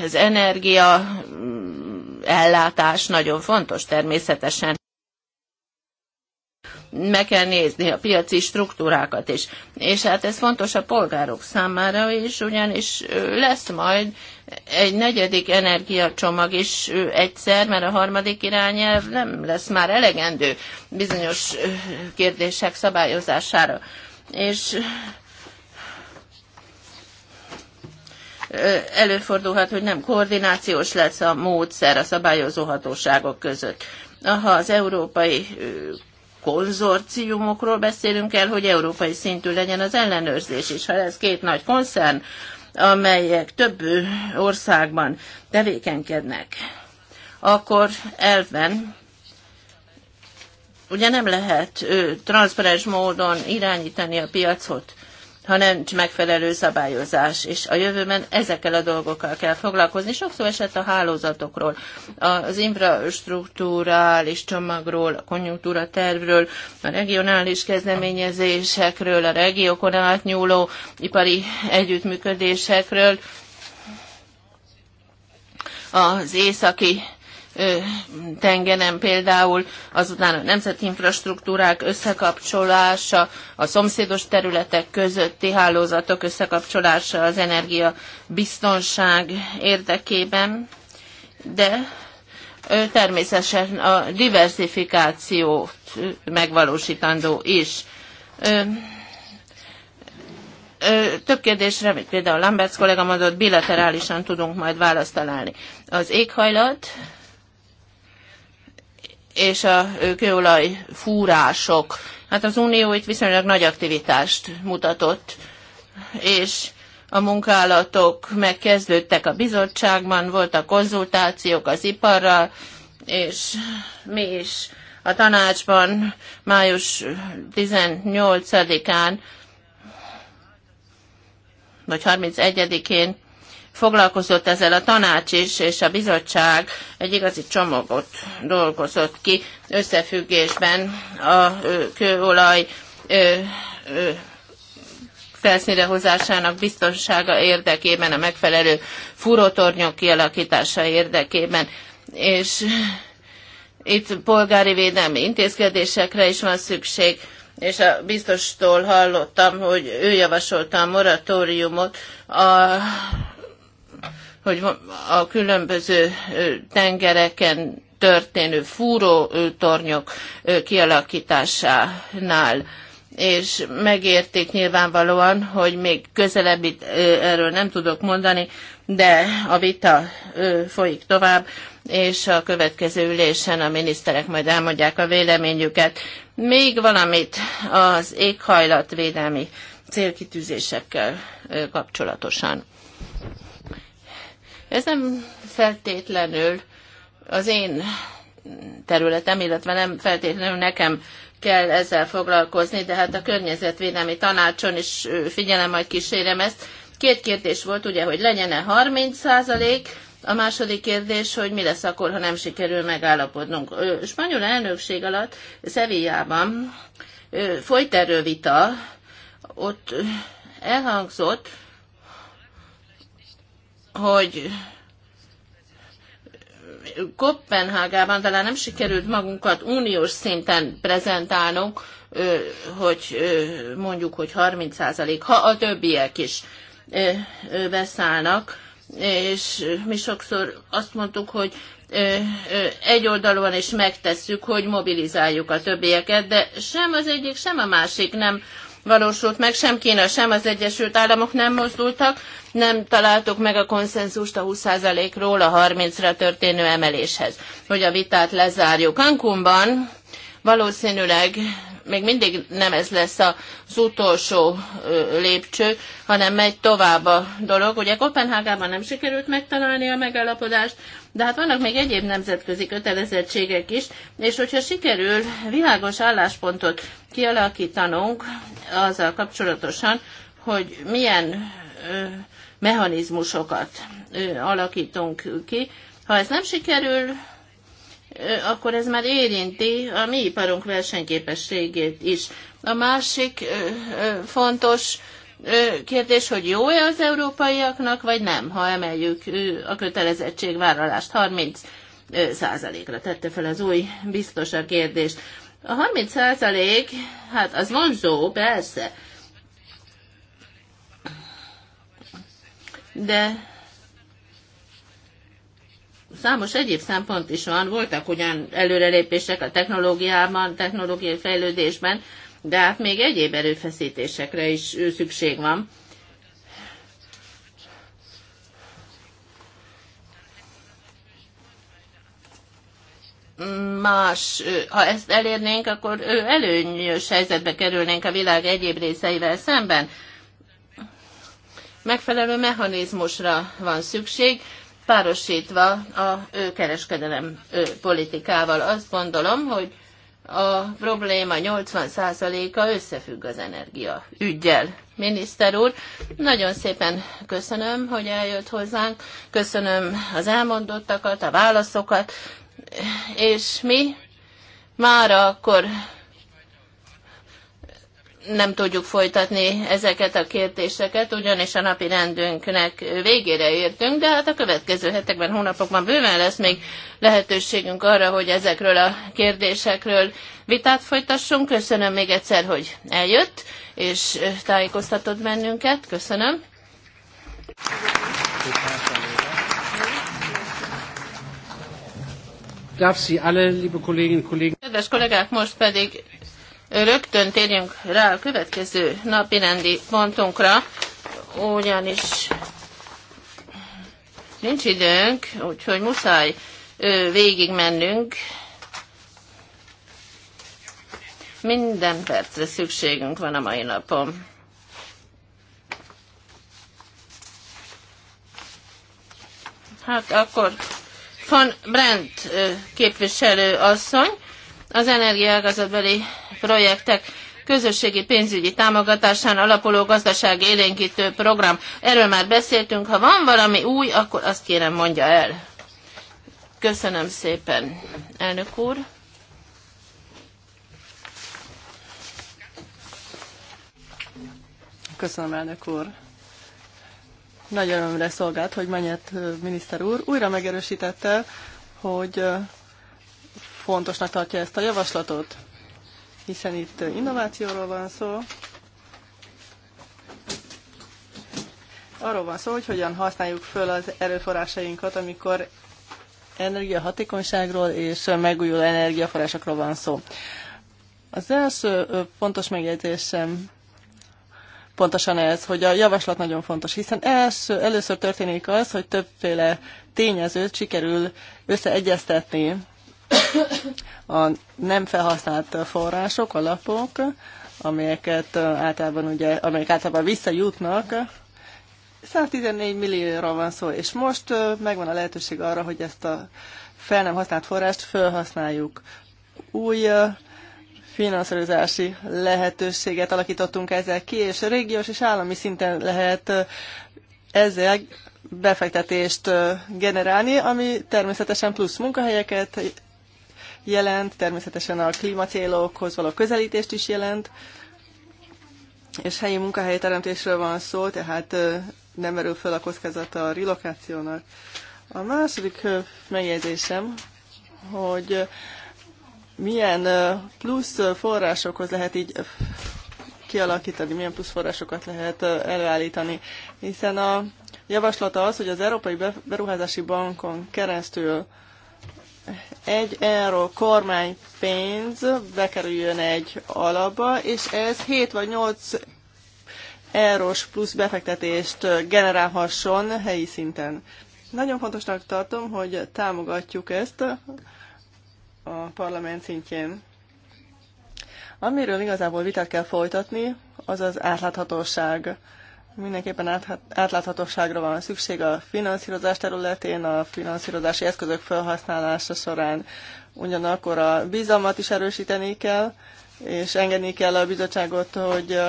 Az energia mm, ellátás nagyon fontos természetesen meg kell nézni a piaci struktúrákat is. És hát ez fontos a polgárok számára is, ugyanis lesz majd egy negyedik energiacsomag is egyszer, mert a harmadik irányelv nem lesz már elegendő bizonyos kérdések szabályozására. És előfordulhat, hogy nem koordinációs lesz a módszer a szabályozó hatóságok között. Ha az európai konzorciumokról beszélünk el, hogy európai szintű legyen az ellenőrzés, és ha ez két nagy koncern, amelyek több országban tevékenykednek, akkor elven ugye nem lehet transzparens módon irányítani a piacot ha nincs megfelelő szabályozás, és a jövőben ezekkel a dolgokkal kell foglalkozni. Sokszor esett a hálózatokról, az infrastruktúrális csomagról, a konjunktúra tervről, a regionális kezdeményezésekről, a regiókon átnyúló ipari együttműködésekről, az északi tengeren például, azután a nemzeti infrastruktúrák összekapcsolása, a szomszédos területek közötti hálózatok összekapcsolása az energia biztonság érdekében, de természetesen a diversifikációt megvalósítandó is. Több kérdésre, mint például Lamberts kollega mondott, bilaterálisan tudunk majd választ találni. Az éghajlat és a kőolaj fúrások. Hát az Unió itt viszonylag nagy aktivitást mutatott, és a munkálatok megkezdődtek a bizottságban, voltak konzultációk az iparral, és mi is a tanácsban május 18-án vagy 31-én foglalkozott ezzel a tanács is, és a bizottság egy igazi csomagot dolgozott ki összefüggésben a kőolaj felszínre hozásának biztonsága érdekében, a megfelelő furótornyok kialakítása érdekében, és itt polgári védelmi intézkedésekre is van szükség, és a biztostól hallottam, hogy ő javasolta a moratóriumot a hogy a különböző tengereken történő fúrótornyok kialakításánál és megérték nyilvánvalóan, hogy még közelebb erről nem tudok mondani, de a vita folyik tovább, és a következő ülésen a miniszterek majd elmondják a véleményüket. Még valamit az éghajlatvédelmi célkitűzésekkel kapcsolatosan. Ez nem feltétlenül az én területem, illetve nem feltétlenül nekem kell ezzel foglalkozni, de hát a környezetvédelmi tanácson is figyelem, majd kísérem ezt. Két kérdés volt, ugye, hogy legyen-e 30 százalék, a második kérdés, hogy mi lesz akkor, ha nem sikerül megállapodnunk. A spanyol elnökség alatt Szevillában folyt erről vita, ott elhangzott, hogy Kopenhágában talán nem sikerült magunkat uniós szinten prezentálnunk, hogy mondjuk, hogy 30 ha a többiek is beszállnak, és mi sokszor azt mondtuk, hogy egy oldalon is megtesszük, hogy mobilizáljuk a többieket, de sem az egyik, sem a másik nem valósult meg, sem Kína, sem az Egyesült Államok nem mozdultak, nem találtuk meg a konszenzust a 20%-ról a 30-ra történő emeléshez, hogy a vitát lezárjuk. Cancúnban valószínűleg még mindig nem ez lesz az utolsó lépcső, hanem megy tovább a dolog. Ugye Kopenhágában nem sikerült megtalálni a megállapodást, de hát vannak még egyéb nemzetközi kötelezettségek is, és hogyha sikerül világos álláspontot kialakítanunk azzal kapcsolatosan, hogy milyen mechanizmusokat alakítunk ki, ha ez nem sikerül, akkor ez már érinti a mi iparunk versenyképességét is. A másik fontos kérdés, hogy jó-e az európaiaknak, vagy nem, ha emeljük a kötelezettségvállalást 30 százalékra tette fel az új biztos a kérdést. A 30 százalék, hát az vonzó, persze, de számos egyéb szempont is van, voltak ugyan előrelépések a technológiában, technológiai fejlődésben, de hát még egyéb erőfeszítésekre is szükség van. más, ha ezt elérnénk, akkor előnyös helyzetbe kerülnénk a világ egyéb részeivel szemben. Megfelelő mechanizmusra van szükség, párosítva a kereskedelem politikával. Azt gondolom, hogy a probléma 80%-a összefügg az energia ügyjel. Miniszter úr, nagyon szépen köszönöm, hogy eljött hozzánk, köszönöm az elmondottakat, a válaszokat, és mi már akkor nem tudjuk folytatni ezeket a kérdéseket, ugyanis a napi rendünknek végére értünk, de hát a következő hetekben, hónapokban bőven lesz még lehetőségünk arra, hogy ezekről a kérdésekről vitát folytassunk. Köszönöm még egyszer, hogy eljött, és tájékoztatott bennünket. Köszönöm. Darf Sie alle, liebe Kolleginnen und Kollegen. Kedves kollégák, most pedig Rögtön térjünk rá a következő napi rendi pontunkra, ugyanis nincs időnk, úgyhogy muszáj végig mennünk. Minden percre szükségünk van a mai napon. Hát akkor van Brent képviselő asszony, az energiaágazatbeli projektek közösségi pénzügyi támogatásán alapuló gazdasági élénkítő program. Erről már beszéltünk, ha van valami új, akkor azt kérem mondja el. Köszönöm szépen, elnök úr. Köszönöm, elnök úr. Nagy örömre szolgált, hogy Menyet miniszter úr újra megerősítette, hogy fontosnak tartja ezt a javaslatot, hiszen itt innovációról van szó, arról van szó, hogy hogyan használjuk föl az erőforrásainkat, amikor energiahatékonyságról és megújuló energiaforrásokról van szó. Az első fontos megjegyzésem pontosan ez, hogy a javaslat nagyon fontos, hiszen első, először történik az, hogy többféle tényezőt sikerül összeegyeztetni a nem felhasznált források, alapok, amelyeket általában ugye, amelyek általában visszajutnak, 114 millióra van szó, és most megvan a lehetőség arra, hogy ezt a fel nem használt forrást felhasználjuk. Új finanszírozási lehetőséget alakítottunk ezzel ki, és régiós és állami szinten lehet ezzel befektetést generálni, ami természetesen plusz munkahelyeket jelent, természetesen a klímacélokhoz való közelítést is jelent, és helyi munkahelyteremtésről van szó, tehát nem merül fel a kockázat a relokációnak. A második megjegyzésem, hogy milyen plusz forrásokhoz lehet így kialakítani, milyen plusz forrásokat lehet előállítani, hiszen a javaslata az, hogy az Európai Beruházási Bankon keresztül egy euró kormánypénz bekerüljön egy alapba, és ez 7 vagy 8 eurós plusz befektetést generálhasson helyi szinten. Nagyon fontosnak tartom, hogy támogatjuk ezt a parlament szintjén. Amiről igazából vitát kell folytatni, az az átláthatóság. Mindenképpen átláthatóságra van szükség a finanszírozás területén, a finanszírozási eszközök felhasználása során. Ugyanakkor a bizalmat is erősíteni kell, és engedni kell a bizottságot, hogy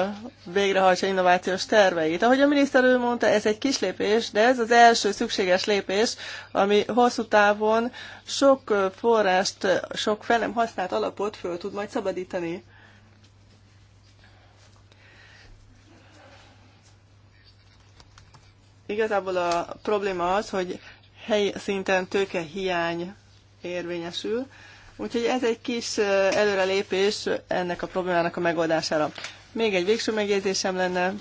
végrehajtsa innovációs terveit. Ahogy a miniszter ő mondta, ez egy kis lépés, de ez az első szükséges lépés, ami hosszú távon sok forrást, sok fel nem használt alapot föl tud majd szabadítani. Igazából a probléma az, hogy helyi szinten tőke hiány érvényesül, úgyhogy ez egy kis előrelépés ennek a problémának a megoldására. Még egy végső megjegyzésem lenne,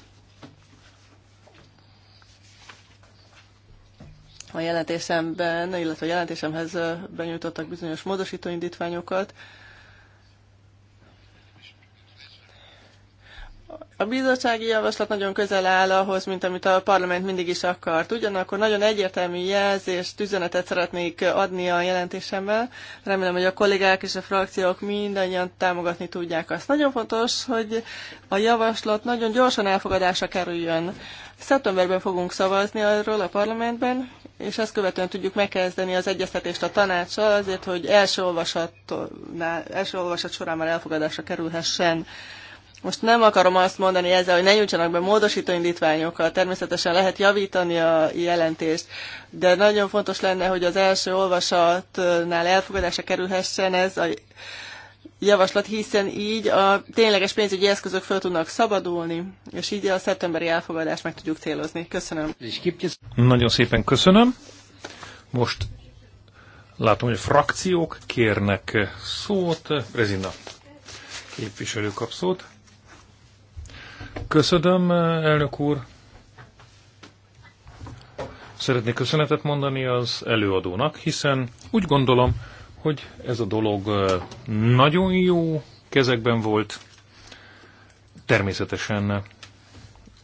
a jelentésemben, illetve a jelentésemhez benyújtottak bizonyos módosítóindítványokat, indítványokat, A bizottsági javaslat nagyon közel áll ahhoz, mint amit a parlament mindig is akart. Ugyanakkor nagyon egyértelmű jelzést, üzenetet szeretnék adni a jelentésemmel. Remélem, hogy a kollégák és a frakciók mindannyian támogatni tudják azt. Nagyon fontos, hogy a javaslat nagyon gyorsan elfogadásra kerüljön. Szeptemberben fogunk szavazni arról a parlamentben, és ezt követően tudjuk megkezdeni az egyeztetést a tanácssal azért, hogy első olvasat, első olvasat során már elfogadásra kerülhessen most nem akarom azt mondani ezzel, hogy ne nyújtsanak be módosító indítványokkal, természetesen lehet javítani a jelentést, de nagyon fontos lenne, hogy az első olvasatnál elfogadásra kerülhessen ez a javaslat, hiszen így a tényleges pénzügyi eszközök föl tudnak szabadulni, és így a szeptemberi elfogadást meg tudjuk célozni. Köszönöm. Nagyon szépen köszönöm. Most látom, hogy frakciók kérnek szót. Rezina képviselő kap szót. Köszönöm, elnök úr. Szeretnék köszönetet mondani az előadónak, hiszen úgy gondolom, hogy ez a dolog nagyon jó kezekben volt. Természetesen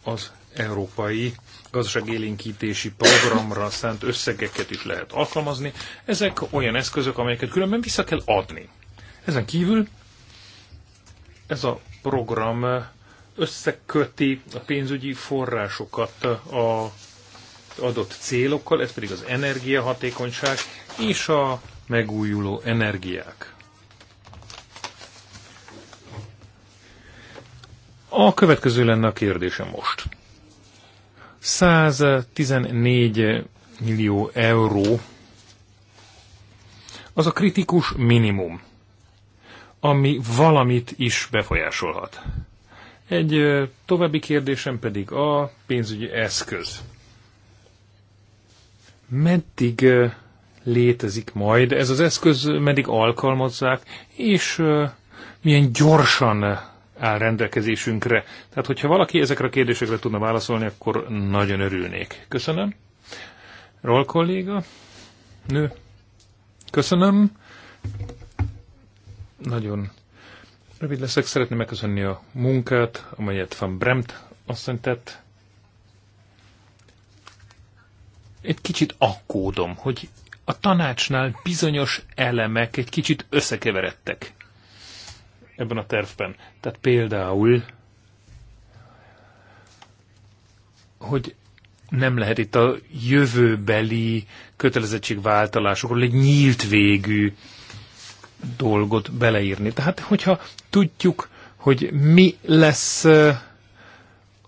az európai gazdaságélénkítési programra szánt összegeket is lehet alkalmazni. Ezek olyan eszközök, amelyeket különben vissza kell adni. Ezen kívül ez a program összeköti a pénzügyi forrásokat a adott célokkal, ez pedig az energiahatékonyság és a megújuló energiák. A következő lenne a kérdése most. 114 millió euró az a kritikus minimum, ami valamit is befolyásolhat. Egy további kérdésem pedig a pénzügyi eszköz. Meddig létezik majd ez az eszköz, meddig alkalmazzák, és milyen gyorsan áll rendelkezésünkre. Tehát, hogyha valaki ezekre a kérdésekre tudna válaszolni, akkor nagyon örülnék. Köszönöm. Roll kolléga, nő, köszönöm. Nagyon Rövid leszek, szeretném megköszönni a munkát, amelyet Van Bremt asszony tett. Egy kicsit akkódom, hogy a tanácsnál bizonyos elemek egy kicsit összekeveredtek ebben a tervben. Tehát például, hogy nem lehet itt a jövőbeli kötelezettségváltalásokról egy nyílt végű dolgot beleírni. Tehát, hogyha tudjuk, hogy mi lesz,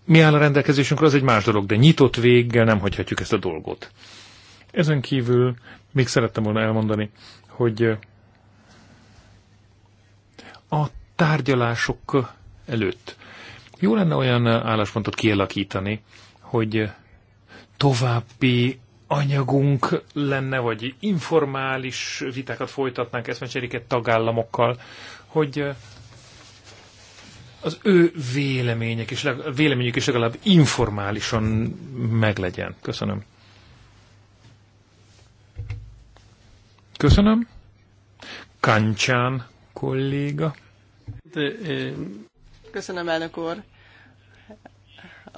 mi áll a rendelkezésünkre, az egy más dolog, de nyitott véggel nem hagyhatjuk ezt a dolgot. Ezen kívül még szerettem volna elmondani, hogy a tárgyalások előtt jó lenne olyan álláspontot kialakítani, hogy további anyagunk lenne, vagy informális vitákat folytatnánk, eszmecseréket tagállamokkal, hogy az ő vélemények is, véleményük is legalább informálisan meglegyen. Köszönöm. Köszönöm. Kancsán kolléga. Köszönöm, elnök úr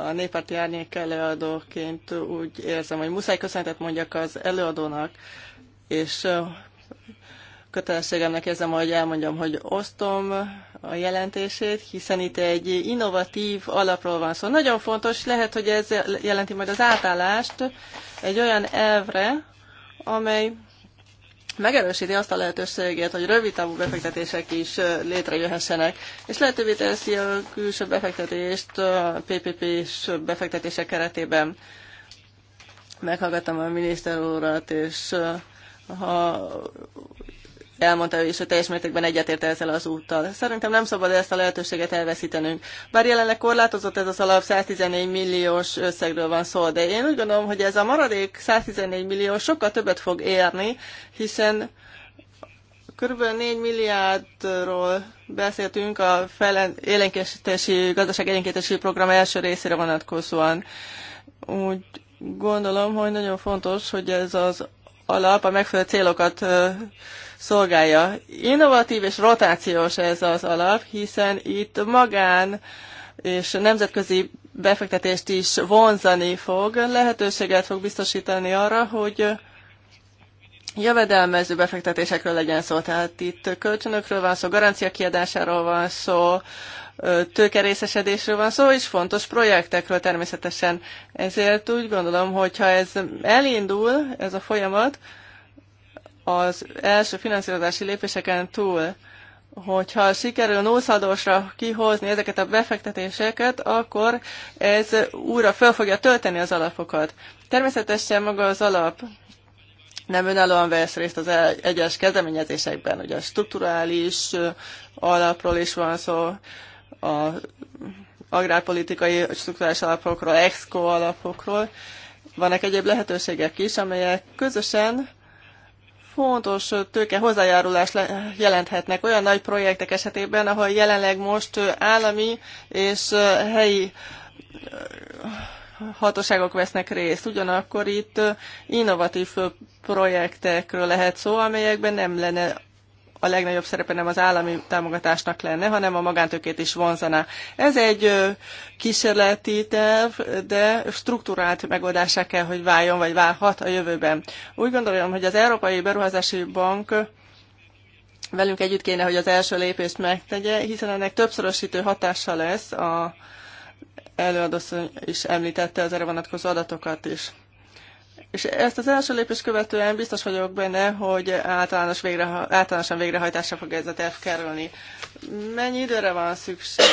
a néppárti árnyék előadóként úgy érzem, hogy muszáj köszönetet mondjak az előadónak, és kötelességemnek érzem, hogy elmondjam, hogy osztom a jelentését, hiszen itt egy innovatív alapról van szó. Nagyon fontos, lehet, hogy ez jelenti majd az átállást egy olyan elvre, amely megerősíti azt a lehetőséget, hogy rövid távú befektetések is létrejöhessenek, és lehetővé teszi a külső befektetést a PPP-s befektetések keretében. Meghallgattam a miniszter urat, és ha elmondta ő is, hogy teljes mértékben egyetért ezzel az úttal. Szerintem nem szabad ezt a lehetőséget elveszítenünk. Bár jelenleg korlátozott ez az alap 114 milliós összegről van szó, de én úgy gondolom, hogy ez a maradék 114 millió sokkal többet fog érni, hiszen kb. 4 milliárdról beszéltünk a élénkítési, gazdaság élénkítési program első részére vonatkozóan. Úgy gondolom, hogy nagyon fontos, hogy ez az alap a megfelelő célokat szolgálja. Innovatív és rotációs ez az alap, hiszen itt magán és nemzetközi befektetést is vonzani fog, lehetőséget fog biztosítani arra, hogy jövedelmező befektetésekről legyen szó. Tehát itt kölcsönökről van szó, garancia kiadásáról van szó, tőkerészesedésről van szó, és fontos projektekről természetesen. Ezért úgy gondolom, hogy ha ez elindul, ez a folyamat, az első finanszírozási lépéseken túl, hogyha sikerül nószadósra kihozni ezeket a befektetéseket, akkor ez újra fel fogja tölteni az alapokat. Természetesen maga az alap nem önállóan vesz részt az e- egyes kezdeményezésekben, ugye a strukturális alapról is van szó, a agrárpolitikai strukturális alapokról, exco alapokról. Vannak egyéb lehetőségek is, amelyek közösen fontos tőke hozzájárulás jelenthetnek olyan nagy projektek esetében, ahol jelenleg most állami és helyi hatóságok vesznek részt. Ugyanakkor itt innovatív projektekről lehet szó, amelyekben nem lenne a legnagyobb szerepe nem az állami támogatásnak lenne, hanem a magántőkét is vonzaná. Ez egy kísérleti terv, de struktúrált megoldásá kell, hogy váljon, vagy válhat a jövőben. Úgy gondolom, hogy az Európai Beruházási Bank velünk együtt kéne, hogy az első lépést megtegye, hiszen ennek többszörösítő hatása lesz, a előadó is említette az erre vonatkozó adatokat is. És ezt az első lépést követően biztos vagyok benne, hogy általános végre, általánosan végrehajtásra fog ez a terv kerülni. Mennyi időre van szükség?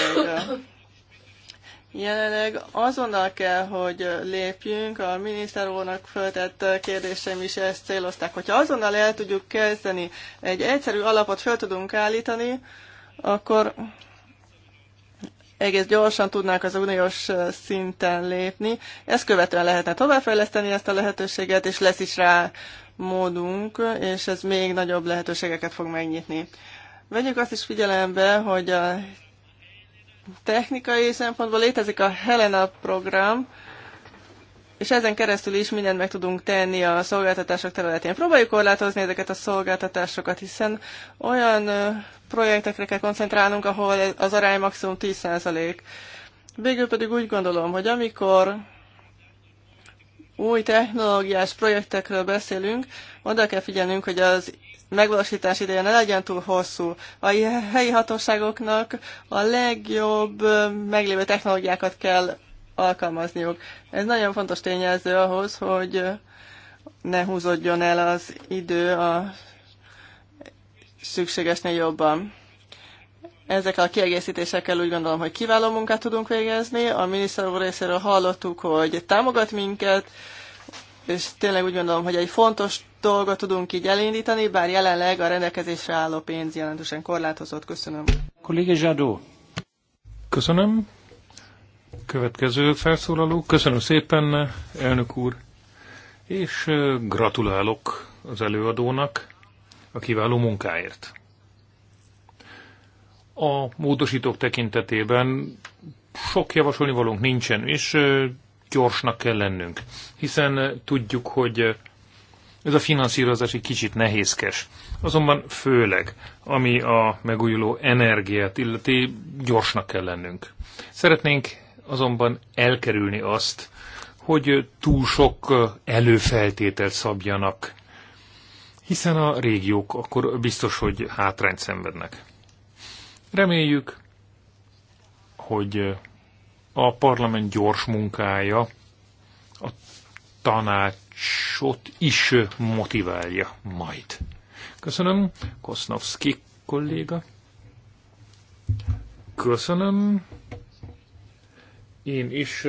Jelenleg azonnal kell, hogy lépjünk, a miniszter úrnak föltett kérdéseim is ezt célozták. Hogyha azonnal el tudjuk kezdeni, egy egyszerű alapot föl tudunk állítani, akkor egész gyorsan tudnánk az uniós szinten lépni. Ezt követően lehetne továbbfejleszteni ezt a lehetőséget, és lesz is rá módunk, és ez még nagyobb lehetőségeket fog megnyitni. Vegyük azt is figyelembe, hogy a technikai szempontból létezik a Helena program, és ezen keresztül is mindent meg tudunk tenni a szolgáltatások területén. Próbáljuk korlátozni ezeket a szolgáltatásokat, hiszen olyan projektekre kell koncentrálnunk, ahol az arány maximum 10%. Végül pedig úgy gondolom, hogy amikor új technológiás projektekről beszélünk, oda kell figyelnünk, hogy az megvalósítás ideje ne legyen túl hosszú. A helyi hatóságoknak a legjobb meglévő technológiákat kell alkalmazniuk. Ez nagyon fontos tényező ahhoz, hogy ne húzódjon el az idő a szükségesnél jobban. Ezek a kiegészítésekkel úgy gondolom, hogy kiváló munkát tudunk végezni. A miniszter úr részéről hallottuk, hogy támogat minket, és tényleg úgy gondolom, hogy egy fontos dolgot tudunk így elindítani, bár jelenleg a rendelkezésre álló pénz jelentősen korlátozott. Köszönöm. Kollégia Zsadó. Köszönöm. Következő felszólaló. Köszönöm szépen, elnök úr, és gratulálok az előadónak a kiváló munkáért. A módosítók tekintetében sok javasolni valónk nincsen, és gyorsnak kell lennünk, hiszen tudjuk, hogy ez a finanszírozás egy kicsit nehézkes. Azonban főleg, ami a megújuló energiát illeti, gyorsnak kell lennünk. Szeretnénk azonban elkerülni azt, hogy túl sok előfeltételt szabjanak, hiszen a régiók akkor biztos, hogy hátrányt szenvednek. Reméljük, hogy a parlament gyors munkája a tanácsot is motiválja majd. Köszönöm, Kosznovszki kolléga. Köszönöm, én is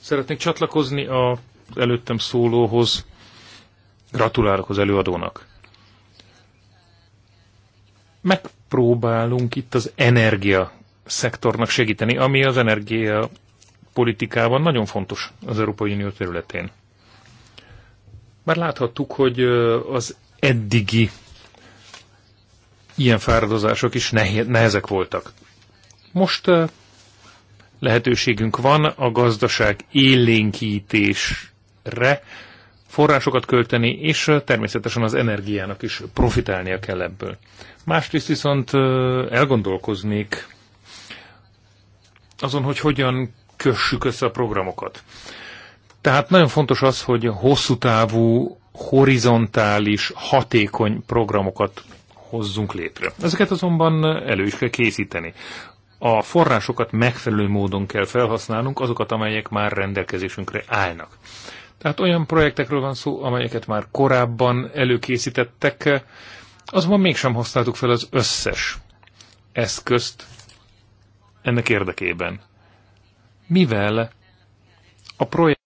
szeretnék csatlakozni a előttem szólóhoz. Gratulálok az előadónak. Megpróbálunk itt az energia szektornak segíteni, ami az energia politikában nagyon fontos az Európai Unió területén. Már láthattuk, hogy az eddigi ilyen fáradozások is nehezek voltak. Most lehetőségünk van a gazdaság élénkítésre forrásokat költeni, és természetesen az energiának is profitálnia kell ebből. Másrészt viszont elgondolkoznék azon, hogy hogyan kössük össze a programokat. Tehát nagyon fontos az, hogy hosszú távú, horizontális, hatékony programokat hozzunk létre. Ezeket azonban elő is kell készíteni a forrásokat megfelelő módon kell felhasználnunk, azokat, amelyek már rendelkezésünkre állnak. Tehát olyan projektekről van szó, amelyeket már korábban előkészítettek, azonban mégsem használtuk fel az összes eszközt ennek érdekében. Mivel a projekt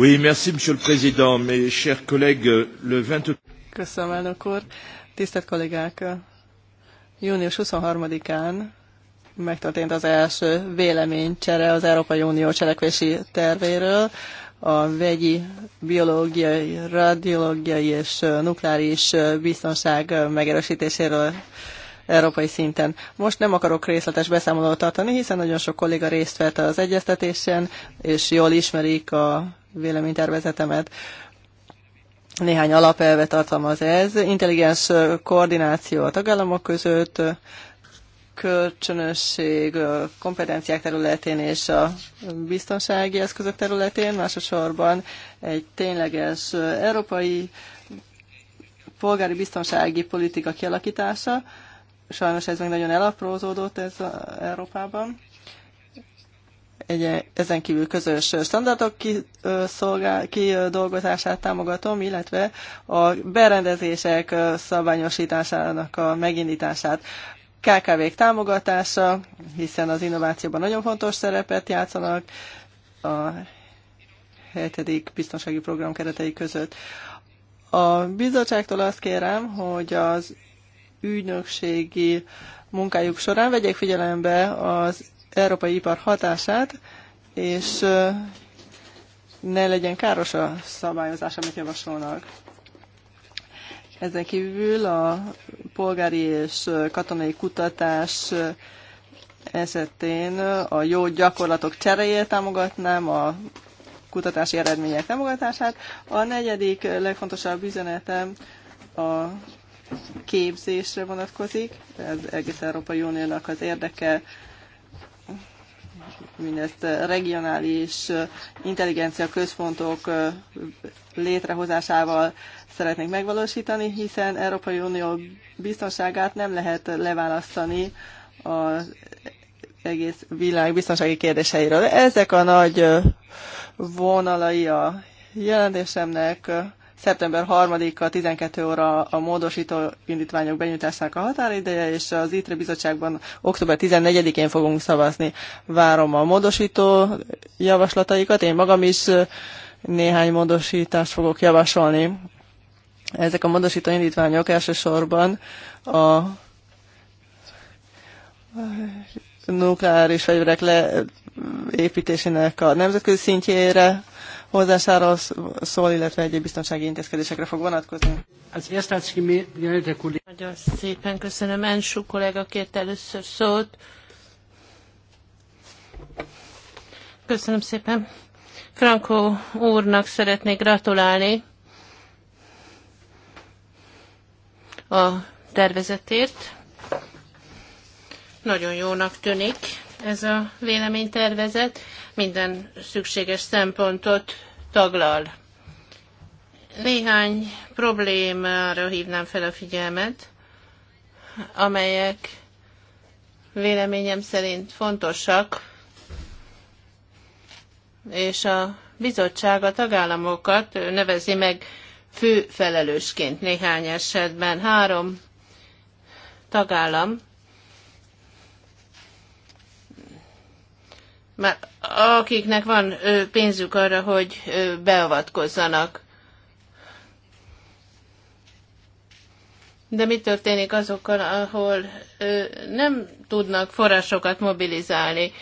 Oui, merci, Monsieur le Président, mes chers collègues, le 20... Köszönöm, elnök úr. Tisztelt kollégák, június 23-án megtörtént az első véleménycsere az Európai Unió cselekvési tervéről, a vegyi, biológiai, radiológiai és nukleáris biztonság megerősítéséről európai szinten. Most nem akarok részletes beszámolót tartani, hiszen nagyon sok kolléga részt vett az egyeztetésen, és jól ismerik a véleménytervezetemet. Néhány alapelve tartalmaz ez. Intelligens koordináció a tagállamok között, kölcsönösség kompetenciák területén és a biztonsági eszközök területén, másosorban egy tényleges európai polgári biztonsági politika kialakítása, Sajnos ez még nagyon elaprózódott ez a Európában. Egy, ezen kívül közös standardok kidolgozását támogatom, illetve a berendezések szabványosításának a megindítását. KKV-k támogatása, hiszen az innovációban nagyon fontos szerepet játszanak a hetedik biztonsági program keretei között. A bizottságtól azt kérem, hogy az ügynökségi munkájuk során vegyék figyelembe az európai ipar hatását, és ne legyen káros a szabályozás, amit javasolnak. Ezen kívül a polgári és katonai kutatás esetén a jó gyakorlatok cseréjét támogatnám, a kutatási eredmények támogatását. A negyedik legfontosabb üzenetem a képzésre vonatkozik, ez egész Európai Uniónak az érdeke, mindezt regionális eh, intelligencia központok eh, létrehozásával szeretnék megvalósítani, hiszen Európai Unió biztonságát nem lehet leválasztani az egész világ biztonsági kérdéseiről. Ezek a nagy eh, vonalai a jelentésemnek Szeptember 3-a 12 óra a módosító indítványok benyújtásának a határideje, és az ITRE bizottságban október 14-én fogunk szavazni. Várom a módosító javaslataikat, én magam is néhány módosítást fogok javasolni. Ezek a módosító indítványok elsősorban a nukleáris fegyverek leépítésének a nemzetközi szintjére hozzásáról szól, illetve egyéb biztonsági intézkedésekre fog vonatkozni. Az Nagyon szépen köszönöm. Ensú kollega kért először szót. Köszönöm szépen. Franco úrnak szeretnék gratulálni a tervezetért. Nagyon jónak tűnik ez a véleménytervezet minden szükséges szempontot taglal. Néhány problémára hívnám fel a figyelmet, amelyek véleményem szerint fontosak, és a bizottság a tagállamokat nevezi meg fő felelősként néhány esetben. Három tagállam már akiknek van pénzük arra, hogy beavatkozzanak. De mi történik azokkal, ahol nem tudnak forrásokat mobilizálni,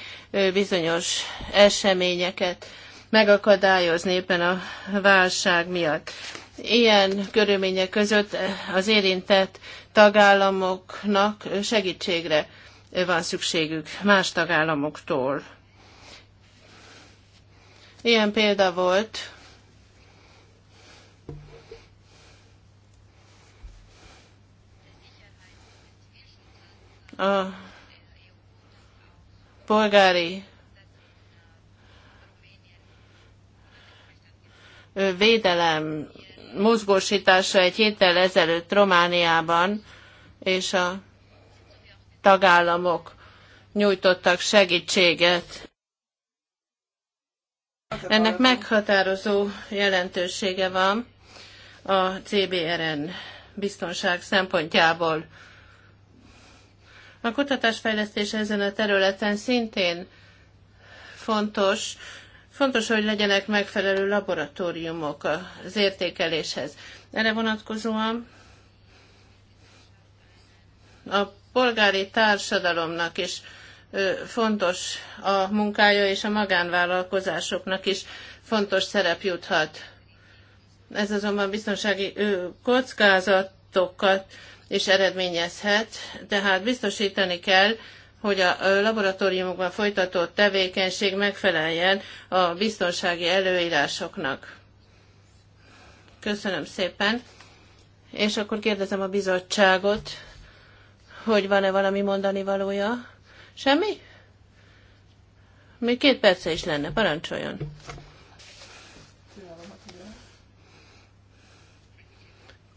bizonyos eseményeket megakadályozni éppen a válság miatt? Ilyen körülmények között az érintett tagállamoknak segítségre van szükségük más tagállamoktól. Ilyen példa volt a polgári védelem mozgósítása egy héttel ezelőtt Romániában, és a tagállamok nyújtottak segítséget ennek meghatározó jelentősége van a CBRN biztonság szempontjából. A kutatásfejlesztés ezen a területen szintén fontos, Fontos, hogy legyenek megfelelő laboratóriumok az értékeléshez. Erre vonatkozóan a polgári társadalomnak is fontos a munkája, és a magánvállalkozásoknak is fontos szerep juthat. Ez azonban biztonsági kockázatokat is eredményezhet, tehát biztosítani kell, hogy a laboratóriumokban folytatott tevékenység megfeleljen a biztonsági előírásoknak. Köszönöm szépen. És akkor kérdezem a bizottságot, hogy van-e valami mondani valója. Semmi? Még két perce is lenne, parancsoljon.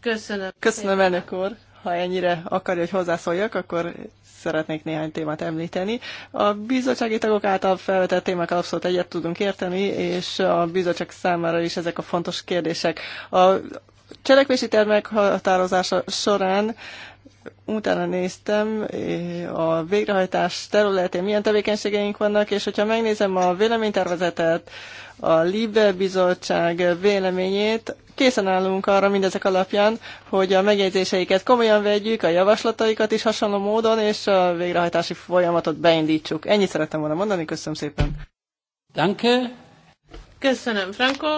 Köszönöm. Köszönöm, elnök úr. Ha ennyire akarja, hogy hozzászóljak, akkor szeretnék néhány témát említeni. A bizottsági tagok által felvetett témák abszolút egyet tudunk érteni, és a bizottság számára is ezek a fontos kérdések. A cselekvési terv meghatározása során utána néztem eh, a végrehajtás területén milyen tevékenységeink vannak, és hogyha megnézem a véleménytervezetet, a LIBE bizottság véleményét, készen állunk arra mindezek alapján, hogy a megjegyzéseiket komolyan vegyük, a javaslataikat is hasonló módon, és a végrehajtási folyamatot beindítsuk. Ennyit szerettem volna mondani, köszönöm szépen. Danke. Köszönöm, Franco.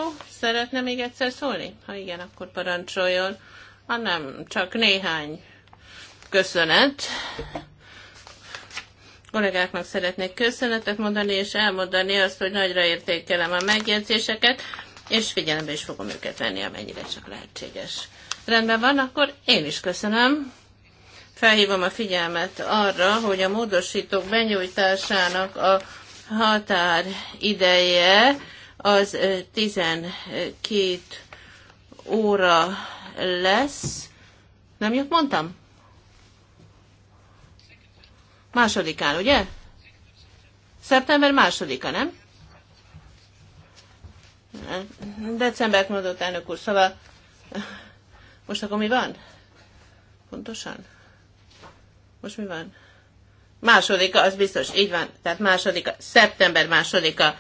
Szeretne még egyszer szólni? Ha igen, akkor parancsoljon. Ha nem, csak néhány köszönet. Kollégáknak szeretnék köszönetet mondani, és elmondani azt, hogy nagyra értékelem a megjegyzéseket, és figyelembe is fogom őket venni, amennyire csak lehetséges. Rendben van, akkor én is köszönöm. Felhívom a figyelmet arra, hogy a módosítók benyújtásának a határ ideje az 12 óra lesz. Nem jött, mondtam? Másodikán, ugye? Szeptember másodika, nem? Decembert mondott elnök úr, szóval most akkor mi van? Pontosan? Most mi van? Másodika, az biztos, így van. Tehát másodika, szeptember másodika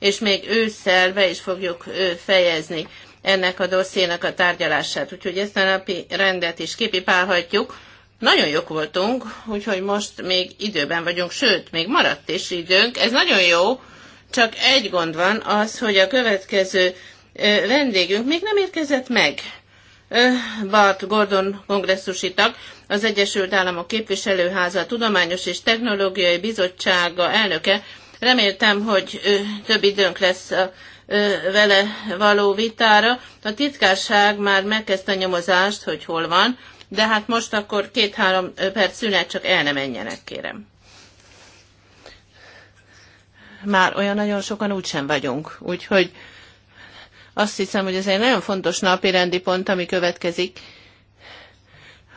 és még ősszel be is fogjuk fejezni ennek a dossziénak a tárgyalását. Úgyhogy ezt a napi rendet is kipipálhatjuk. Nagyon jók voltunk, úgyhogy most még időben vagyunk, sőt, még maradt is időnk. Ez nagyon jó, csak egy gond van az, hogy a következő vendégünk még nem érkezett meg. Bart Gordon kongresszusi tag, az Egyesült Államok Képviselőháza Tudományos és Technológiai Bizottsága elnöke Reméltem, hogy több időnk lesz a vele való vitára. A titkárság már megkezdte a nyomozást, hogy hol van, de hát most akkor két-három perc szünet, csak el ne menjenek, kérem. Már olyan nagyon sokan úgysem vagyunk, úgyhogy azt hiszem, hogy ez egy nagyon fontos napi rendi pont, ami következik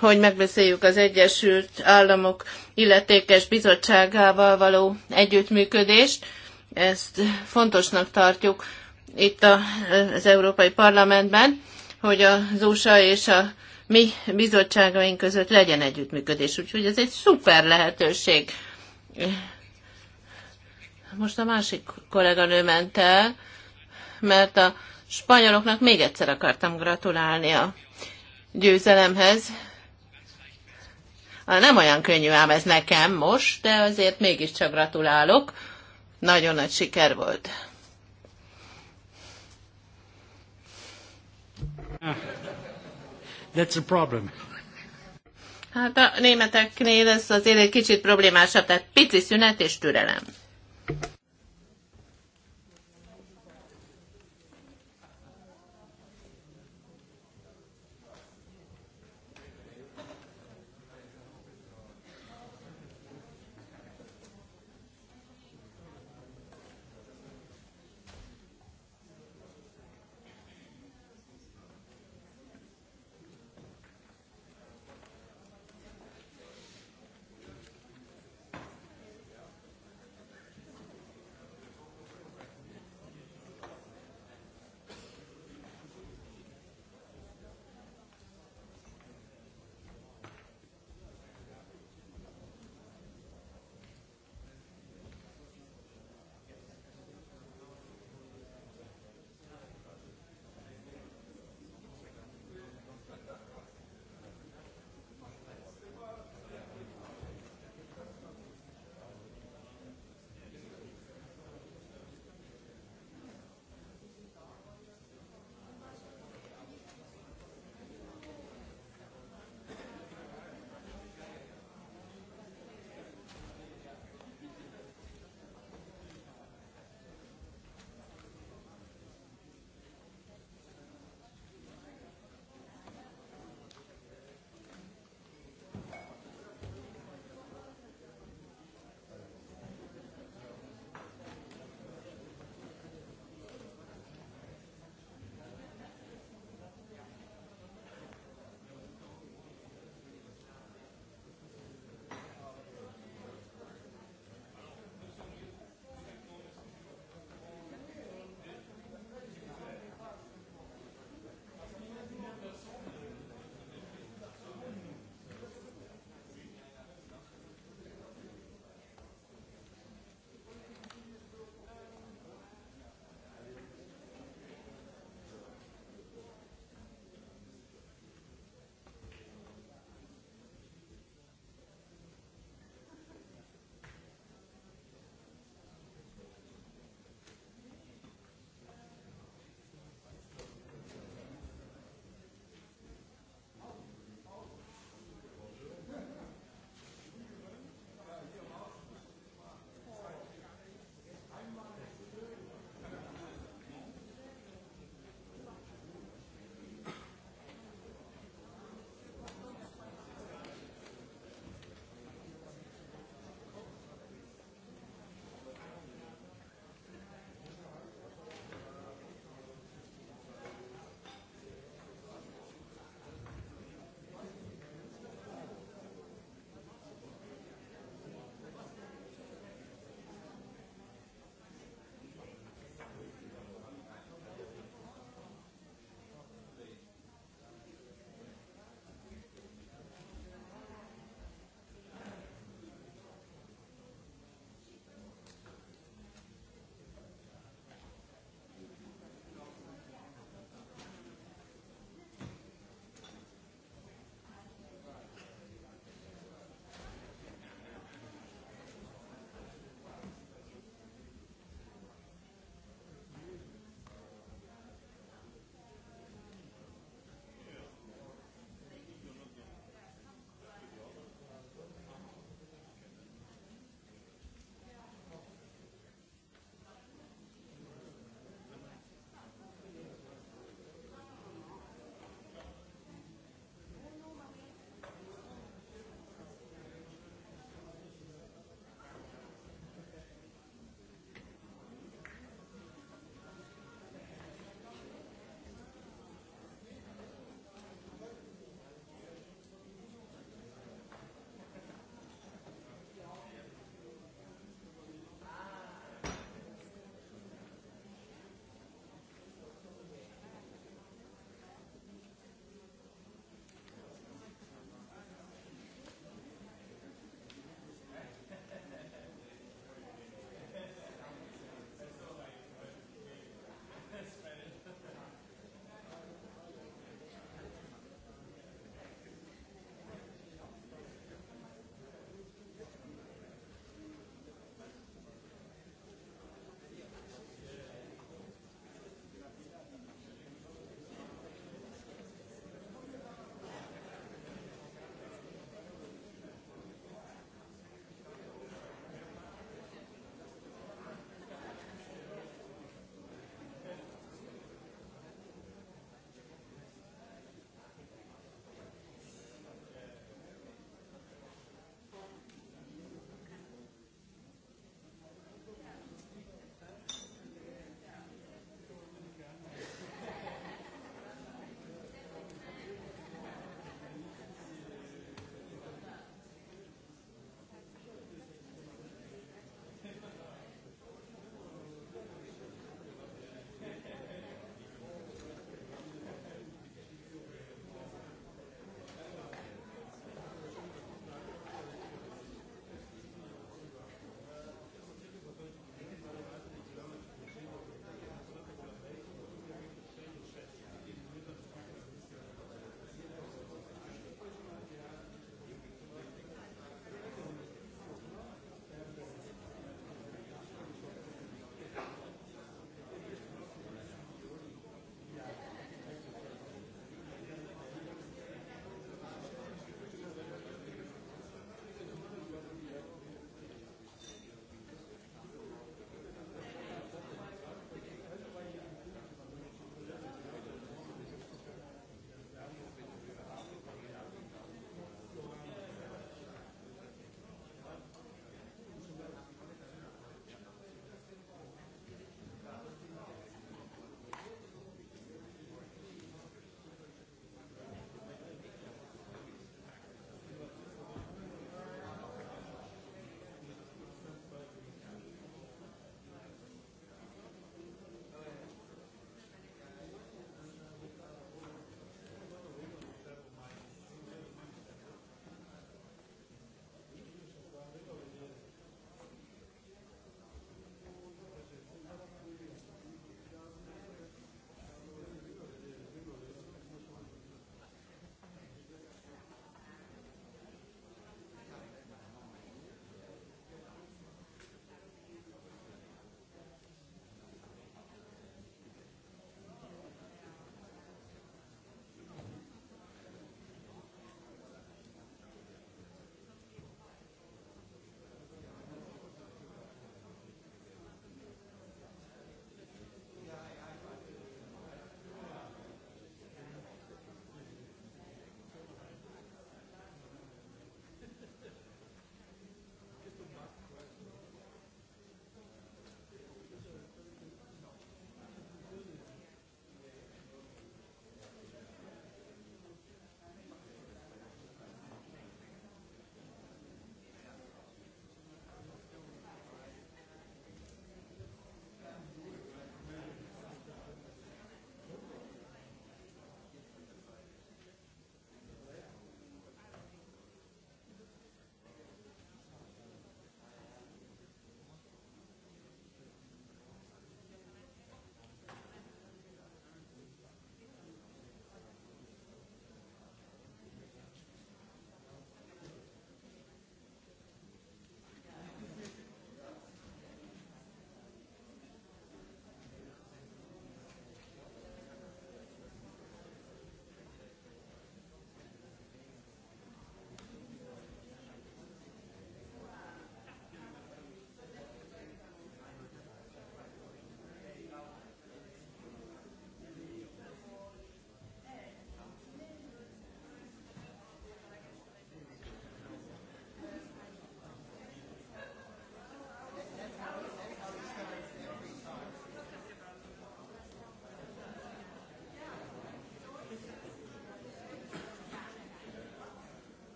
hogy megbeszéljük az Egyesült Államok illetékes bizottságával való együttműködést. Ezt fontosnak tartjuk itt az Európai Parlamentben, hogy az USA és a mi bizottságaink között legyen együttműködés. Úgyhogy ez egy szuper lehetőség. Most a másik kolléganő ment el, mert a spanyoloknak még egyszer akartam gratulálni a győzelemhez, Ah, nem olyan könnyű ám ez nekem most, de azért mégiscsak gratulálok. Nagyon nagy siker volt. Ah, that's a problem. Hát a németeknél ez azért egy kicsit problémásabb, tehát pici szünet és türelem.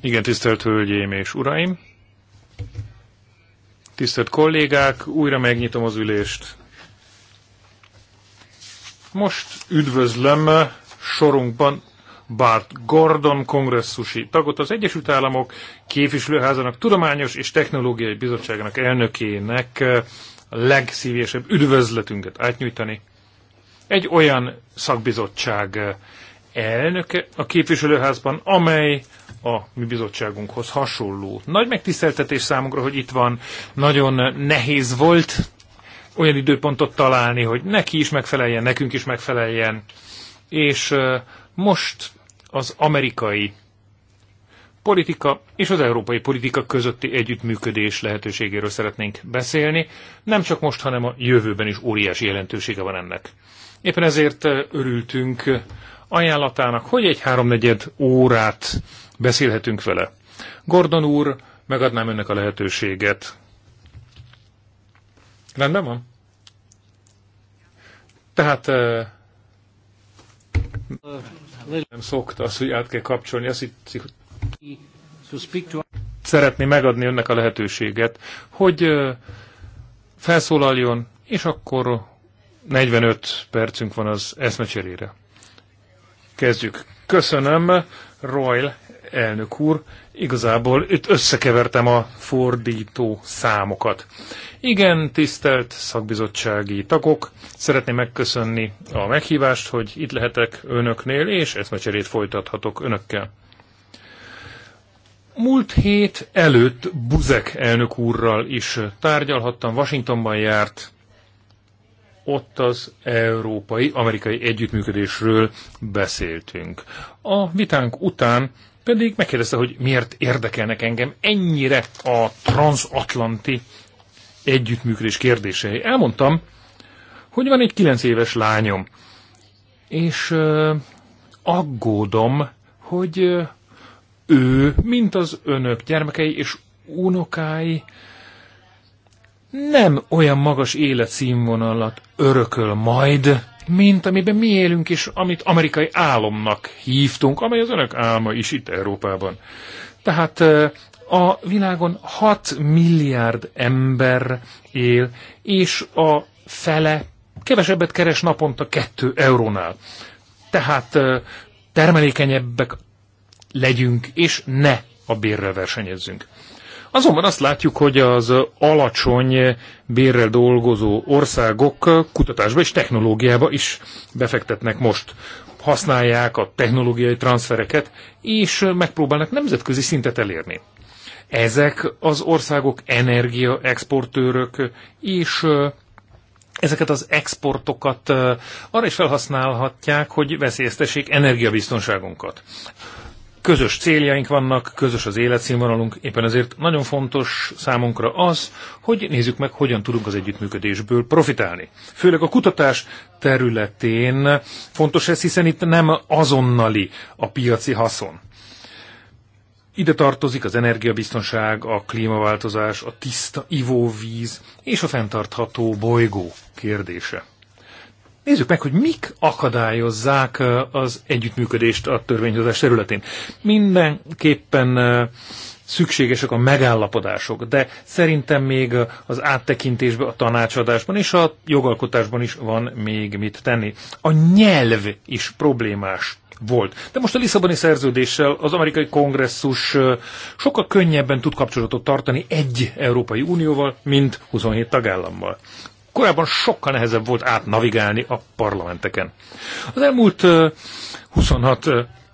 Igen, tisztelt Hölgyeim és Uraim! Tisztelt kollégák, újra megnyitom az ülést. Most üdvözlöm sorunkban Bart Gordon kongresszusi tagot, az Egyesült Államok képviselőházának tudományos és technológiai bizottságának elnökének legszívesebb üdvözletünket átnyújtani. Egy olyan szakbizottság elnöke a képviselőházban, amely a mi bizottságunkhoz hasonló. Nagy megtiszteltetés számunkra, hogy itt van. Nagyon nehéz volt olyan időpontot találni, hogy neki is megfeleljen, nekünk is megfeleljen. És most az amerikai politika és az európai politika közötti együttműködés lehetőségéről szeretnénk beszélni. Nem csak most, hanem a jövőben is óriási jelentősége van ennek. Éppen ezért örültünk ajánlatának, hogy egy háromnegyed órát beszélhetünk vele. Gordon úr, megadnám önnek a lehetőséget. Rendben van? Tehát eh, nem szokta az, hogy át kell kapcsolni, azt szeretné megadni önnek a lehetőséget, hogy eh, felszólaljon, és akkor 45 percünk van az eszmecserére. Kezdjük. Köszönöm, Royal elnök úr. Igazából itt összekevertem a fordító számokat. Igen, tisztelt szakbizottsági tagok, szeretném megköszönni a meghívást, hogy itt lehetek önöknél, és eszmecserét folytathatok önökkel. Múlt hét előtt Buzek elnök úrral is tárgyalhattam, Washingtonban járt, ott az európai-amerikai együttműködésről beszéltünk. A vitánk után pedig megkérdezte, hogy miért érdekelnek engem ennyire a transatlanti együttműködés kérdései. Elmondtam, hogy van egy kilenc éves lányom, és ö, aggódom, hogy ö, ő, mint az önök gyermekei és unokái, nem olyan magas életszínvonalat örököl majd, mint amiben mi élünk, és amit amerikai álomnak hívtunk, amely az önök álma is itt Európában. Tehát eh, a világon 6 milliárd ember él, és a fele kevesebbet keres naponta 2 eurónál. Tehát eh, termelékenyebbek legyünk, és ne a bérrel versenyezzünk. Azonban azt látjuk, hogy az alacsony bérrel dolgozó országok kutatásba és technológiába is befektetnek most. Használják a technológiai transfereket, és megpróbálnak nemzetközi szintet elérni. Ezek az országok energiaexportőrök, és ezeket az exportokat arra is felhasználhatják, hogy veszélyeztessék energiabiztonságunkat. Közös céljaink vannak, közös az életszínvonalunk, éppen ezért nagyon fontos számunkra az, hogy nézzük meg, hogyan tudunk az együttműködésből profitálni. Főleg a kutatás területén fontos ez, hiszen itt nem azonnali a piaci haszon. Ide tartozik az energiabiztonság, a klímaváltozás, a tiszta ivóvíz és a fenntartható bolygó kérdése. Nézzük meg, hogy mik akadályozzák az együttműködést a törvényhozás területén. Mindenképpen szükségesek a megállapodások, de szerintem még az áttekintésben, a tanácsadásban és a jogalkotásban is van még mit tenni. A nyelv is problémás volt. De most a Lisszaboni szerződéssel az amerikai kongresszus sokkal könnyebben tud kapcsolatot tartani egy Európai Unióval, mint 27 tagállammal korábban sokkal nehezebb volt átnavigálni a parlamenteken. Az elmúlt 26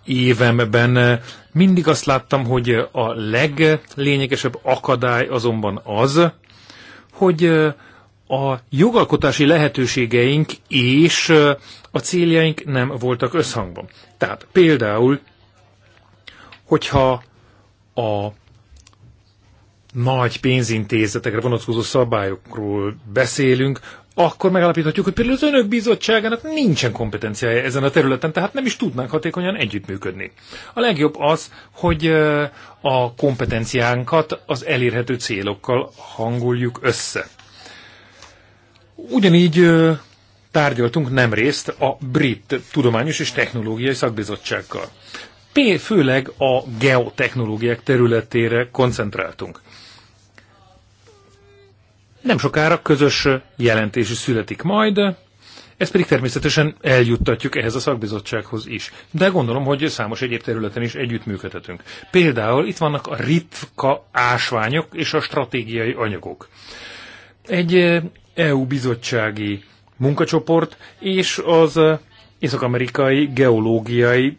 évemben mindig azt láttam, hogy a leglényegesebb akadály azonban az, hogy a jogalkotási lehetőségeink és a céljaink nem voltak összhangban. Tehát például, hogyha a nagy pénzintézetekre vonatkozó szabályokról beszélünk, akkor megállapíthatjuk, hogy például az önök bizottságának nincsen kompetenciája ezen a területen, tehát nem is tudnánk hatékonyan együttműködni. A legjobb az, hogy a kompetenciánkat az elérhető célokkal hangoljuk össze. Ugyanígy tárgyaltunk nem részt a Brit Tudományos és Technológiai Szakbizottsággal. Főleg a geotechnológiák területére koncentráltunk. Nem sokára közös jelentés is születik majd, ezt pedig természetesen eljuttatjuk ehhez a szakbizottsághoz is. De gondolom, hogy számos egyéb területen is együttműködhetünk. Például itt vannak a ritka ásványok és a stratégiai anyagok. Egy EU eh, e bizottsági munkacsoport és az eh, észak-amerikai geológiai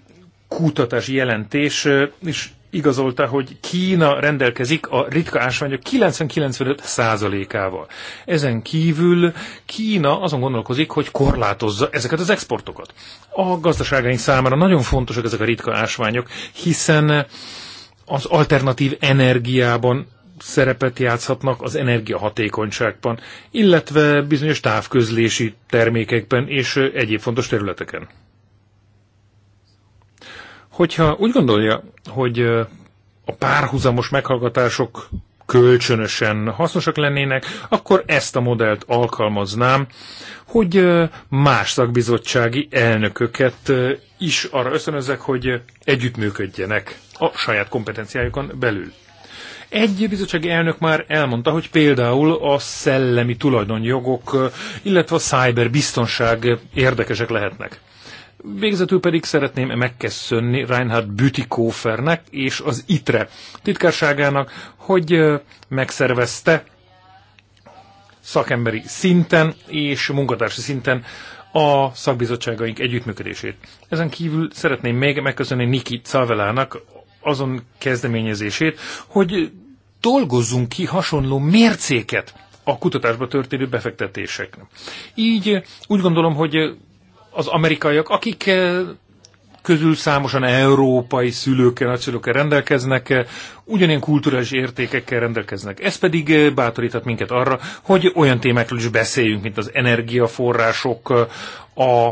kutatási jelentés eh, is igazolta, hogy Kína rendelkezik a ritka ásványok 90-95%-ával. Ezen kívül Kína azon gondolkozik, hogy korlátozza ezeket az exportokat. A gazdaságaink számára nagyon fontosak ezek a ritka ásványok, hiszen az alternatív energiában szerepet játszhatnak az energiahatékonyságban, illetve bizonyos távközlési termékekben és egyéb fontos területeken. Hogyha úgy gondolja, hogy a párhuzamos meghallgatások kölcsönösen hasznosak lennének, akkor ezt a modellt alkalmaznám, hogy más szakbizottsági elnököket is arra ösztönözek, hogy együttműködjenek a saját kompetenciájukon belül. Egy bizottsági elnök már elmondta, hogy például a szellemi tulajdonjogok, illetve a cyberbiztonság érdekesek lehetnek. Végzetül pedig szeretném megköszönni Reinhard Bütikófernek és az ITRE titkárságának, hogy megszervezte szakemberi szinten és munkatársi szinten a szakbizottságaink együttműködését. Ezen kívül szeretném még megköszönni Niki Calvelának azon kezdeményezését, hogy dolgozzunk ki hasonló mércéket a kutatásba történő befektetéseknek. Így úgy gondolom, hogy az amerikaiak, akik eh, közül számosan európai szülőkkel, nagyszülőkkel rendelkeznek, eh, ugyanilyen kulturális értékekkel rendelkeznek. Ez pedig eh, bátorítat minket arra, hogy olyan témákról is beszéljünk, mint az energiaforrások, a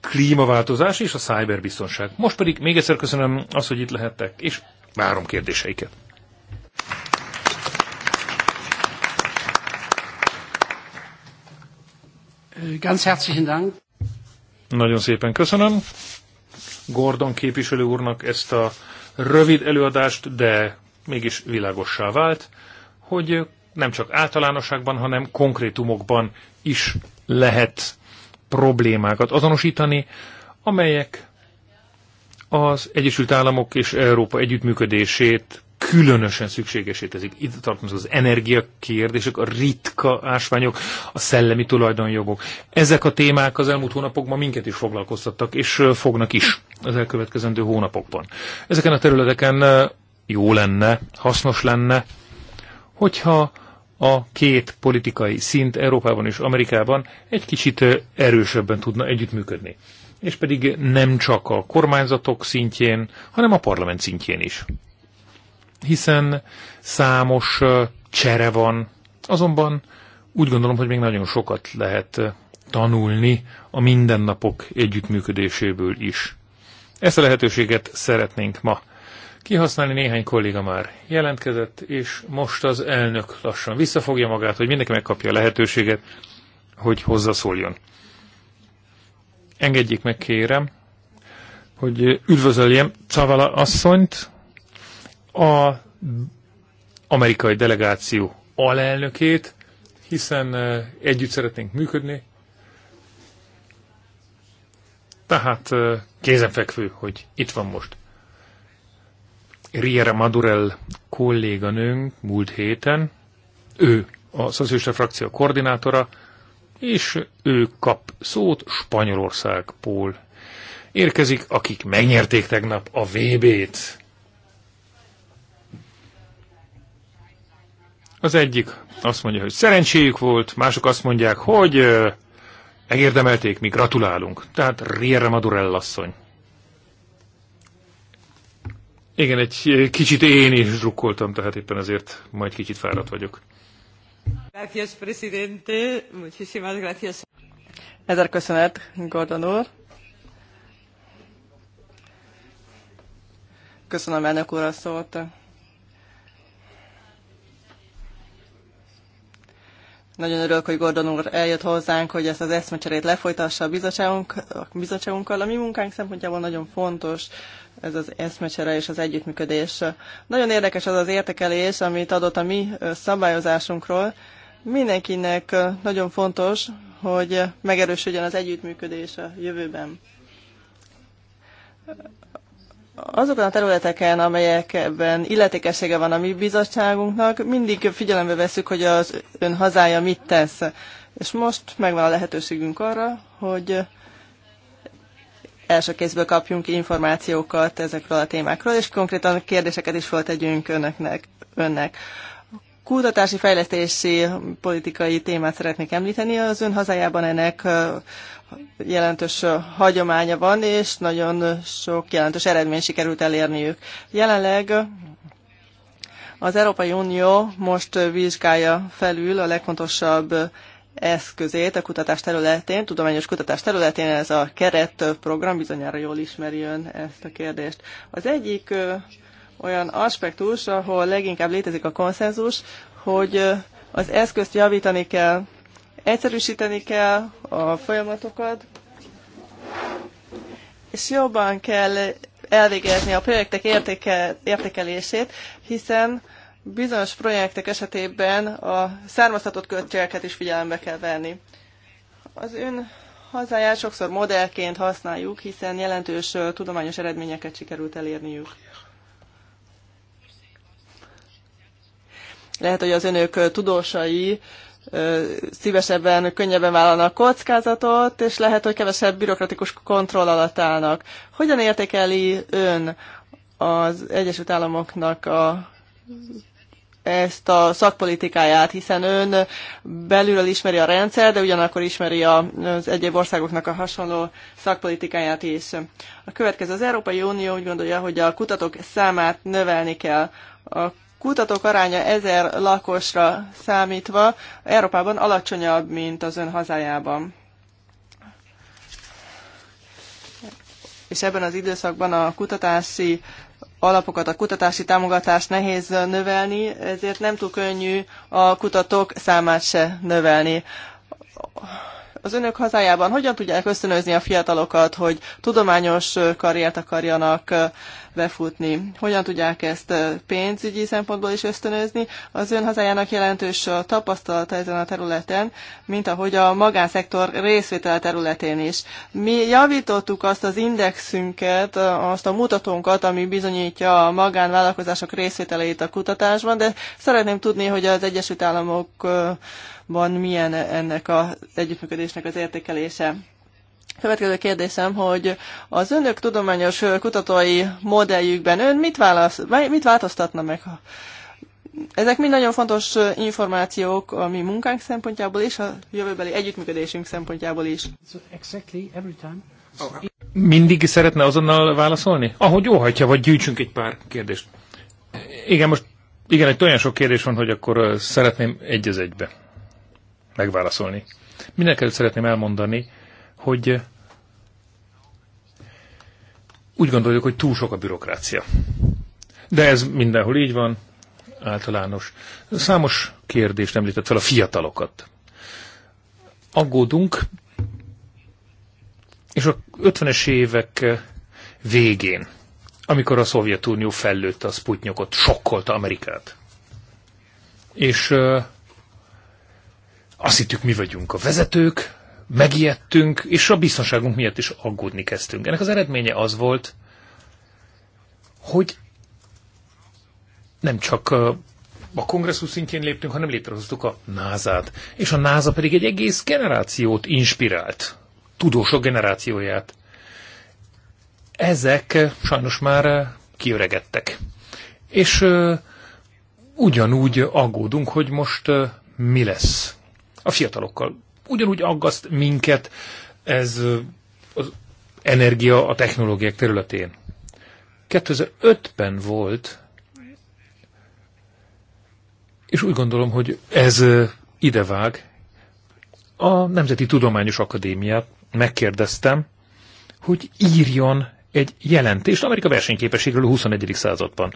klímaváltozás és a szájberbiztonság. Most pedig még egyszer köszönöm az, hogy itt lehettek, és várom kérdéseiket. Ganz herzlichen Dank. Nagyon szépen köszönöm Gordon képviselő úrnak ezt a rövid előadást, de mégis világossá vált, hogy nem csak általánosságban, hanem konkrétumokban is lehet problémákat azonosítani, amelyek az Egyesült Államok és Európa együttműködését különösen szükségesé teszik. Itt tartoznak az energiakérdések, a ritka ásványok, a szellemi tulajdonjogok. Ezek a témák az elmúlt hónapokban minket is foglalkoztattak, és fognak is az elkövetkezendő hónapokban. Ezeken a területeken jó lenne, hasznos lenne, hogyha a két politikai szint Európában és Amerikában egy kicsit erősebben tudna együttműködni. És pedig nem csak a kormányzatok szintjén, hanem a parlament szintjén is hiszen számos csere van. Azonban úgy gondolom, hogy még nagyon sokat lehet tanulni a mindennapok együttműködéséből is. Ezt a lehetőséget szeretnénk ma kihasználni. Néhány kolléga már jelentkezett, és most az elnök lassan visszafogja magát, hogy mindenki megkapja a lehetőséget, hogy hozzaszóljon. Engedjék meg, kérem, hogy üdvözöljem Cavala asszonyt, a amerikai delegáció alelnökét, hiszen együtt szeretnénk működni. Tehát kézenfekvő, hogy itt van most. Riera Madurell kolléganőnk múlt héten, ő a szociálista frakció koordinátora, és ő kap szót Spanyolországból. Érkezik, akik megnyerték tegnap a VB-t. Az egyik azt mondja, hogy szerencséjük volt, mások azt mondják, hogy megérdemelték, mi gratulálunk. Tehát Riera Madurell asszony. Igen, egy kicsit én is drukkoltam, tehát éppen ezért majd kicsit fáradt vagyok. Gracias, presidente. Muchísimas gracias. Ezer köszönet, Gordon úr. Köszönöm elnök úr a szót. Nagyon örülök, hogy Gordon úr eljött hozzánk, hogy ezt az eszmecserét lefolytassa a bizottságunk, a bizottságunkkal. A mi munkánk szempontjából nagyon fontos ez az eszmecsere és az együttműködés. Nagyon érdekes az az értekelés, amit adott a mi szabályozásunkról. Mindenkinek nagyon fontos, hogy megerősödjön az együttműködés a jövőben azokon a területeken, amelyekben illetékessége van a mi bizottságunknak, mindig figyelembe veszük, hogy az ön hazája mit tesz. És most megvan a lehetőségünk arra, hogy első kézből kapjunk információkat ezekről a témákról, és konkrétan kérdéseket is föltegyünk önöknek, önnek. Kutatási, fejlesztési, politikai témát szeretnék említeni. Az ön hazájában ennek jelentős hagyománya van, és nagyon sok jelentős eredmény sikerült elérniük. Jelenleg az Európai Unió most vizsgálja felül a legfontosabb eszközét a kutatás területén, tudományos kutatás területén, ez a program bizonyára jól ismeri ön ezt a kérdést. Az egyik olyan aspektus, ahol leginkább létezik a konszenzus, hogy az eszközt javítani kell, Egyszerűsíteni kell a folyamatokat, és jobban kell elvégezni a projektek értéke, értékelését, hiszen bizonyos projektek esetében a származtatott költségeket is figyelembe kell venni. Az ön hazáját sokszor modellként használjuk, hiszen jelentős tudományos eredményeket sikerült elérniük. Lehet, hogy az önök tudósai szívesebben, könnyebben vállalnak kockázatot, és lehet, hogy kevesebb bürokratikus kontroll alatt állnak. Hogyan értékeli ön az Egyesült Államoknak a ezt a szakpolitikáját, hiszen ön belülről ismeri a rendszer, de ugyanakkor ismeri az egyéb országoknak a hasonló szakpolitikáját is. A következő az Európai Unió úgy gondolja, hogy a kutatók számát növelni kell. A kutatók aránya ezer lakosra számítva Európában alacsonyabb, mint az ön hazájában. És ebben az időszakban a kutatási alapokat, a kutatási támogatást nehéz növelni, ezért nem túl könnyű a kutatók számát se növelni az önök hazájában hogyan tudják ösztönözni a fiatalokat, hogy tudományos karriert akarjanak befutni. Hogyan tudják ezt pénzügyi szempontból is ösztönözni? Az ön hazájának jelentős tapasztalata ezen a területen, mint ahogy a magánszektor részvétele területén is. Mi javítottuk azt az indexünket, azt a mutatónkat, ami bizonyítja a magánvállalkozások részvételeit a kutatásban, de szeretném tudni, hogy az Egyesült Államokban milyen ennek az együttműködésnek az értékelése. Következő kérdésem, hogy az önök tudományos kutatói modelljükben ön mit, válasz, mit változtatna meg? Ezek mind nagyon fontos információk a mi munkánk szempontjából és a jövőbeli együttműködésünk szempontjából is. Mindig szeretne azonnal válaszolni? Ahogy óhajtja, vagy gyűjtsünk egy pár kérdést. Igen, most igen, egy olyan sok kérdés van, hogy akkor szeretném egy az egybe megválaszolni. Mindenkelőtt szeretném elmondani, hogy úgy gondoljuk, hogy túl sok a bürokrácia. De ez mindenhol így van, általános. Számos kérdést említett fel a fiatalokat. Aggódunk, és a 50-es évek végén, amikor a Szovjetunió fellőtt a Sputnikot, sokkolta Amerikát. És azt hittük, mi vagyunk a vezetők, megijedtünk, és a biztonságunk miatt is aggódni kezdtünk. Ennek az eredménye az volt, hogy nem csak a kongresszus szintjén léptünk, hanem létrehoztuk a NASA-t. És a NASA pedig egy egész generációt inspirált, tudósok generációját. Ezek sajnos már kiöregedtek. És ugyanúgy aggódunk, hogy most mi lesz a fiatalokkal ugyanúgy aggaszt minket ez az energia a technológiák területén. 2005-ben volt, és úgy gondolom, hogy ez idevág. A Nemzeti Tudományos Akadémiát megkérdeztem, hogy írjon egy jelentést Amerika versenyképességről a 21. században.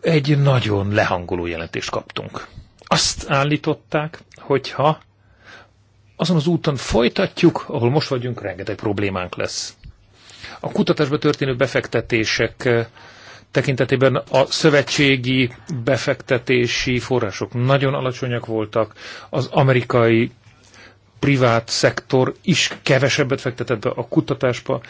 Egy nagyon lehangoló jelentést kaptunk. Azt állították, hogyha azon az úton folytatjuk, ahol most vagyunk, rengeteg problémánk lesz. A kutatásba történő befektetések eh, tekintetében a szövetségi befektetési források nagyon alacsonyak voltak, az amerikai privát szektor is kevesebbet fektetett be a kutatásba,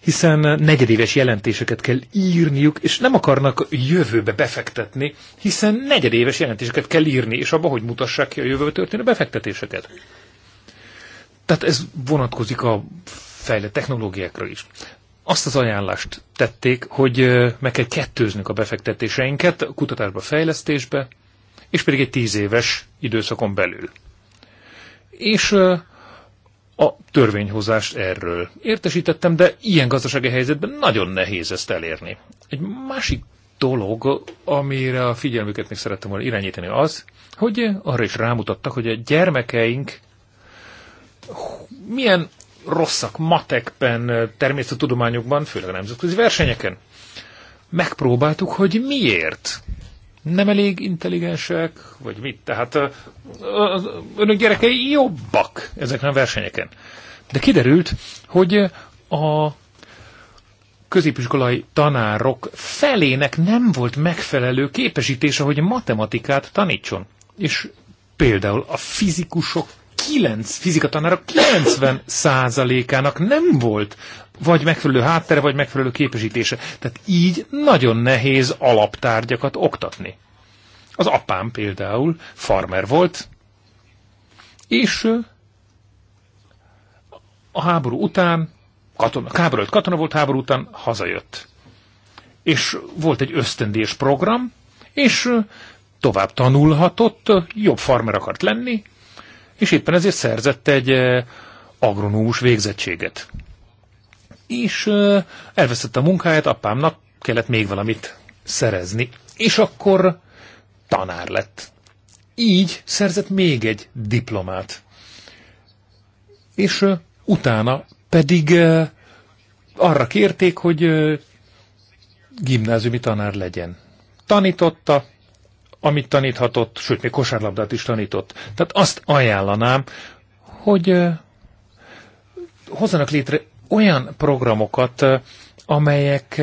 hiszen negyedéves jelentéseket kell írniuk, és nem akarnak jövőbe befektetni, hiszen negyedéves jelentéseket kell írni, és abba, hogy mutassák ki a jövőbe történő befektetéseket. Tehát ez vonatkozik a fejlett technológiákra is. Azt az ajánlást tették, hogy meg kell kettőznünk a befektetéseinket a kutatásba, fejlesztésbe, és pedig egy tíz éves időszakon belül. És a törvényhozást erről értesítettem, de ilyen gazdasági helyzetben nagyon nehéz ezt elérni. Egy másik dolog, amire a figyelmüket még szerettem volna irányítani az, hogy arra is rámutattak, hogy a gyermekeink milyen rosszak matekben, eh, természettudományokban, főleg a nemzetközi versenyeken. Megpróbáltuk, hogy miért nem elég intelligensek, vagy mit. Tehát eh, eh, a önök gyerekei jobbak ezeken a versenyeken. De kiderült, hogy a középiskolai tanárok felének nem volt megfelelő képesítése, hogy matematikát tanítson. És például a fizikusok 9, fizikatanárok 90 százalékának nem volt vagy megfelelő háttere, vagy megfelelő képesítése. Tehát így nagyon nehéz alaptárgyakat oktatni. Az apám például farmer volt, és a háború után, katona, háború katona volt, háború után hazajött. És volt egy ösztöndés program, és tovább tanulhatott, jobb farmer akart lenni, és éppen ezért szerzett egy eh, agronómus végzettséget. És eh, elvesztette a munkáját, apámnak kellett még valamit szerezni. És akkor tanár lett. Így szerzett még egy diplomát. És eh, utána pedig arra kérték, hogy gimnáziumi tanár legyen. Tanította, amit taníthatott, sőt, még kosárlabdát is tanított. Tehát azt ajánlanám, hogy hozzanak létre olyan programokat, amelyek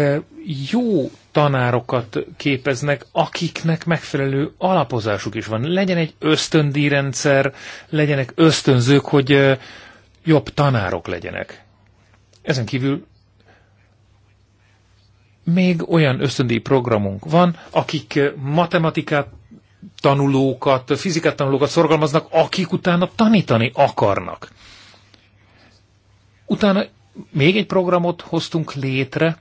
jó tanárokat képeznek, akiknek megfelelő alapozásuk is van. Legyen egy ösztöndíjrendszer, legyenek ösztönzők, hogy jobb tanárok legyenek. Ezen kívül még olyan ösztöndi programunk van, akik eh, matematikát tanulókat, fizikát tanulókat szorgalmaznak, akik utána tanítani akarnak. Utána még egy programot hoztunk létre,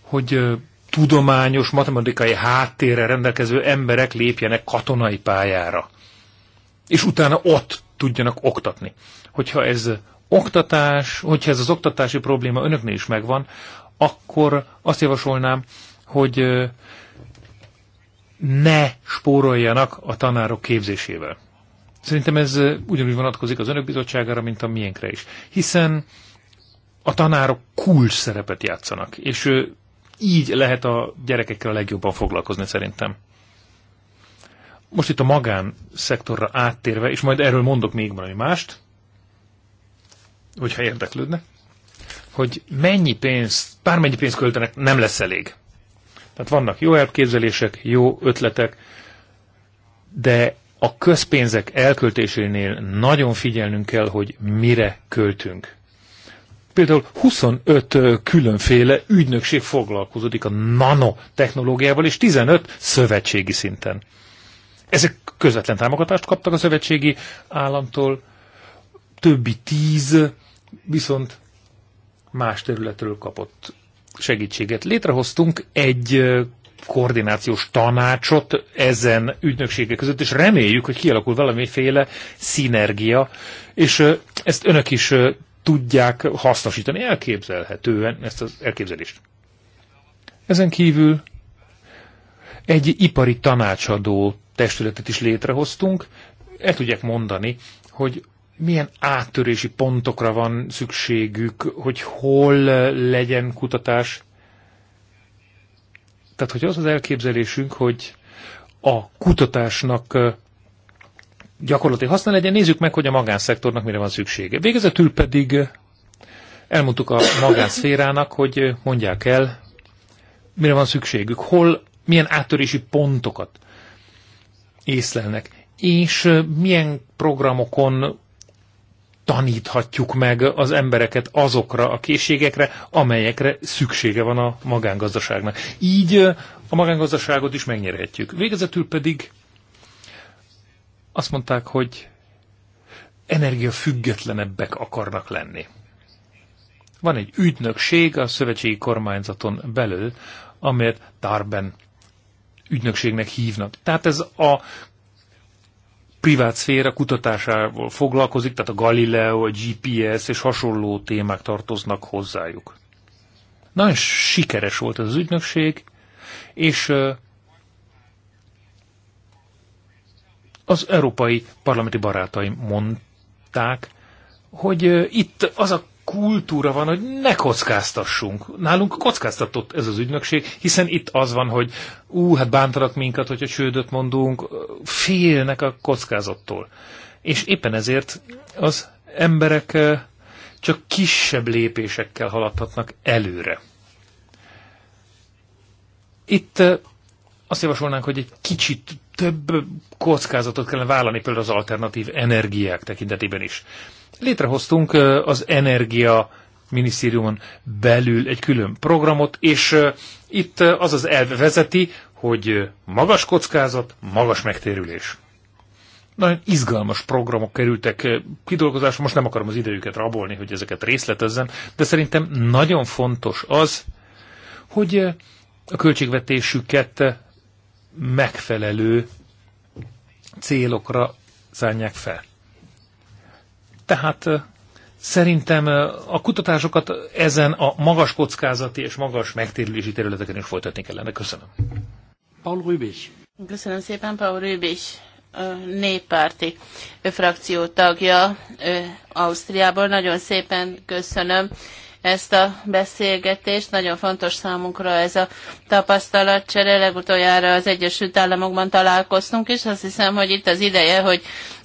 hogy eh, tudományos, matematikai háttérre rendelkező emberek lépjenek katonai pályára. És utána ott tudjanak oktatni. Hogyha ez oktatás, hogyha ez az oktatási probléma önöknél is megvan, akkor azt javasolnám, hogy ne spóroljanak a tanárok képzésével. Szerintem ez ugyanúgy vonatkozik az önök bizottságára, mint a miénkre is. Hiszen a tanárok kulcs szerepet játszanak, és így lehet a gyerekekkel a legjobban foglalkozni szerintem. Most itt a magán szektorra áttérve, és majd erről mondok még valami mást, hogyha érdeklődnek hogy mennyi pénz, bármennyi pénzt költenek, nem lesz elég. Tehát vannak jó elképzelések, jó ötletek, de a közpénzek elköltésénél nagyon figyelnünk kell, hogy mire költünk. Például 25 különféle ügynökség foglalkozódik a nanotechnológiával, és 15 szövetségi szinten. Ezek közvetlen támogatást kaptak a szövetségi államtól, többi tíz viszont más területről kapott segítséget. Létrehoztunk egy koordinációs tanácsot ezen ügynökségek között, és reméljük, hogy kialakul valamiféle szinergia, és ezt önök is tudják hasznosítani elképzelhetően ezt az elképzelést. Ezen kívül egy ipari tanácsadó testületet is létrehoztunk. El tudják mondani, hogy milyen áttörési pontokra van szükségük, hogy hol legyen kutatás. Tehát, hogy az az elképzelésünk, hogy a kutatásnak gyakorlati haszna legyen, nézzük meg, hogy a magánszektornak mire van szüksége. Végezetül pedig elmondtuk a magánszférának, hogy mondják el, mire van szükségük, hol, milyen áttörési pontokat észlelnek, és milyen programokon taníthatjuk meg az embereket azokra a készségekre, amelyekre szüksége van a magángazdaságnak. Így a magángazdaságot is megnyerhetjük. Végezetül pedig azt mondták, hogy energiafüggetlenebbek akarnak lenni. Van egy ügynökség a szövetségi kormányzaton belül, amelyet Darben ügynökségnek hívnak. Tehát ez a privát szféra kutatásával foglalkozik, tehát a Galileo, a GPS és hasonló témák tartoznak hozzájuk. Nagyon sikeres volt ez az ügynökség, és az európai parlamenti barátaim mondták, hogy itt az a kultúra van, hogy ne kockáztassunk. Nálunk kockáztatott ez az ügynökség, hiszen itt az van, hogy ú, hát bántanak minket, hogyha csődöt mondunk, félnek a kockázattól. És éppen ezért az emberek csak kisebb lépésekkel haladhatnak előre. Itt azt javasolnánk, hogy egy kicsit több kockázatot kellene vállalni, például az alternatív energiák tekintetében is. Létrehoztunk az energia minisztériumon belül egy külön programot, és itt az az elv vezeti, hogy magas kockázat, magas megtérülés. Nagyon izgalmas programok kerültek kidolgozásra, most nem akarom az idejüket rabolni, hogy ezeket részletezzem, de szerintem nagyon fontos az, hogy a költségvetésüket megfelelő célokra szállják fel. Tehát szerintem a kutatásokat ezen a magas kockázati és magas megtérülési területeken is folytatni kellene. Köszönöm. Paul Rübis. Köszönöm szépen, Paul Rübis néppárti frakció tagja Ausztriából. Nagyon szépen köszönöm ezt a beszélgetést. Nagyon fontos számunkra ez a tapasztalatcsere. Legutoljára az Egyesült Államokban találkoztunk, és azt hiszem, hogy itt az ideje, hogy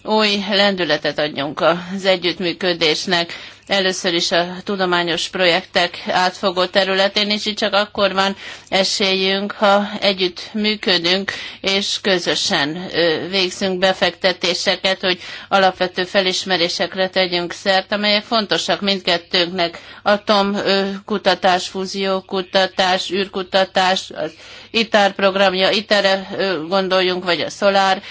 új lendületet adjunk az együttműködésnek. Először is a tudományos projektek átfogó területén is, így csak akkor van esélyünk, ha együtt működünk, és közösen végzünk befektetéseket, hogy alapvető felismerésekre tegyünk szert, amelyek fontosak mindkettőnknek. Atomkutatás, fúziókutatás, űrkutatás, az ITAR programja, ITER-re gondoljunk, vagy a SZOLÁR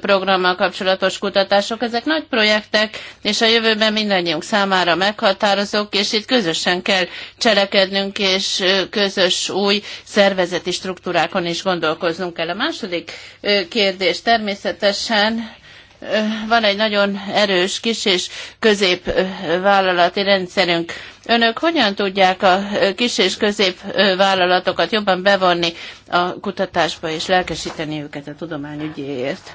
programmal kapcsolatos kutatás, kutatások, ezek nagy projektek, és a jövőben mindannyiunk számára meghatározók, és itt közösen kell cselekednünk, és közös új szervezeti struktúrákon is gondolkoznunk kell. A második kérdés természetesen van egy nagyon erős kis és középvállalati rendszerünk. Önök hogyan tudják a kis és középvállalatokat jobban bevonni a kutatásba és lelkesíteni őket a tudományügyéért?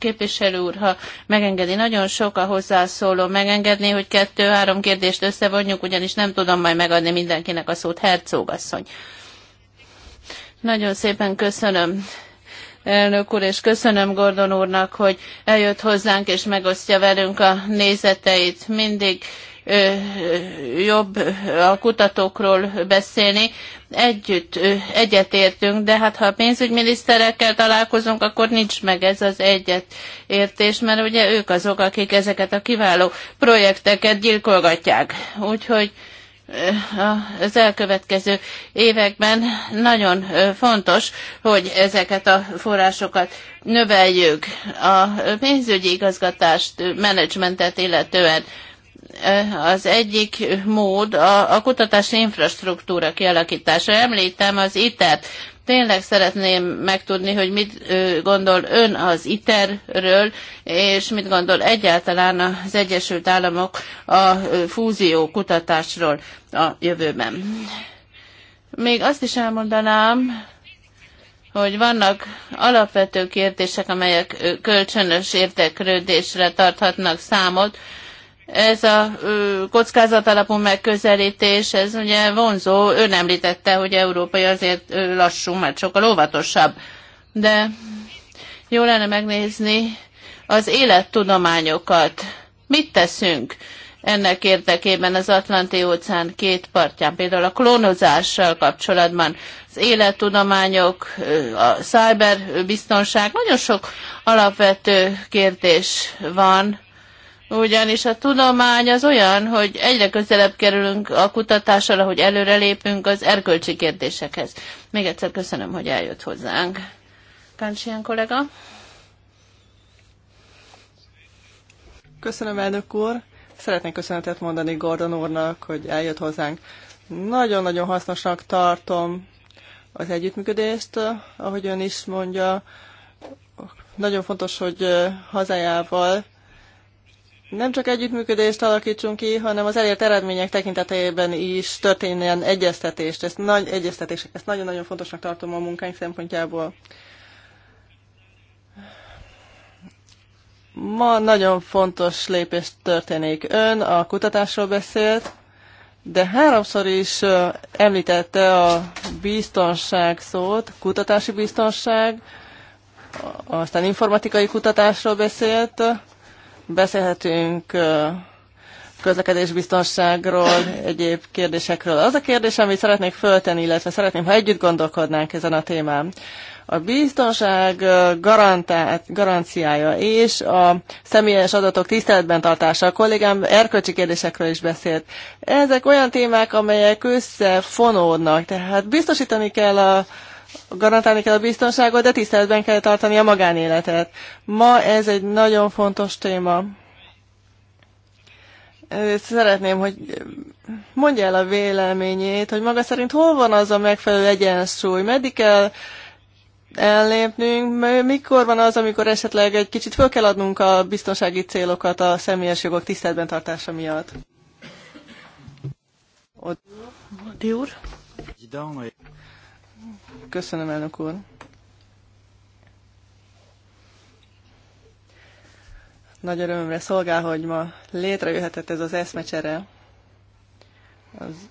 Képviselő úr, ha megengedi, nagyon sok a hozzászóló. Megengedné, hogy kettő-három kérdést összevonjuk, ugyanis nem tudom majd megadni mindenkinek a szót. Hercogasszony. Nagyon szépen köszönöm elnök úr, és köszönöm Gordon úrnak, hogy eljött hozzánk és megosztja velünk a nézeteit. Mindig jobb a kutatókról beszélni. Együtt egyetértünk, de hát ha a pénzügyminiszterekkel találkozunk, akkor nincs meg ez az egyetértés, mert ugye ők azok, akik ezeket a kiváló projekteket gyilkolgatják. Úgyhogy az elkövetkező években nagyon fontos, hogy ezeket a forrásokat növeljük. A pénzügyi igazgatást, menedzsmentet illetően az egyik mód a, a kutatási infrastruktúra kialakítása. Említem az ITER-t. Tényleg szeretném megtudni, hogy mit gondol ön az ITER-ről, és mit gondol egyáltalán az Egyesült Államok a fúzió kutatásról a jövőben. Még azt is elmondanám, hogy vannak alapvető kérdések, amelyek kölcsönös értekrődésre tarthatnak számot, ez a kockázat alapú megközelítés, ez ugye vonzó, ön említette, hogy európai azért lassú, mert sokkal óvatosabb, de jó lenne megnézni az élettudományokat. Mit teszünk ennek érdekében az Atlanti-óceán két partján, például a klónozással kapcsolatban, az élettudományok, a cyberbiztonság, nagyon sok alapvető kérdés van, ugyanis a tudomány az olyan, hogy egyre közelebb kerülünk a kutatással, ahogy előrelépünk az erkölcsi kérdésekhez. Még egyszer köszönöm, hogy eljött hozzánk. Káncsilyen kollega. Köszönöm, elnök úr. Szeretnék köszönetet mondani Gordon úrnak, hogy eljött hozzánk. Nagyon-nagyon hasznosnak tartom az együttműködést, ahogy ön is mondja. Nagyon fontos, hogy hazájával nem csak együttműködést alakítsunk ki, hanem az elért eredmények tekintetében is történjen egyeztetést. Ezt nagy egyeztetés, ezt nagyon-nagyon fontosnak tartom a munkánk szempontjából. Ma nagyon fontos lépés történik. Ön a kutatásról beszélt, de háromszor is említette a biztonság szót, kutatási biztonság, aztán informatikai kutatásról beszélt, Beszélhetünk közlekedésbiztonságról, egyéb kérdésekről. Az a kérdés, amit szeretnék föltenni, illetve szeretném, ha együtt gondolkodnánk ezen a témán. A biztonság garantált, garanciája és a személyes adatok tiszteletben tartása. A kollégám erkölcsi kérdésekről is beszélt. Ezek olyan témák, amelyek összefonódnak, tehát biztosítani kell a garantálni kell a biztonságot, de tiszteletben kell tartani a magánéletet. Ma ez egy nagyon fontos téma. Szeretném, hogy mondja el a véleményét, hogy maga szerint hol van az a megfelelő egyensúly, meddig kell ellépnünk, mikor van az, amikor esetleg egy kicsit föl kell adnunk a biztonsági célokat a személyes jogok tiszteletben tartása miatt. Odi úr. Köszönöm, elnök úr. Nagy örömömre szolgál, hogy ma létrejöhetett ez az eszmecsere az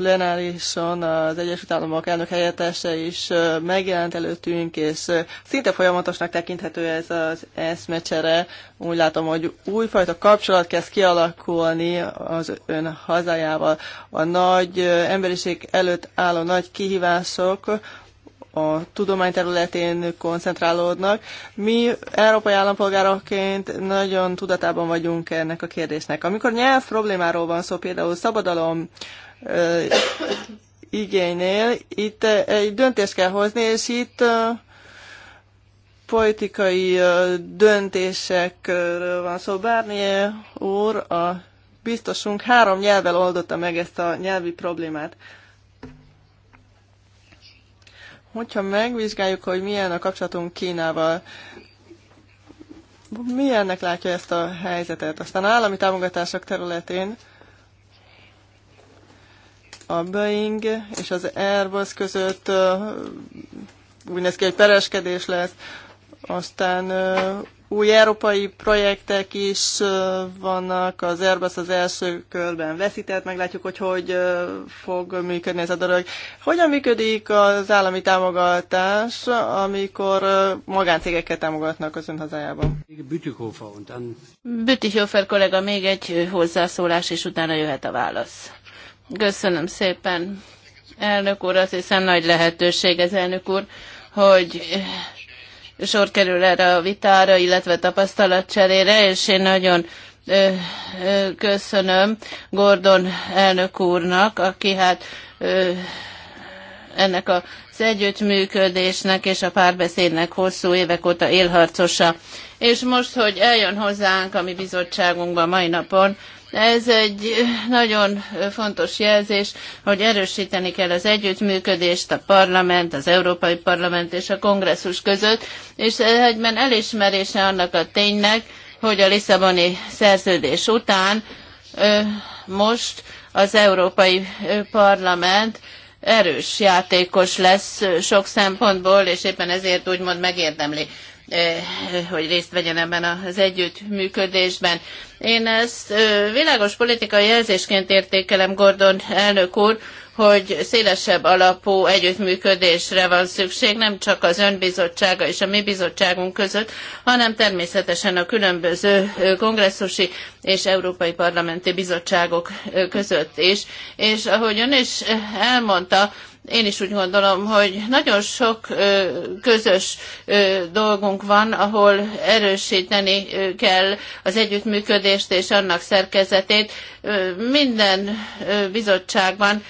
plenárison az Egyesült Államok elnök helyettese is megjelent előttünk, és szinte folyamatosnak tekinthető ez az eszmecsere. Úgy látom, hogy újfajta kapcsolat kezd kialakulni az ön hazájával. A nagy emberiség előtt álló nagy kihívások, a tudomány területén koncentrálódnak. Mi európai állampolgárokként nagyon tudatában vagyunk ennek a kérdésnek. Amikor nyelv problémáról van szó, például szabadalom, igénynél. Itt egy döntést kell hozni, és itt politikai döntésekről van szó. Bárnyi úr, a biztosunk három nyelvvel oldotta meg ezt a nyelvi problémát. Hogyha megvizsgáljuk, hogy milyen a kapcsolatunk Kínával, milyennek látja ezt a helyzetet? Aztán állami támogatások területén a Boeing és az Airbus között úgy néz ki, hogy pereskedés lesz, aztán új európai projektek is vannak, az Airbus az első körben veszített, meglátjuk, hogy hogy fog működni ez a dolog. Hogyan működik az állami támogatás, amikor magáncégeket támogatnak az ön hazájában? Bütikofer kollega, még egy hozzászólás, és utána jöhet a válasz. Köszönöm szépen, elnök úr, azt hiszem nagy lehetőség ez, elnök úr, hogy sor kerül erre a vitára, illetve tapasztalatcserére, és én nagyon köszönöm Gordon elnök úrnak, aki hát ennek az együttműködésnek és a párbeszédnek hosszú évek óta élharcosa. És most, hogy eljön hozzánk a mi bizottságunkban mai napon, ez egy nagyon fontos jelzés, hogy erősíteni kell az együttműködést a parlament, az Európai Parlament és a kongresszus között, és egyben elismerése annak a ténynek, hogy a Lisszaboni szerződés után most az Európai Parlament erős játékos lesz sok szempontból, és éppen ezért úgymond megérdemli eh, hogy részt vegyen ebben az együttműködésben. Én ezt eh, világos politikai jelzésként értékelem Gordon elnök úr, hogy szélesebb alapú együttműködésre van szükség, nem csak az önbizottsága és a mi bizottságunk között, hanem természetesen a különböző kongresszusi és európai parlamenti bizottságok között is. És ahogy ön is elmondta, én is úgy gondolom, hogy nagyon sok közös dolgunk van, ahol erősíteni kell az együttműködést és annak szerkezetét. Minden bizottságban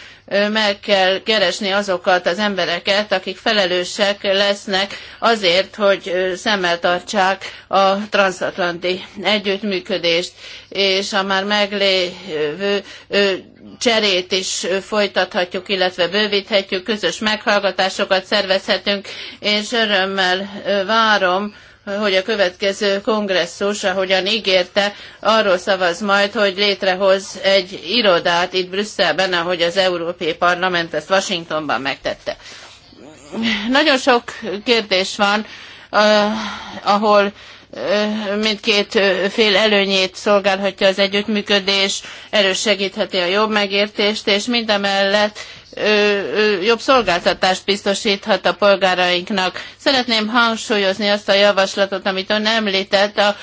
meg kell keresni azokat az embereket, akik felelősek lesznek azért, hogy szemmel tartsák a transatlanti együttműködést, és a már meglévő cserét is folytathatjuk, illetve bővíthetjük, közös meghallgatásokat szervezhetünk, és örömmel várom, hogy a következő kongresszus, ahogyan ígérte, arról szavaz majd, hogy létrehoz egy irodát itt Brüsszelben, ahogy az Európai Parlament ezt Washingtonban megtette. Nagyon sok kérdés van, eh, ahol mindkét fél előnyét szolgálhatja az együttműködés, elősegítheti a jobb megértést, és mindemellett jobb szolgáltatást biztosíthat a polgárainknak. Szeretném hangsúlyozni azt a javaslatot, amit ön említett a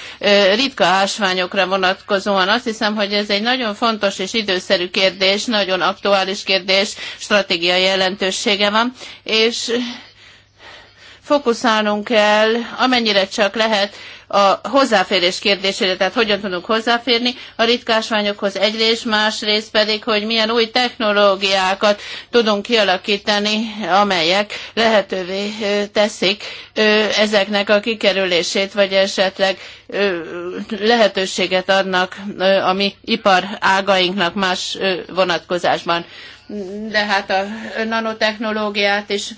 ritka ásványokra vonatkozóan. Azt hiszem, hogy ez egy nagyon fontos és időszerű kérdés, nagyon aktuális kérdés, stratégiai jelentősége van, és fokuszálnunk kell, amennyire csak lehet, a hozzáférés kérdésére, tehát hogyan tudunk hozzáférni a ritkásványokhoz egyrészt, másrészt pedig, hogy milyen új technológiákat tudunk kialakítani, amelyek lehetővé teszik ezeknek a kikerülését, vagy esetleg lehetőséget adnak a mi iparágainknak más vonatkozásban de hát a nanotechnológiát is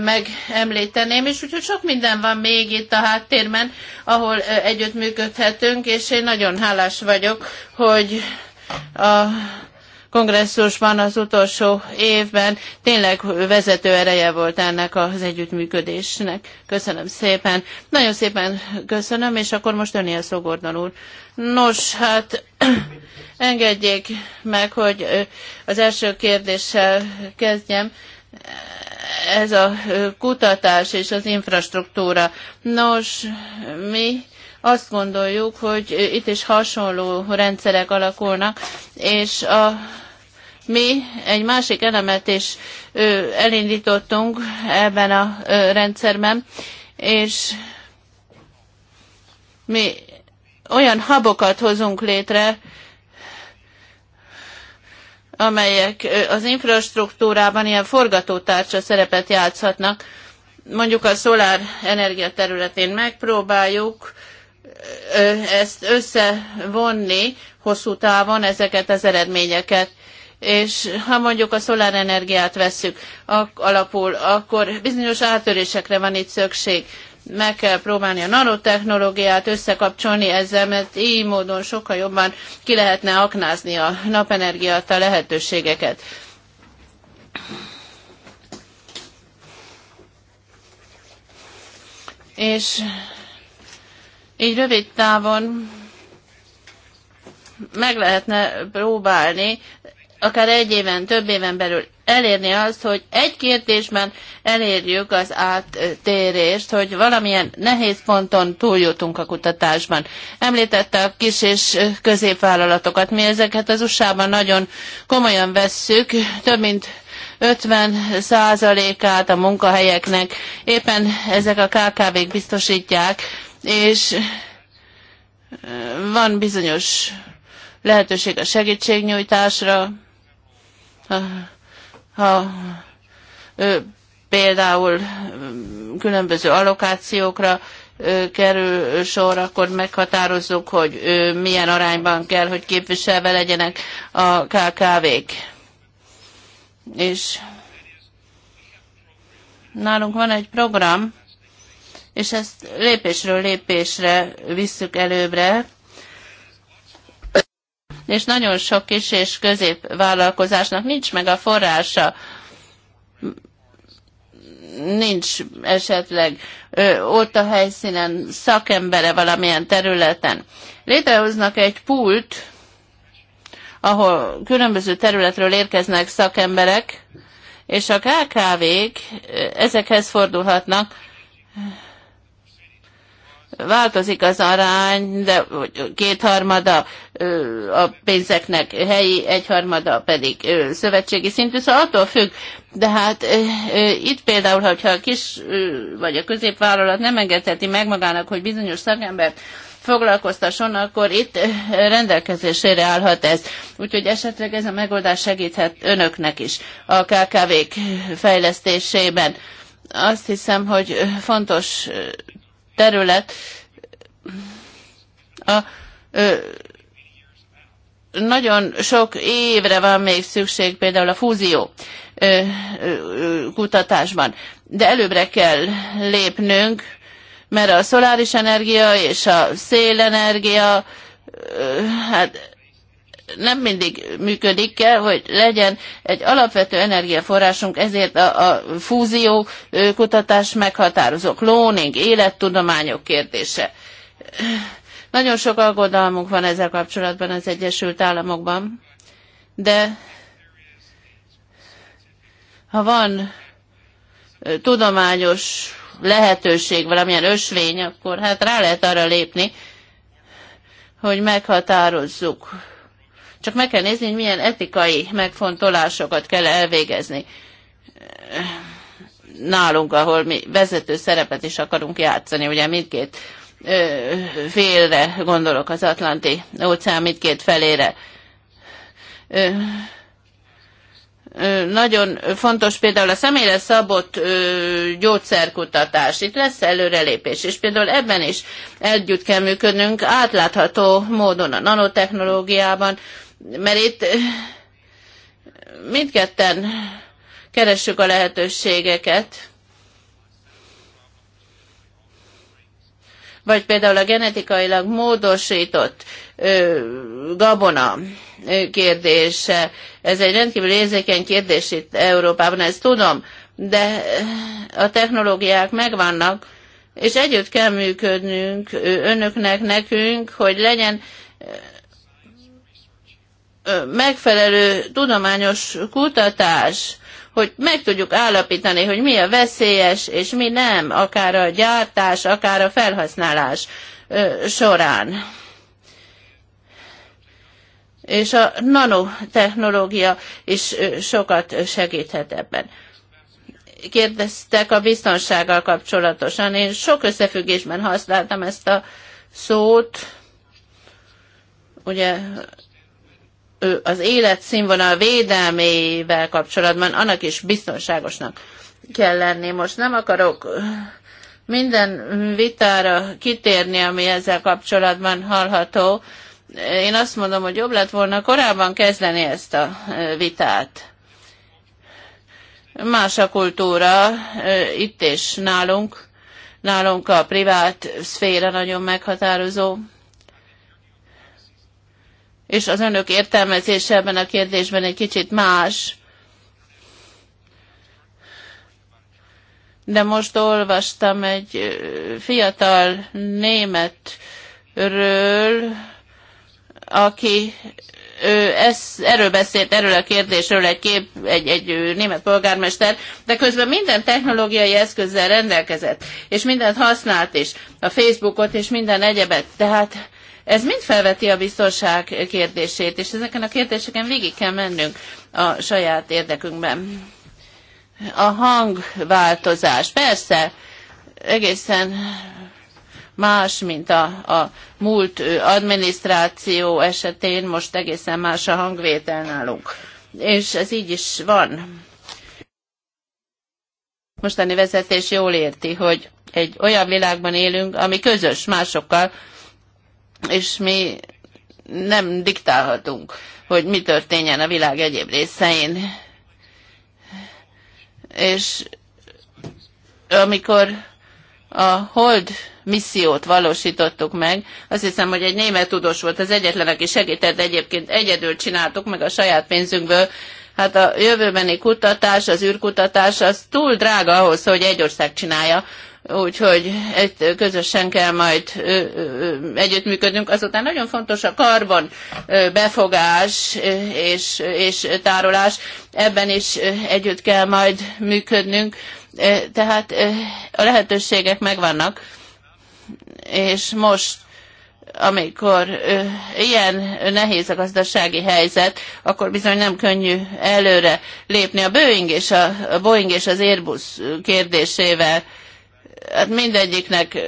megemlíteném, és úgyhogy sok minden van még itt a háttérben, ahol együttműködhetünk, és én nagyon hálás vagyok, hogy a kongresszusban az utolsó évben tényleg vezető ereje volt ennek az együttműködésnek. Köszönöm szépen. Nagyon szépen köszönöm, és akkor most önél szó, Gordon úr. Nos, hát <clears throat> engedjék meg, hogy az első kérdéssel kezdjem ez a kutatás és az infrastruktúra. Nos, mi azt gondoljuk, hogy itt is hasonló rendszerek alakulnak, és a, mi egy másik elemet is elindítottunk ebben a rendszerben, és mi olyan habokat hozunk létre, amelyek az infrastruktúrában ilyen forgatótársa szerepet játszhatnak. Mondjuk a szolár energia területén megpróbáljuk ezt összevonni hosszú távon ezeket az eredményeket. És ha mondjuk a szolár energiát vesszük alapul, akkor bizonyos átörésekre van itt szükség meg kell próbálni a nanotechnológiát összekapcsolni ezzel, mert így módon sokkal jobban ki lehetne aknázni a napenergiát, a lehetőségeket. És így rövid távon meg lehetne próbálni, akár egy éven, több éven belül elérni azt, hogy egy kérdésben elérjük az áttérést, hogy valamilyen nehéz ponton túljutunk a kutatásban. Említette a kis és középvállalatokat. Mi ezeket az USA-ban nagyon komolyan vesszük, több mint 50 százalékát a munkahelyeknek éppen ezek a KKV-k biztosítják, és van bizonyos lehetőség a segítségnyújtásra, ha például különböző allokációkra kerül sor, akkor meghatározzuk, hogy milyen arányban kell, hogy képviselve legyenek a KKV-k. És nálunk van egy program, és ezt lépésről lépésre visszük előbbre, és nagyon sok kis és középvállalkozásnak nincs meg a forrása nincs esetleg ö, ott a helyszínen szakembere valamilyen területen. Létrehoznak egy pult, ahol különböző területről érkeznek szakemberek, és a KKV-k ezekhez fordulhatnak, változik az arány, de kétharmada a pénzeknek helyi, egyharmada pedig szövetségi szintű, szóval attól függ. De hát itt például, hogyha a kis vagy a középvállalat nem engedheti meg magának, hogy bizonyos szakembert foglalkoztasson, akkor itt rendelkezésére állhat ez. Úgyhogy esetleg ez a megoldás segíthet önöknek is a KKV-k fejlesztésében. Azt hiszem, hogy fontos terület. A, ö, nagyon sok évre van még szükség például a fúzió ö, ö, kutatásban, de előbbre kell lépnünk, mert a szoláris energia és a szélenergia, ö, hát nem mindig működik kell, hogy legyen egy alapvető energiaforrásunk, ezért a, a fúzió kutatás meghatározó. Klóning, élettudományok kérdése. Nagyon sok aggodalmunk van ezzel kapcsolatban az Egyesült Államokban, de ha van tudományos lehetőség, valamilyen ösvény, akkor hát rá lehet arra lépni, hogy meghatározzuk csak meg kell nézni, hogy milyen etikai megfontolásokat kell elvégezni nálunk, ahol mi vezető szerepet is akarunk játszani, ugye mindkét félre gondolok az Atlanti óceán mindkét felére. Ö, nagyon fontos például a személyre szabott ö, gyógyszerkutatás. Itt lesz előrelépés, és például ebben is együtt kell működnünk átlátható módon a nanotechnológiában, mert itt eh, mindketten keressük a lehetőségeket. Vagy például a genetikailag módosított ö, gabona kérdése. Ez egy rendkívül érzékeny kérdés itt Európában, ezt tudom, de eh, a technológiák megvannak, és együtt kell működnünk önöknek, nekünk, hogy legyen megfelelő tudományos kutatás, hogy meg tudjuk állapítani, hogy mi a veszélyes és mi nem, akár a gyártás, akár a felhasználás során. És a nanotechnológia is sokat segíthet ebben kérdeztek a biztonsággal kapcsolatosan. Én sok összefüggésben használtam ezt a szót. Ugye az életszínvonal védelmével kapcsolatban annak is biztonságosnak kell lenni. Most nem akarok minden vitára kitérni, ami ezzel kapcsolatban hallható. Én azt mondom, hogy jobb lett volna korábban kezdeni ezt a vitát. Más a kultúra itt és nálunk. Nálunk a privát szféra nagyon meghatározó és az önök értelmezése ebben a kérdésben egy kicsit más. De most olvastam egy fiatal németről, aki ő ez, erről beszélt, erről a kérdésről egy, kép, egy, egy német polgármester, de közben minden technológiai eszközzel rendelkezett, és mindent használt is, a Facebookot és minden egyebet. Tehát ez mind felveti a biztonság kérdését, és ezeken a kérdéseken végig kell mennünk a saját érdekünkben. A hangváltozás, persze, egészen más, mint a, a múlt adminisztráció esetén, most egészen más a hangvétel nálunk. És ez így is van. Mostani vezetés jól érti, hogy egy olyan világban élünk, ami közös másokkal, és mi nem diktálhatunk, hogy mi történjen a világ egyéb részein. És amikor a hold missziót valósítottuk meg. Azt hiszem, hogy egy német tudós volt az egyetlen, aki segített, de egyébként egyedül csináltuk meg a saját pénzünkből. Hát a jövőbeni kutatás, az űrkutatás, az túl drága ahhoz, hogy egy ország csinálja úgyhogy egy, közösen kell majd ö, ö, együttműködnünk. Azután nagyon fontos a karbon ö, befogás és, és tárolás, ebben is együtt kell majd működnünk, tehát a lehetőségek megvannak, és most amikor ö, ilyen nehéz a gazdasági helyzet, akkor bizony nem könnyű előre lépni. A Boeing és, a, a Boeing és az Airbus kérdésével ö, hát mindegyiknek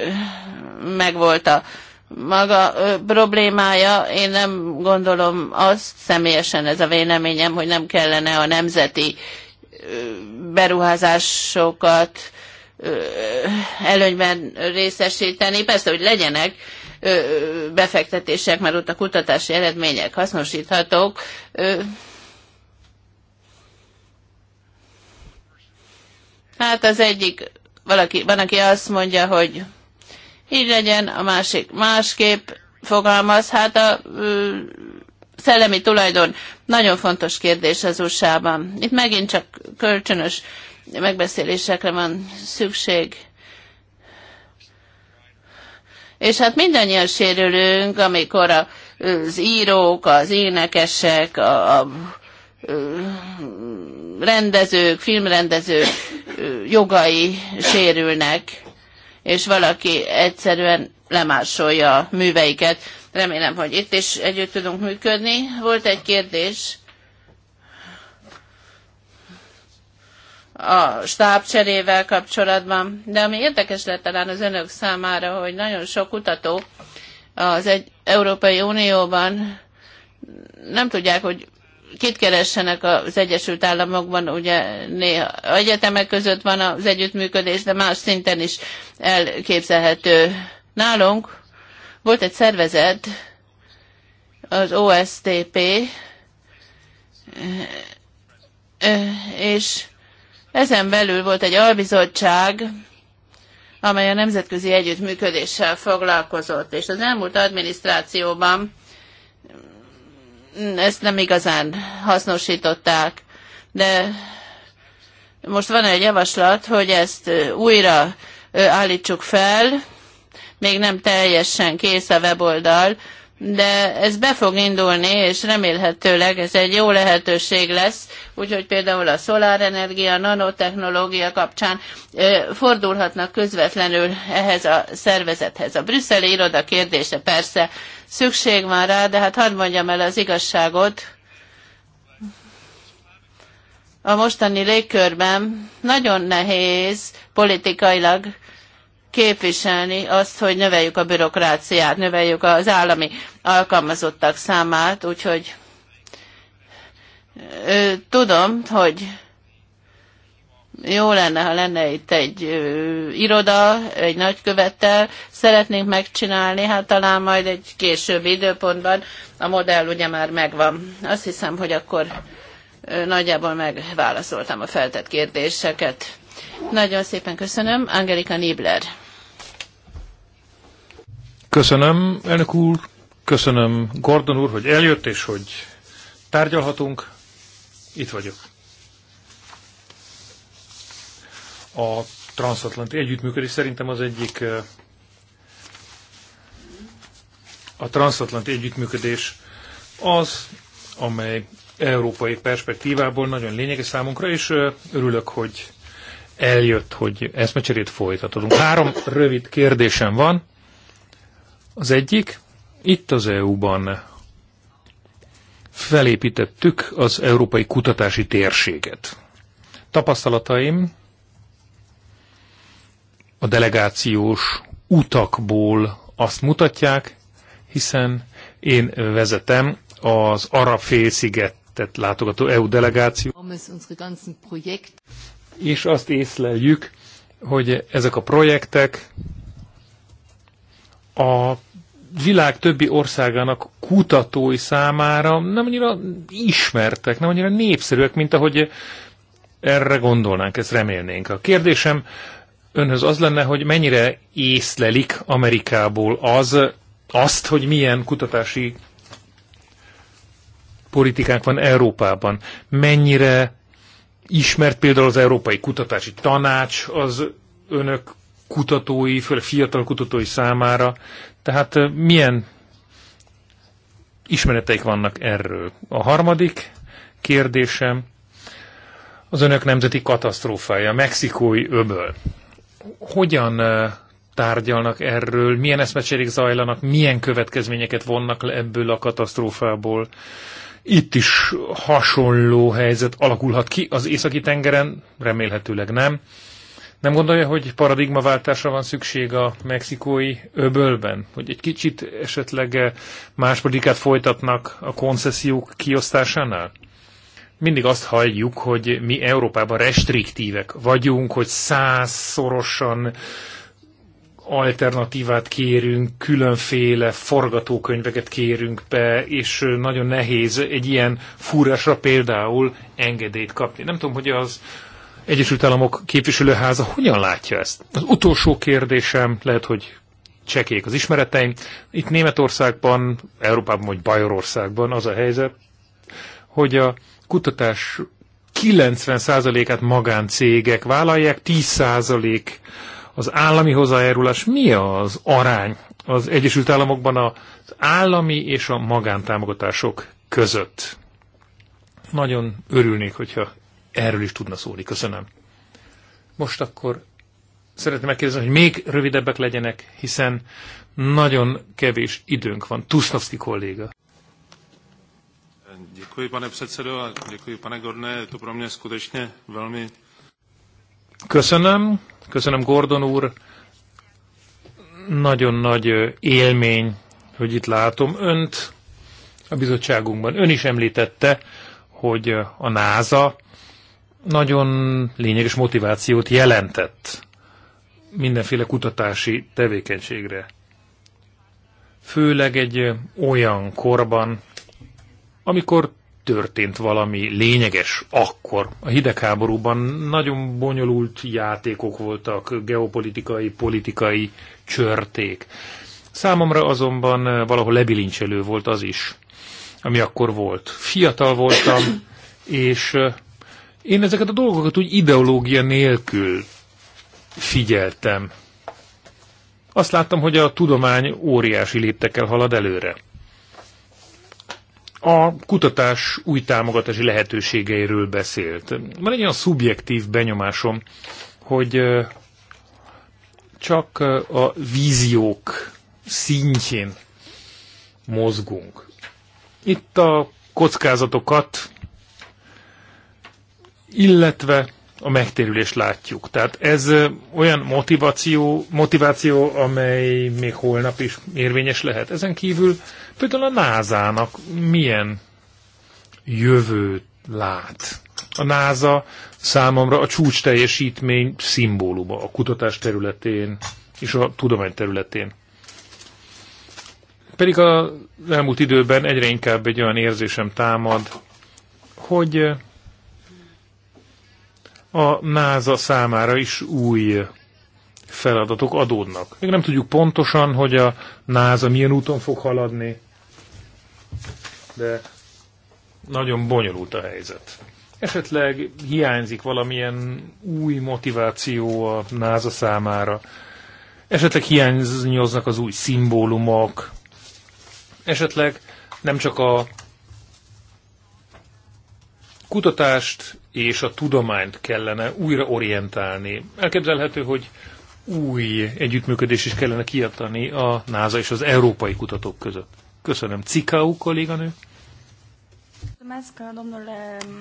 megvolt a maga problémája. Én nem gondolom azt, személyesen ez a véleményem, hogy nem kellene a nemzeti beruházásokat előnyben részesíteni. Persze, hogy legyenek befektetések, mert ott a kutatási eredmények hasznosíthatók. Hát az egyik valaki, van, aki azt mondja, hogy így legyen, a másik másképp fogalmaz. Hát a ö, szellemi tulajdon nagyon fontos kérdés az USA-ban. Itt megint csak kölcsönös megbeszélésekre van szükség. És hát mindannyian sérülünk, amikor az írók, az énekesek, a, a rendezők, filmrendezők jogai sérülnek, és valaki egyszerűen lemásolja a műveiket. Remélem, hogy itt is együtt tudunk működni. Volt egy kérdés a stábcserével kapcsolatban, de ami érdekes lett talán az önök számára, hogy nagyon sok kutató az egy Európai Unióban nem tudják, hogy kit keressenek az Egyesült Államokban, ugye néha egyetemek között van az együttműködés, de más szinten is elképzelhető. Nálunk volt egy szervezet, az OSTP, és ezen belül volt egy albizottság, amely a nemzetközi együttműködéssel foglalkozott, és az elmúlt adminisztrációban ezt nem igazán hasznosították, de most van egy javaslat, hogy ezt újra állítsuk fel, még nem teljesen kész a weboldal, de ez be fog indulni, és remélhetőleg ez egy jó lehetőség lesz, úgyhogy például a szolárenergia, nanotechnológia kapcsán fordulhatnak közvetlenül ehhez a szervezethez. A brüsszeli iroda kérdése persze szükség van rá, de hát hadd mondjam el az igazságot, a mostani légkörben nagyon nehéz politikailag képviselni azt, hogy növeljük a bürokráciát, növeljük az állami alkalmazottak számát, úgyhogy tudom, hogy jó lenne, ha lenne itt egy ö, iroda, egy nagykövettel, szeretnénk megcsinálni, hát talán majd egy későbbi időpontban a modell ugye már megvan. Azt hiszem, hogy akkor ö, nagyjából megválaszoltam a feltett kérdéseket. Nagyon szépen köszönöm. Angelika Nibler. Köszönöm, elnök úr, köszönöm Gordon úr, hogy eljött és hogy tárgyalhatunk. Itt vagyok. A transatlanti együttműködés szerintem az egyik eh, a transatlanti együttműködés az, amely európai perspektívából nagyon lényeges számunkra, és eh, örülök, hogy eljött, hogy eszmecserét folytatunk. Három rövid kérdésem van. Az egyik, itt az EU-ban felépítettük az európai kutatási térséget. Tapasztalataim a delegációs utakból azt mutatják, hiszen én vezetem az arab félszigetet látogató EU delegáció, és azt észleljük, hogy ezek a projektek a világ többi országának kutatói számára nem annyira ismertek, nem annyira népszerűek, mint ahogy erre gondolnánk, ezt remélnénk. A kérdésem önhöz az lenne, hogy mennyire észlelik Amerikából az, azt, hogy milyen kutatási politikánk van Európában. Mennyire ismert például az Európai Kutatási Tanács az önök kutatói, főleg fiatal kutatói számára. Tehát milyen ismereteik vannak erről? A harmadik kérdésem az önök nemzeti katasztrófája, a mexikói öböl. Hogyan tárgyalnak erről, milyen eszmecserék zajlanak, milyen következményeket vonnak le ebből a katasztrófából. Itt is hasonló helyzet alakulhat ki az északi tengeren, remélhetőleg nem. Nem gondolja, hogy paradigmaváltásra van szükség a mexikói öbölben? Hogy egy kicsit esetleg eh, más politikát folytatnak a koncesziók kiosztásánál? Mindig azt halljuk, hogy mi Európában restriktívek vagyunk, hogy százszorosan alternatívát kérünk, különféle forgatókönyveket kérünk be, és eh, nagyon nehéz egy ilyen fúrásra például engedélyt kapni. Nem tudom, hogy az Egyesült Államok képviselőháza hogyan látja ezt? Az utolsó kérdésem, lehet, hogy csekék az ismereteim. Itt Németországban, Európában vagy Bajorországban az a helyzet, hogy a kutatás 90%-át magáncégek vállalják, 10% az állami hozzájárulás. Mi az arány az Egyesült Államokban az állami és a magántámogatások között? Nagyon örülnék, hogyha erről is tudna szólni. Köszönöm. Most akkor szeretném megkérdezni, hogy még rövidebbek legyenek, hiszen nagyon kevés időnk van. Tusnovszki kolléga. Děkuji, pane předsedo, a děkuji, pane Gordone. Je to pro mě skutečně velmi... Köszönöm, köszönöm Gordon úr. Nagyon nagy élmény, hogy itt látom önt a bizottságunkban. Ön is említette, hogy a NASA nagyon lényeges motivációt jelentett mindenféle kutatási tevékenységre. Főleg egy olyan korban, amikor történt valami lényeges akkor. A hidegháborúban nagyon bonyolult játékok voltak, geopolitikai, politikai csörték. Számomra azonban valahol lebilincselő volt az is, ami akkor volt. Fiatal voltam, és én ezeket a dolgokat úgy ideológia nélkül figyeltem. Azt láttam, hogy a tudomány óriási léptekkel halad előre. A kutatás új támogatási lehetőségeiről beszélt. Van egy olyan szubjektív benyomásom, hogy csak a víziók szintjén mozgunk. Itt a kockázatokat illetve a megtérülést látjuk. Tehát ez olyan motiváció, motiváció, amely még holnap is érvényes lehet. Ezen kívül például a NASA-nak milyen jövőt lát. A NASA számomra a csúcs teljesítmény szimbóluma a kutatás területén és a tudomány területén. Pedig az elmúlt időben egyre inkább egy olyan érzésem támad, hogy a NASA számára is új feladatok adódnak. Még nem tudjuk pontosan, hogy a NASA milyen úton fog haladni, de nagyon bonyolult a helyzet. Esetleg hiányzik valamilyen új motiváció a NASA számára, esetleg hiányoznak az új szimbólumok, esetleg nem csak a kutatást és a tudományt kellene újra orientálni. Elképzelhető, hogy új együttműködés is kellene kiadni a NASA és az európai kutatók között. Köszönöm. Cikau kolléganő. Mm,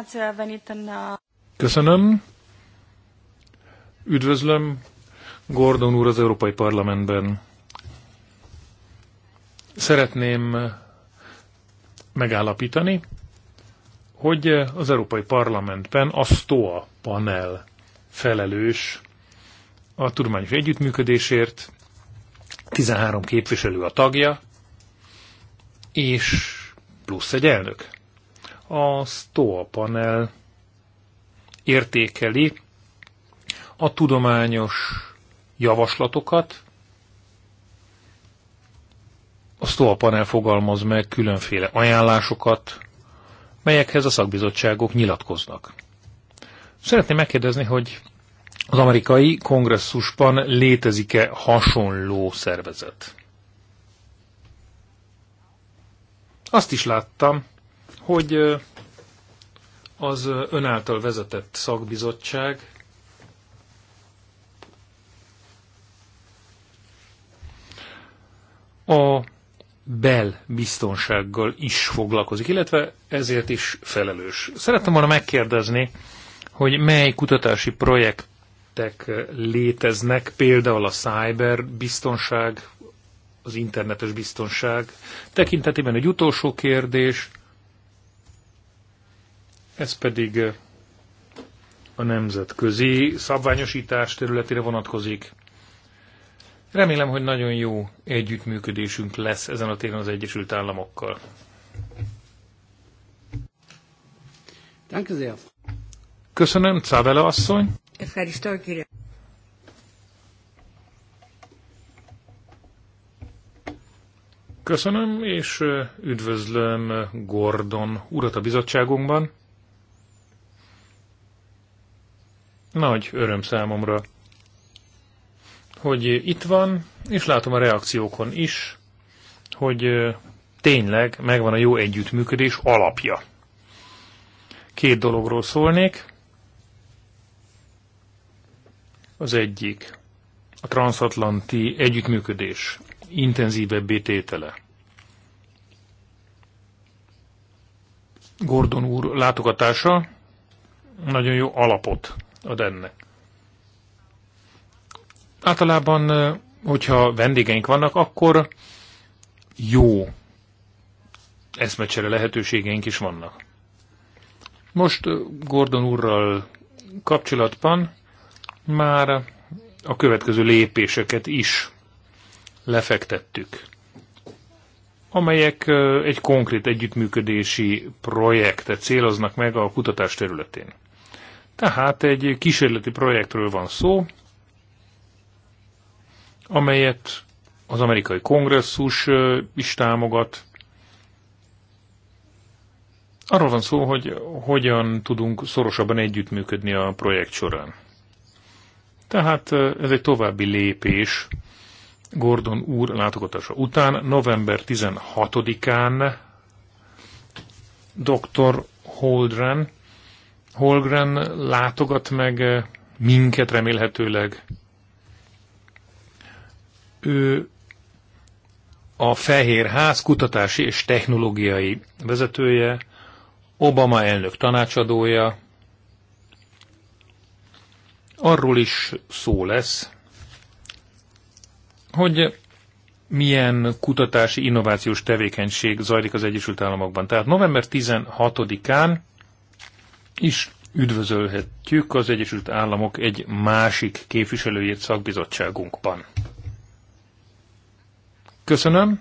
uh, Köszönöm. Üdvözlöm Gordon úr az Európai Parlamentben. Szeretném megállapítani, hogy eh, az Európai Parlamentben a STOA panel felelős a tudományos együttműködésért, 13 képviselő a tagja, és plusz egy elnök. A STOA panel értékeli a tudományos javaslatokat, a STOA panel fogalmaz meg különféle ajánlásokat, melyekhez a szakbizottságok nyilatkoznak. Szeretném megkérdezni, hogy az amerikai kongresszusban létezik-e hasonló szervezet? Azt is láttam, hogy az ön által vezetett szakbizottság a belbiztonsággal is foglalkozik, illetve ezért is felelős. Szerettem volna megkérdezni, hogy mely kutatási projektek léteznek, például a biztonság, az internetes biztonság tekintetében egy utolsó kérdés, ez pedig a nemzetközi szabványosítás területére vonatkozik. Remélem, hogy nagyon jó együttműködésünk lesz ezen a téren az Egyesült Államokkal. Köszönöm, Cábela asszony. Köszönöm, és üdvözlöm Gordon urat a bizottságunkban. Nagy öröm számomra, hogy itt van, és látom a reakciókon is, hogy tényleg megvan a jó együttműködés alapja. Két dologról szólnék. Az egyik a transatlanti együttműködés intenzívebbé tétele. Gordon úr látogatása nagyon jó alapot ad ennek. Általában, hogyha vendégeink vannak, akkor jó eszmecsere lehetőségeink is vannak. Most Gordon úrral kapcsolatban már a következő lépéseket is lefektettük, amelyek egy konkrét együttműködési projektet céloznak meg a kutatás területén. Tehát egy kísérleti projektről van szó, amelyet az amerikai kongresszus is támogat. Arról van szó, hogy hogyan tudunk szorosabban együttműködni a projekt során. Tehát ez egy további lépés Gordon úr látogatása után, november 16-án dr. Holdren, Holgren látogat meg minket remélhetőleg ő a Fehér Ház kutatási és technológiai vezetője, Obama elnök tanácsadója. Arról is szó lesz, hogy milyen kutatási innovációs tevékenység zajlik az Egyesült Államokban. Tehát november 16-án is üdvözölhetjük az Egyesült Államok egy másik képviselőjét szakbizottságunkban. Köszönöm.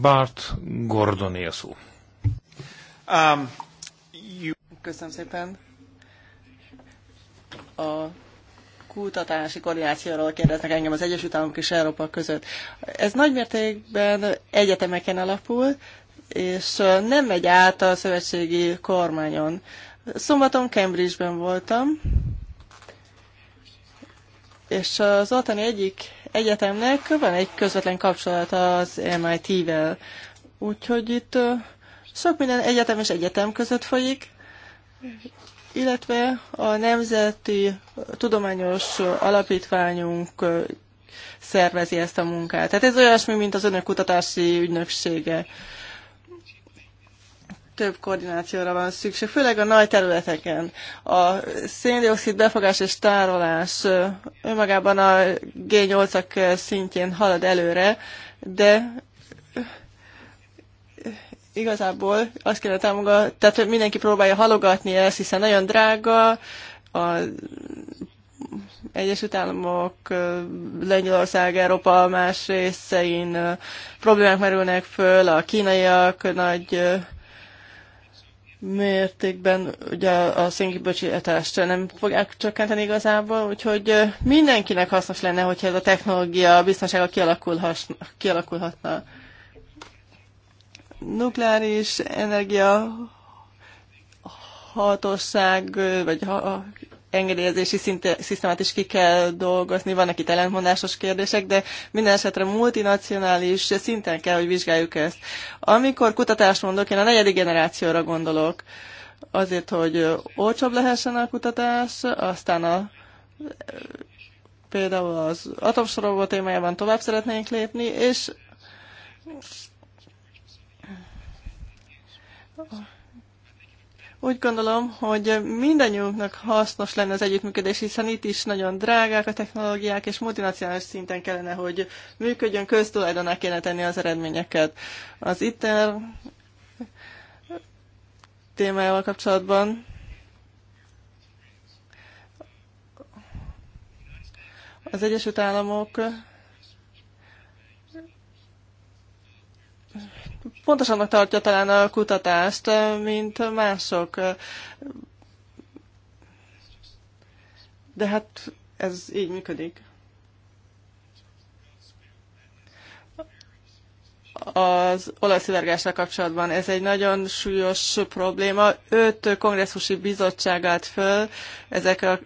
Bart Gordon a szó. Um, you... Köszönöm szépen. A kutatási koordinációról kérdeznek engem az Egyesült Államok és Európa között. Ez nagymértékben egyetemeken alapul, és nem megy át a szövetségi kormányon. Szombaton Cambridge-ben voltam, és az ottani egyik egyetemnek van egy közvetlen kapcsolat az MIT-vel. Úgyhogy itt sok minden egyetem és egyetem között folyik, illetve a Nemzeti Tudományos Alapítványunk szervezi ezt a munkát. Tehát ez olyasmi, mint az önök kutatási ügynöksége több koordinációra van szükség, főleg a nagy területeken. A széndiokszid befogás és tárolás önmagában a G8-ak szintjén halad előre, de igazából azt kéne támogatni, tehát mindenki próbálja halogatni ezt, hiszen nagyon drága, a Egyesült Államok, Lengyelország, Európa más részein problémák merülnek föl, a kínaiak nagy mértékben ugye a szénkibocsátást nem fogják csökkenteni igazából, úgyhogy mindenkinek hasznos lenne, hogyha ez a technológia biztonsága kialakulhatna. Nukleáris energia hatosság, vagy engedélyezési szinte, szisztémát is ki kell dolgozni, vannak itt ellentmondásos kérdések, de minden esetre multinacionális szinten kell, hogy vizsgáljuk ezt. Amikor kutatást mondok, én a negyedik generációra gondolok, azért, hogy olcsóbb lehessen a kutatás, aztán a például az atomsorogó témájában tovább szeretnénk lépni, és úgy gondolom, hogy mindannyiunknak hasznos lenne az együttműködés, hiszen itt is nagyon drágák a technológiák, és multinacionális szinten kellene, hogy működjön, köztulajdoná kéne tenni az eredményeket. Az ITER témájával kapcsolatban az Egyesült Államok pontosabbnak tartja talán a kutatást, eh, mint mások. De hát ez így működik. az olajszivárgással kapcsolatban. Ez egy nagyon súlyos probléma. Öt kongresszusi bizottság állt föl ezek a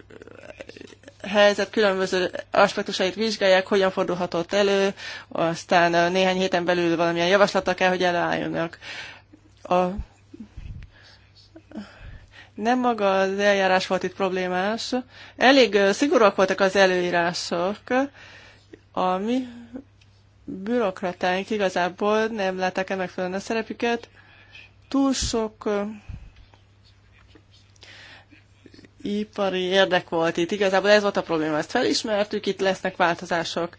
helyzet különböző aspektusait vizsgálják, hogyan fordulhatott elő, aztán néhány héten belül valamilyen javaslata kell, hogy előálljanak. A... Nem maga az eljárás volt itt problémás. Elég szigorúak voltak az előírások. ami mi bürokratáink igazából nem látták el megfelelően a szerepüket. Túl sok ipari érdek volt itt. Igazából ez volt a probléma, ezt felismertük, itt lesznek változások.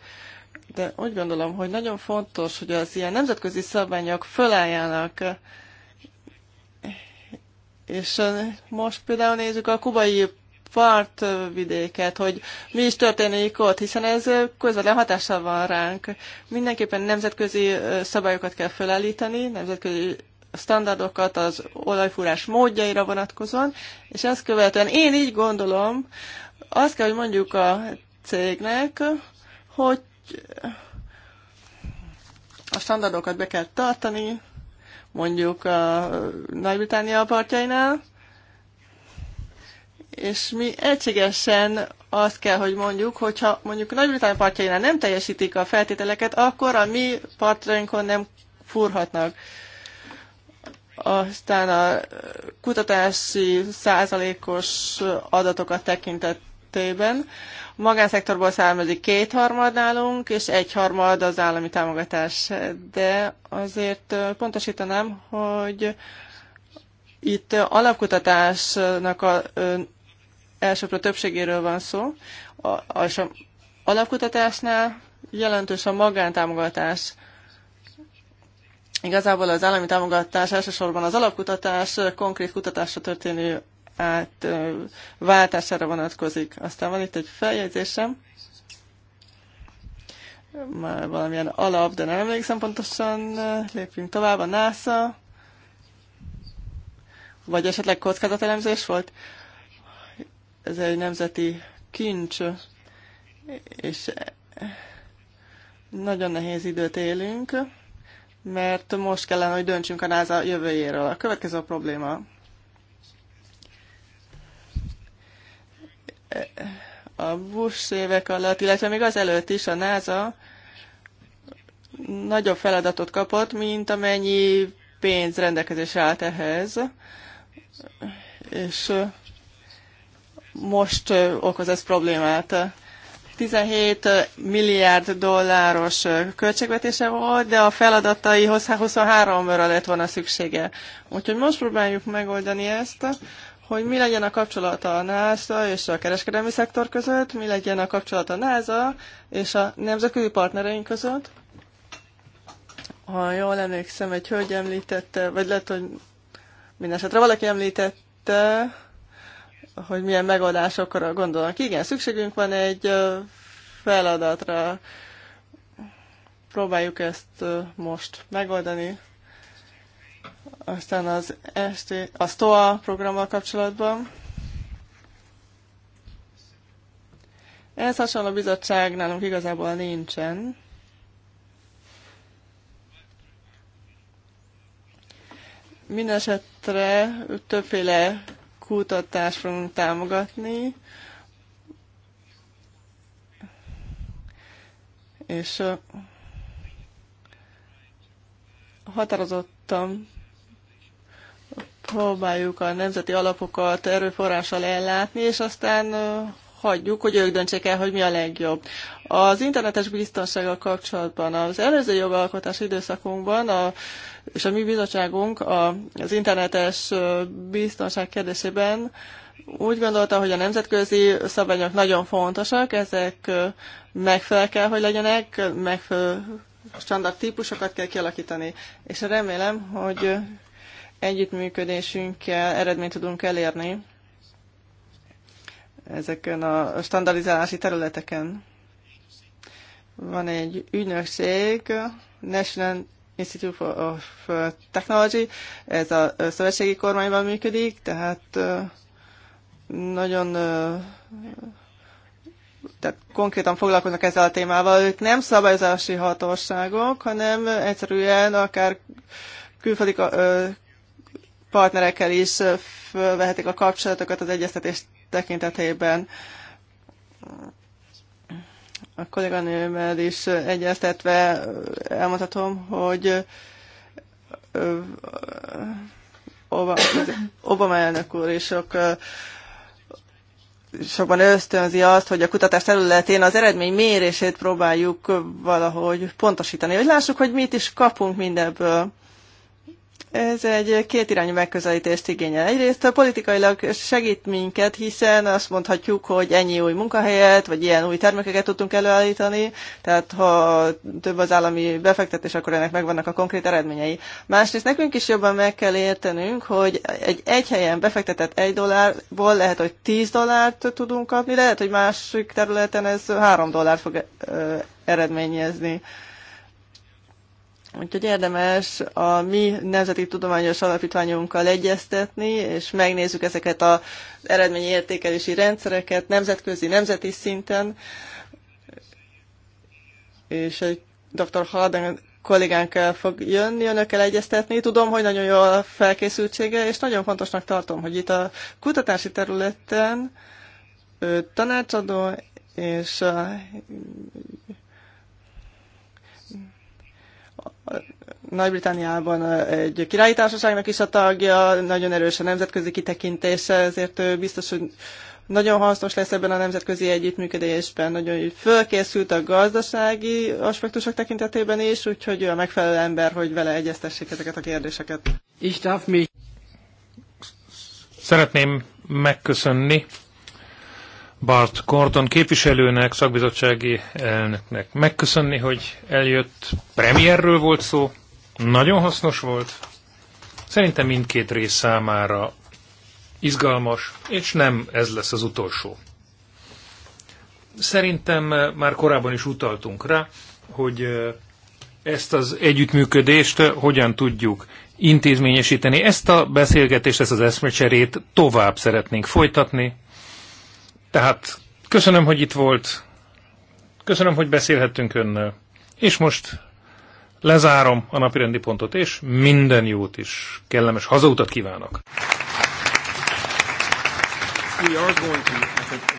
De úgy gondolom, hogy nagyon fontos, hogy az ilyen nemzetközi szabványok fölálljanak. És most például nézzük a kubai partvidéket, hogy mi is történik ott, hiszen ez közvetlen hatással van ránk. Mindenképpen nemzetközi szabályokat kell felállítani, nemzetközi standardokat az olajfúrás módjaira vonatkozóan, és ezt követően én így gondolom, azt kell, hogy mondjuk a cégnek, hogy a standardokat be kell tartani, mondjuk a Nagy-Britannia partjainál, és mi egységesen azt kell, hogy mondjuk, hogyha mondjuk a Nagy-Britannia partjainál nem teljesítik a feltételeket, akkor a mi partjainkon nem fúrhatnak. Aztán a kutatási százalékos adatokat tekintetében a magánszektorból származik kétharmad nálunk, és egyharmad az állami támogatás. De azért pontosítanám, hogy itt alapkutatásnak a elsőpről többségéről van szó, a, és a alapkutatásnál jelentős a magántámogatás. Igazából az állami támogatás elsősorban az alapkutatás, konkrét kutatásra történő át, váltására vonatkozik. Aztán van itt egy feljegyzésem, már valamilyen alap, de nem emlékszem pontosan. Lépjünk tovább, a NASA, vagy esetleg kockázatelemzés volt. Ez egy nemzeti kincs, és nagyon nehéz időt élünk mert most kellene, hogy döntsünk a NASA jövőjéről. A következő a probléma. A Bush évek alatt, illetve még az előtt is a NASA nagyobb feladatot kapott, mint amennyi pénz rendelkezésre állt ehhez. És most okoz ez problémát. 17 milliárd dolláros költségvetése volt, de a feladataihoz 23-ra lett volna szüksége. Úgyhogy most próbáljuk megoldani ezt, hogy mi legyen a kapcsolata a NASA és a kereskedelmi szektor között, mi legyen a kapcsolata a NASA és a nemzetközi partnereink között. Ha jól emlékszem, egy hölgy említette, vagy lehet, hogy mindesetre valaki említette, hogy milyen megoldásokra gondolnak. Igen, szükségünk van egy feladatra. Próbáljuk ezt most megoldani. Aztán az ST, a STOA programmal kapcsolatban. Ez hasonló bizottság nálunk igazából nincsen. Mindenesetre többféle kutatást fogunk támogatni, és határozottan próbáljuk a nemzeti alapokat erőforrással ellátni, és aztán hagyjuk, hogy ők döntsék el, hogy mi a legjobb. Az internetes biztonsággal kapcsolatban az előző jogalkotás időszakunkban a, és a mi bizottságunk a, az internetes biztonság kérdésében úgy gondolta, hogy a nemzetközi szabványok nagyon fontosak, ezek megfelel kell, hogy legyenek, megfelelő standard típusokat kell kialakítani, és remélem, hogy együttműködésünkkel eredményt tudunk elérni ezeken a standardizálási területeken. Van egy ügynökség, National Institute of Technology, ez a szövetségi kormányban működik, tehát nagyon tehát konkrétan foglalkoznak ezzel a témával. Ők nem szabályozási hatóságok, hanem egyszerűen akár külföldi partnerekkel is felvehetik a kapcsolatokat az egyeztetés tekintetében a kolléganőmmel is egyeztetve elmondhatom, hogy Obama elnök úr is sok sokban ösztönzi azt, hogy a kutatás területén az eredmény mérését próbáljuk valahogy pontosítani, hogy lássuk, hogy mit is kapunk mindebből. Ez egy két irányú megközelítést igényel. Egyrészt politikailag segít minket, hiszen azt mondhatjuk, hogy ennyi új munkahelyet, vagy ilyen új termékeket tudtunk előállítani, tehát ha több az állami befektetés, akkor ennek megvannak a konkrét eredményei. Másrészt nekünk is jobban meg kell értenünk, hogy egy egy helyen befektetett egy dollárból lehet, hogy 10 dollárt tudunk kapni, lehet, hogy másik területen ez 3 dollárt fog eredményezni. Úgyhogy érdemes a mi nemzeti tudományos alapítványunkkal egyeztetni, és megnézzük ezeket az eredményi értékelési rendszereket nemzetközi, nemzeti szinten. És egy dr. Harden kollégánkkal fog jönni önökkel egyeztetni. Tudom, hogy nagyon jó a felkészültsége, és nagyon fontosnak tartom, hogy itt a kutatási területen tanácsadó és Nagy-Britanniában egy királyi társaságnak is a tagja, nagyon erős a nemzetközi kitekintése, ezért ő biztos, hogy nagyon hasznos lesz ebben a nemzetközi együttműködésben, nagyon fölkészült a gazdasági aspektusok tekintetében is, úgyhogy ő a megfelelő ember, hogy vele egyeztessék ezeket a kérdéseket. Szeretném megköszönni Bart Gordon képviselőnek, szakbizottsági elnöknek megköszönni, hogy eljött. Premierről volt szó, nagyon hasznos volt. Szerintem mindkét rész számára izgalmas, és nem ez lesz az utolsó. Szerintem eh, már korábban is utaltunk rá, hogy eh, ezt az együttműködést eh, hogyan tudjuk intézményesíteni. Ezt a beszélgetést, ezt az eszmecserét tovább szeretnénk folytatni. Tehát köszönöm, hogy itt volt, köszönöm, hogy beszélhettünk önnel. És most Lezárom a napirendi pontot, és minden jót is, kellemes hazautat kívánok!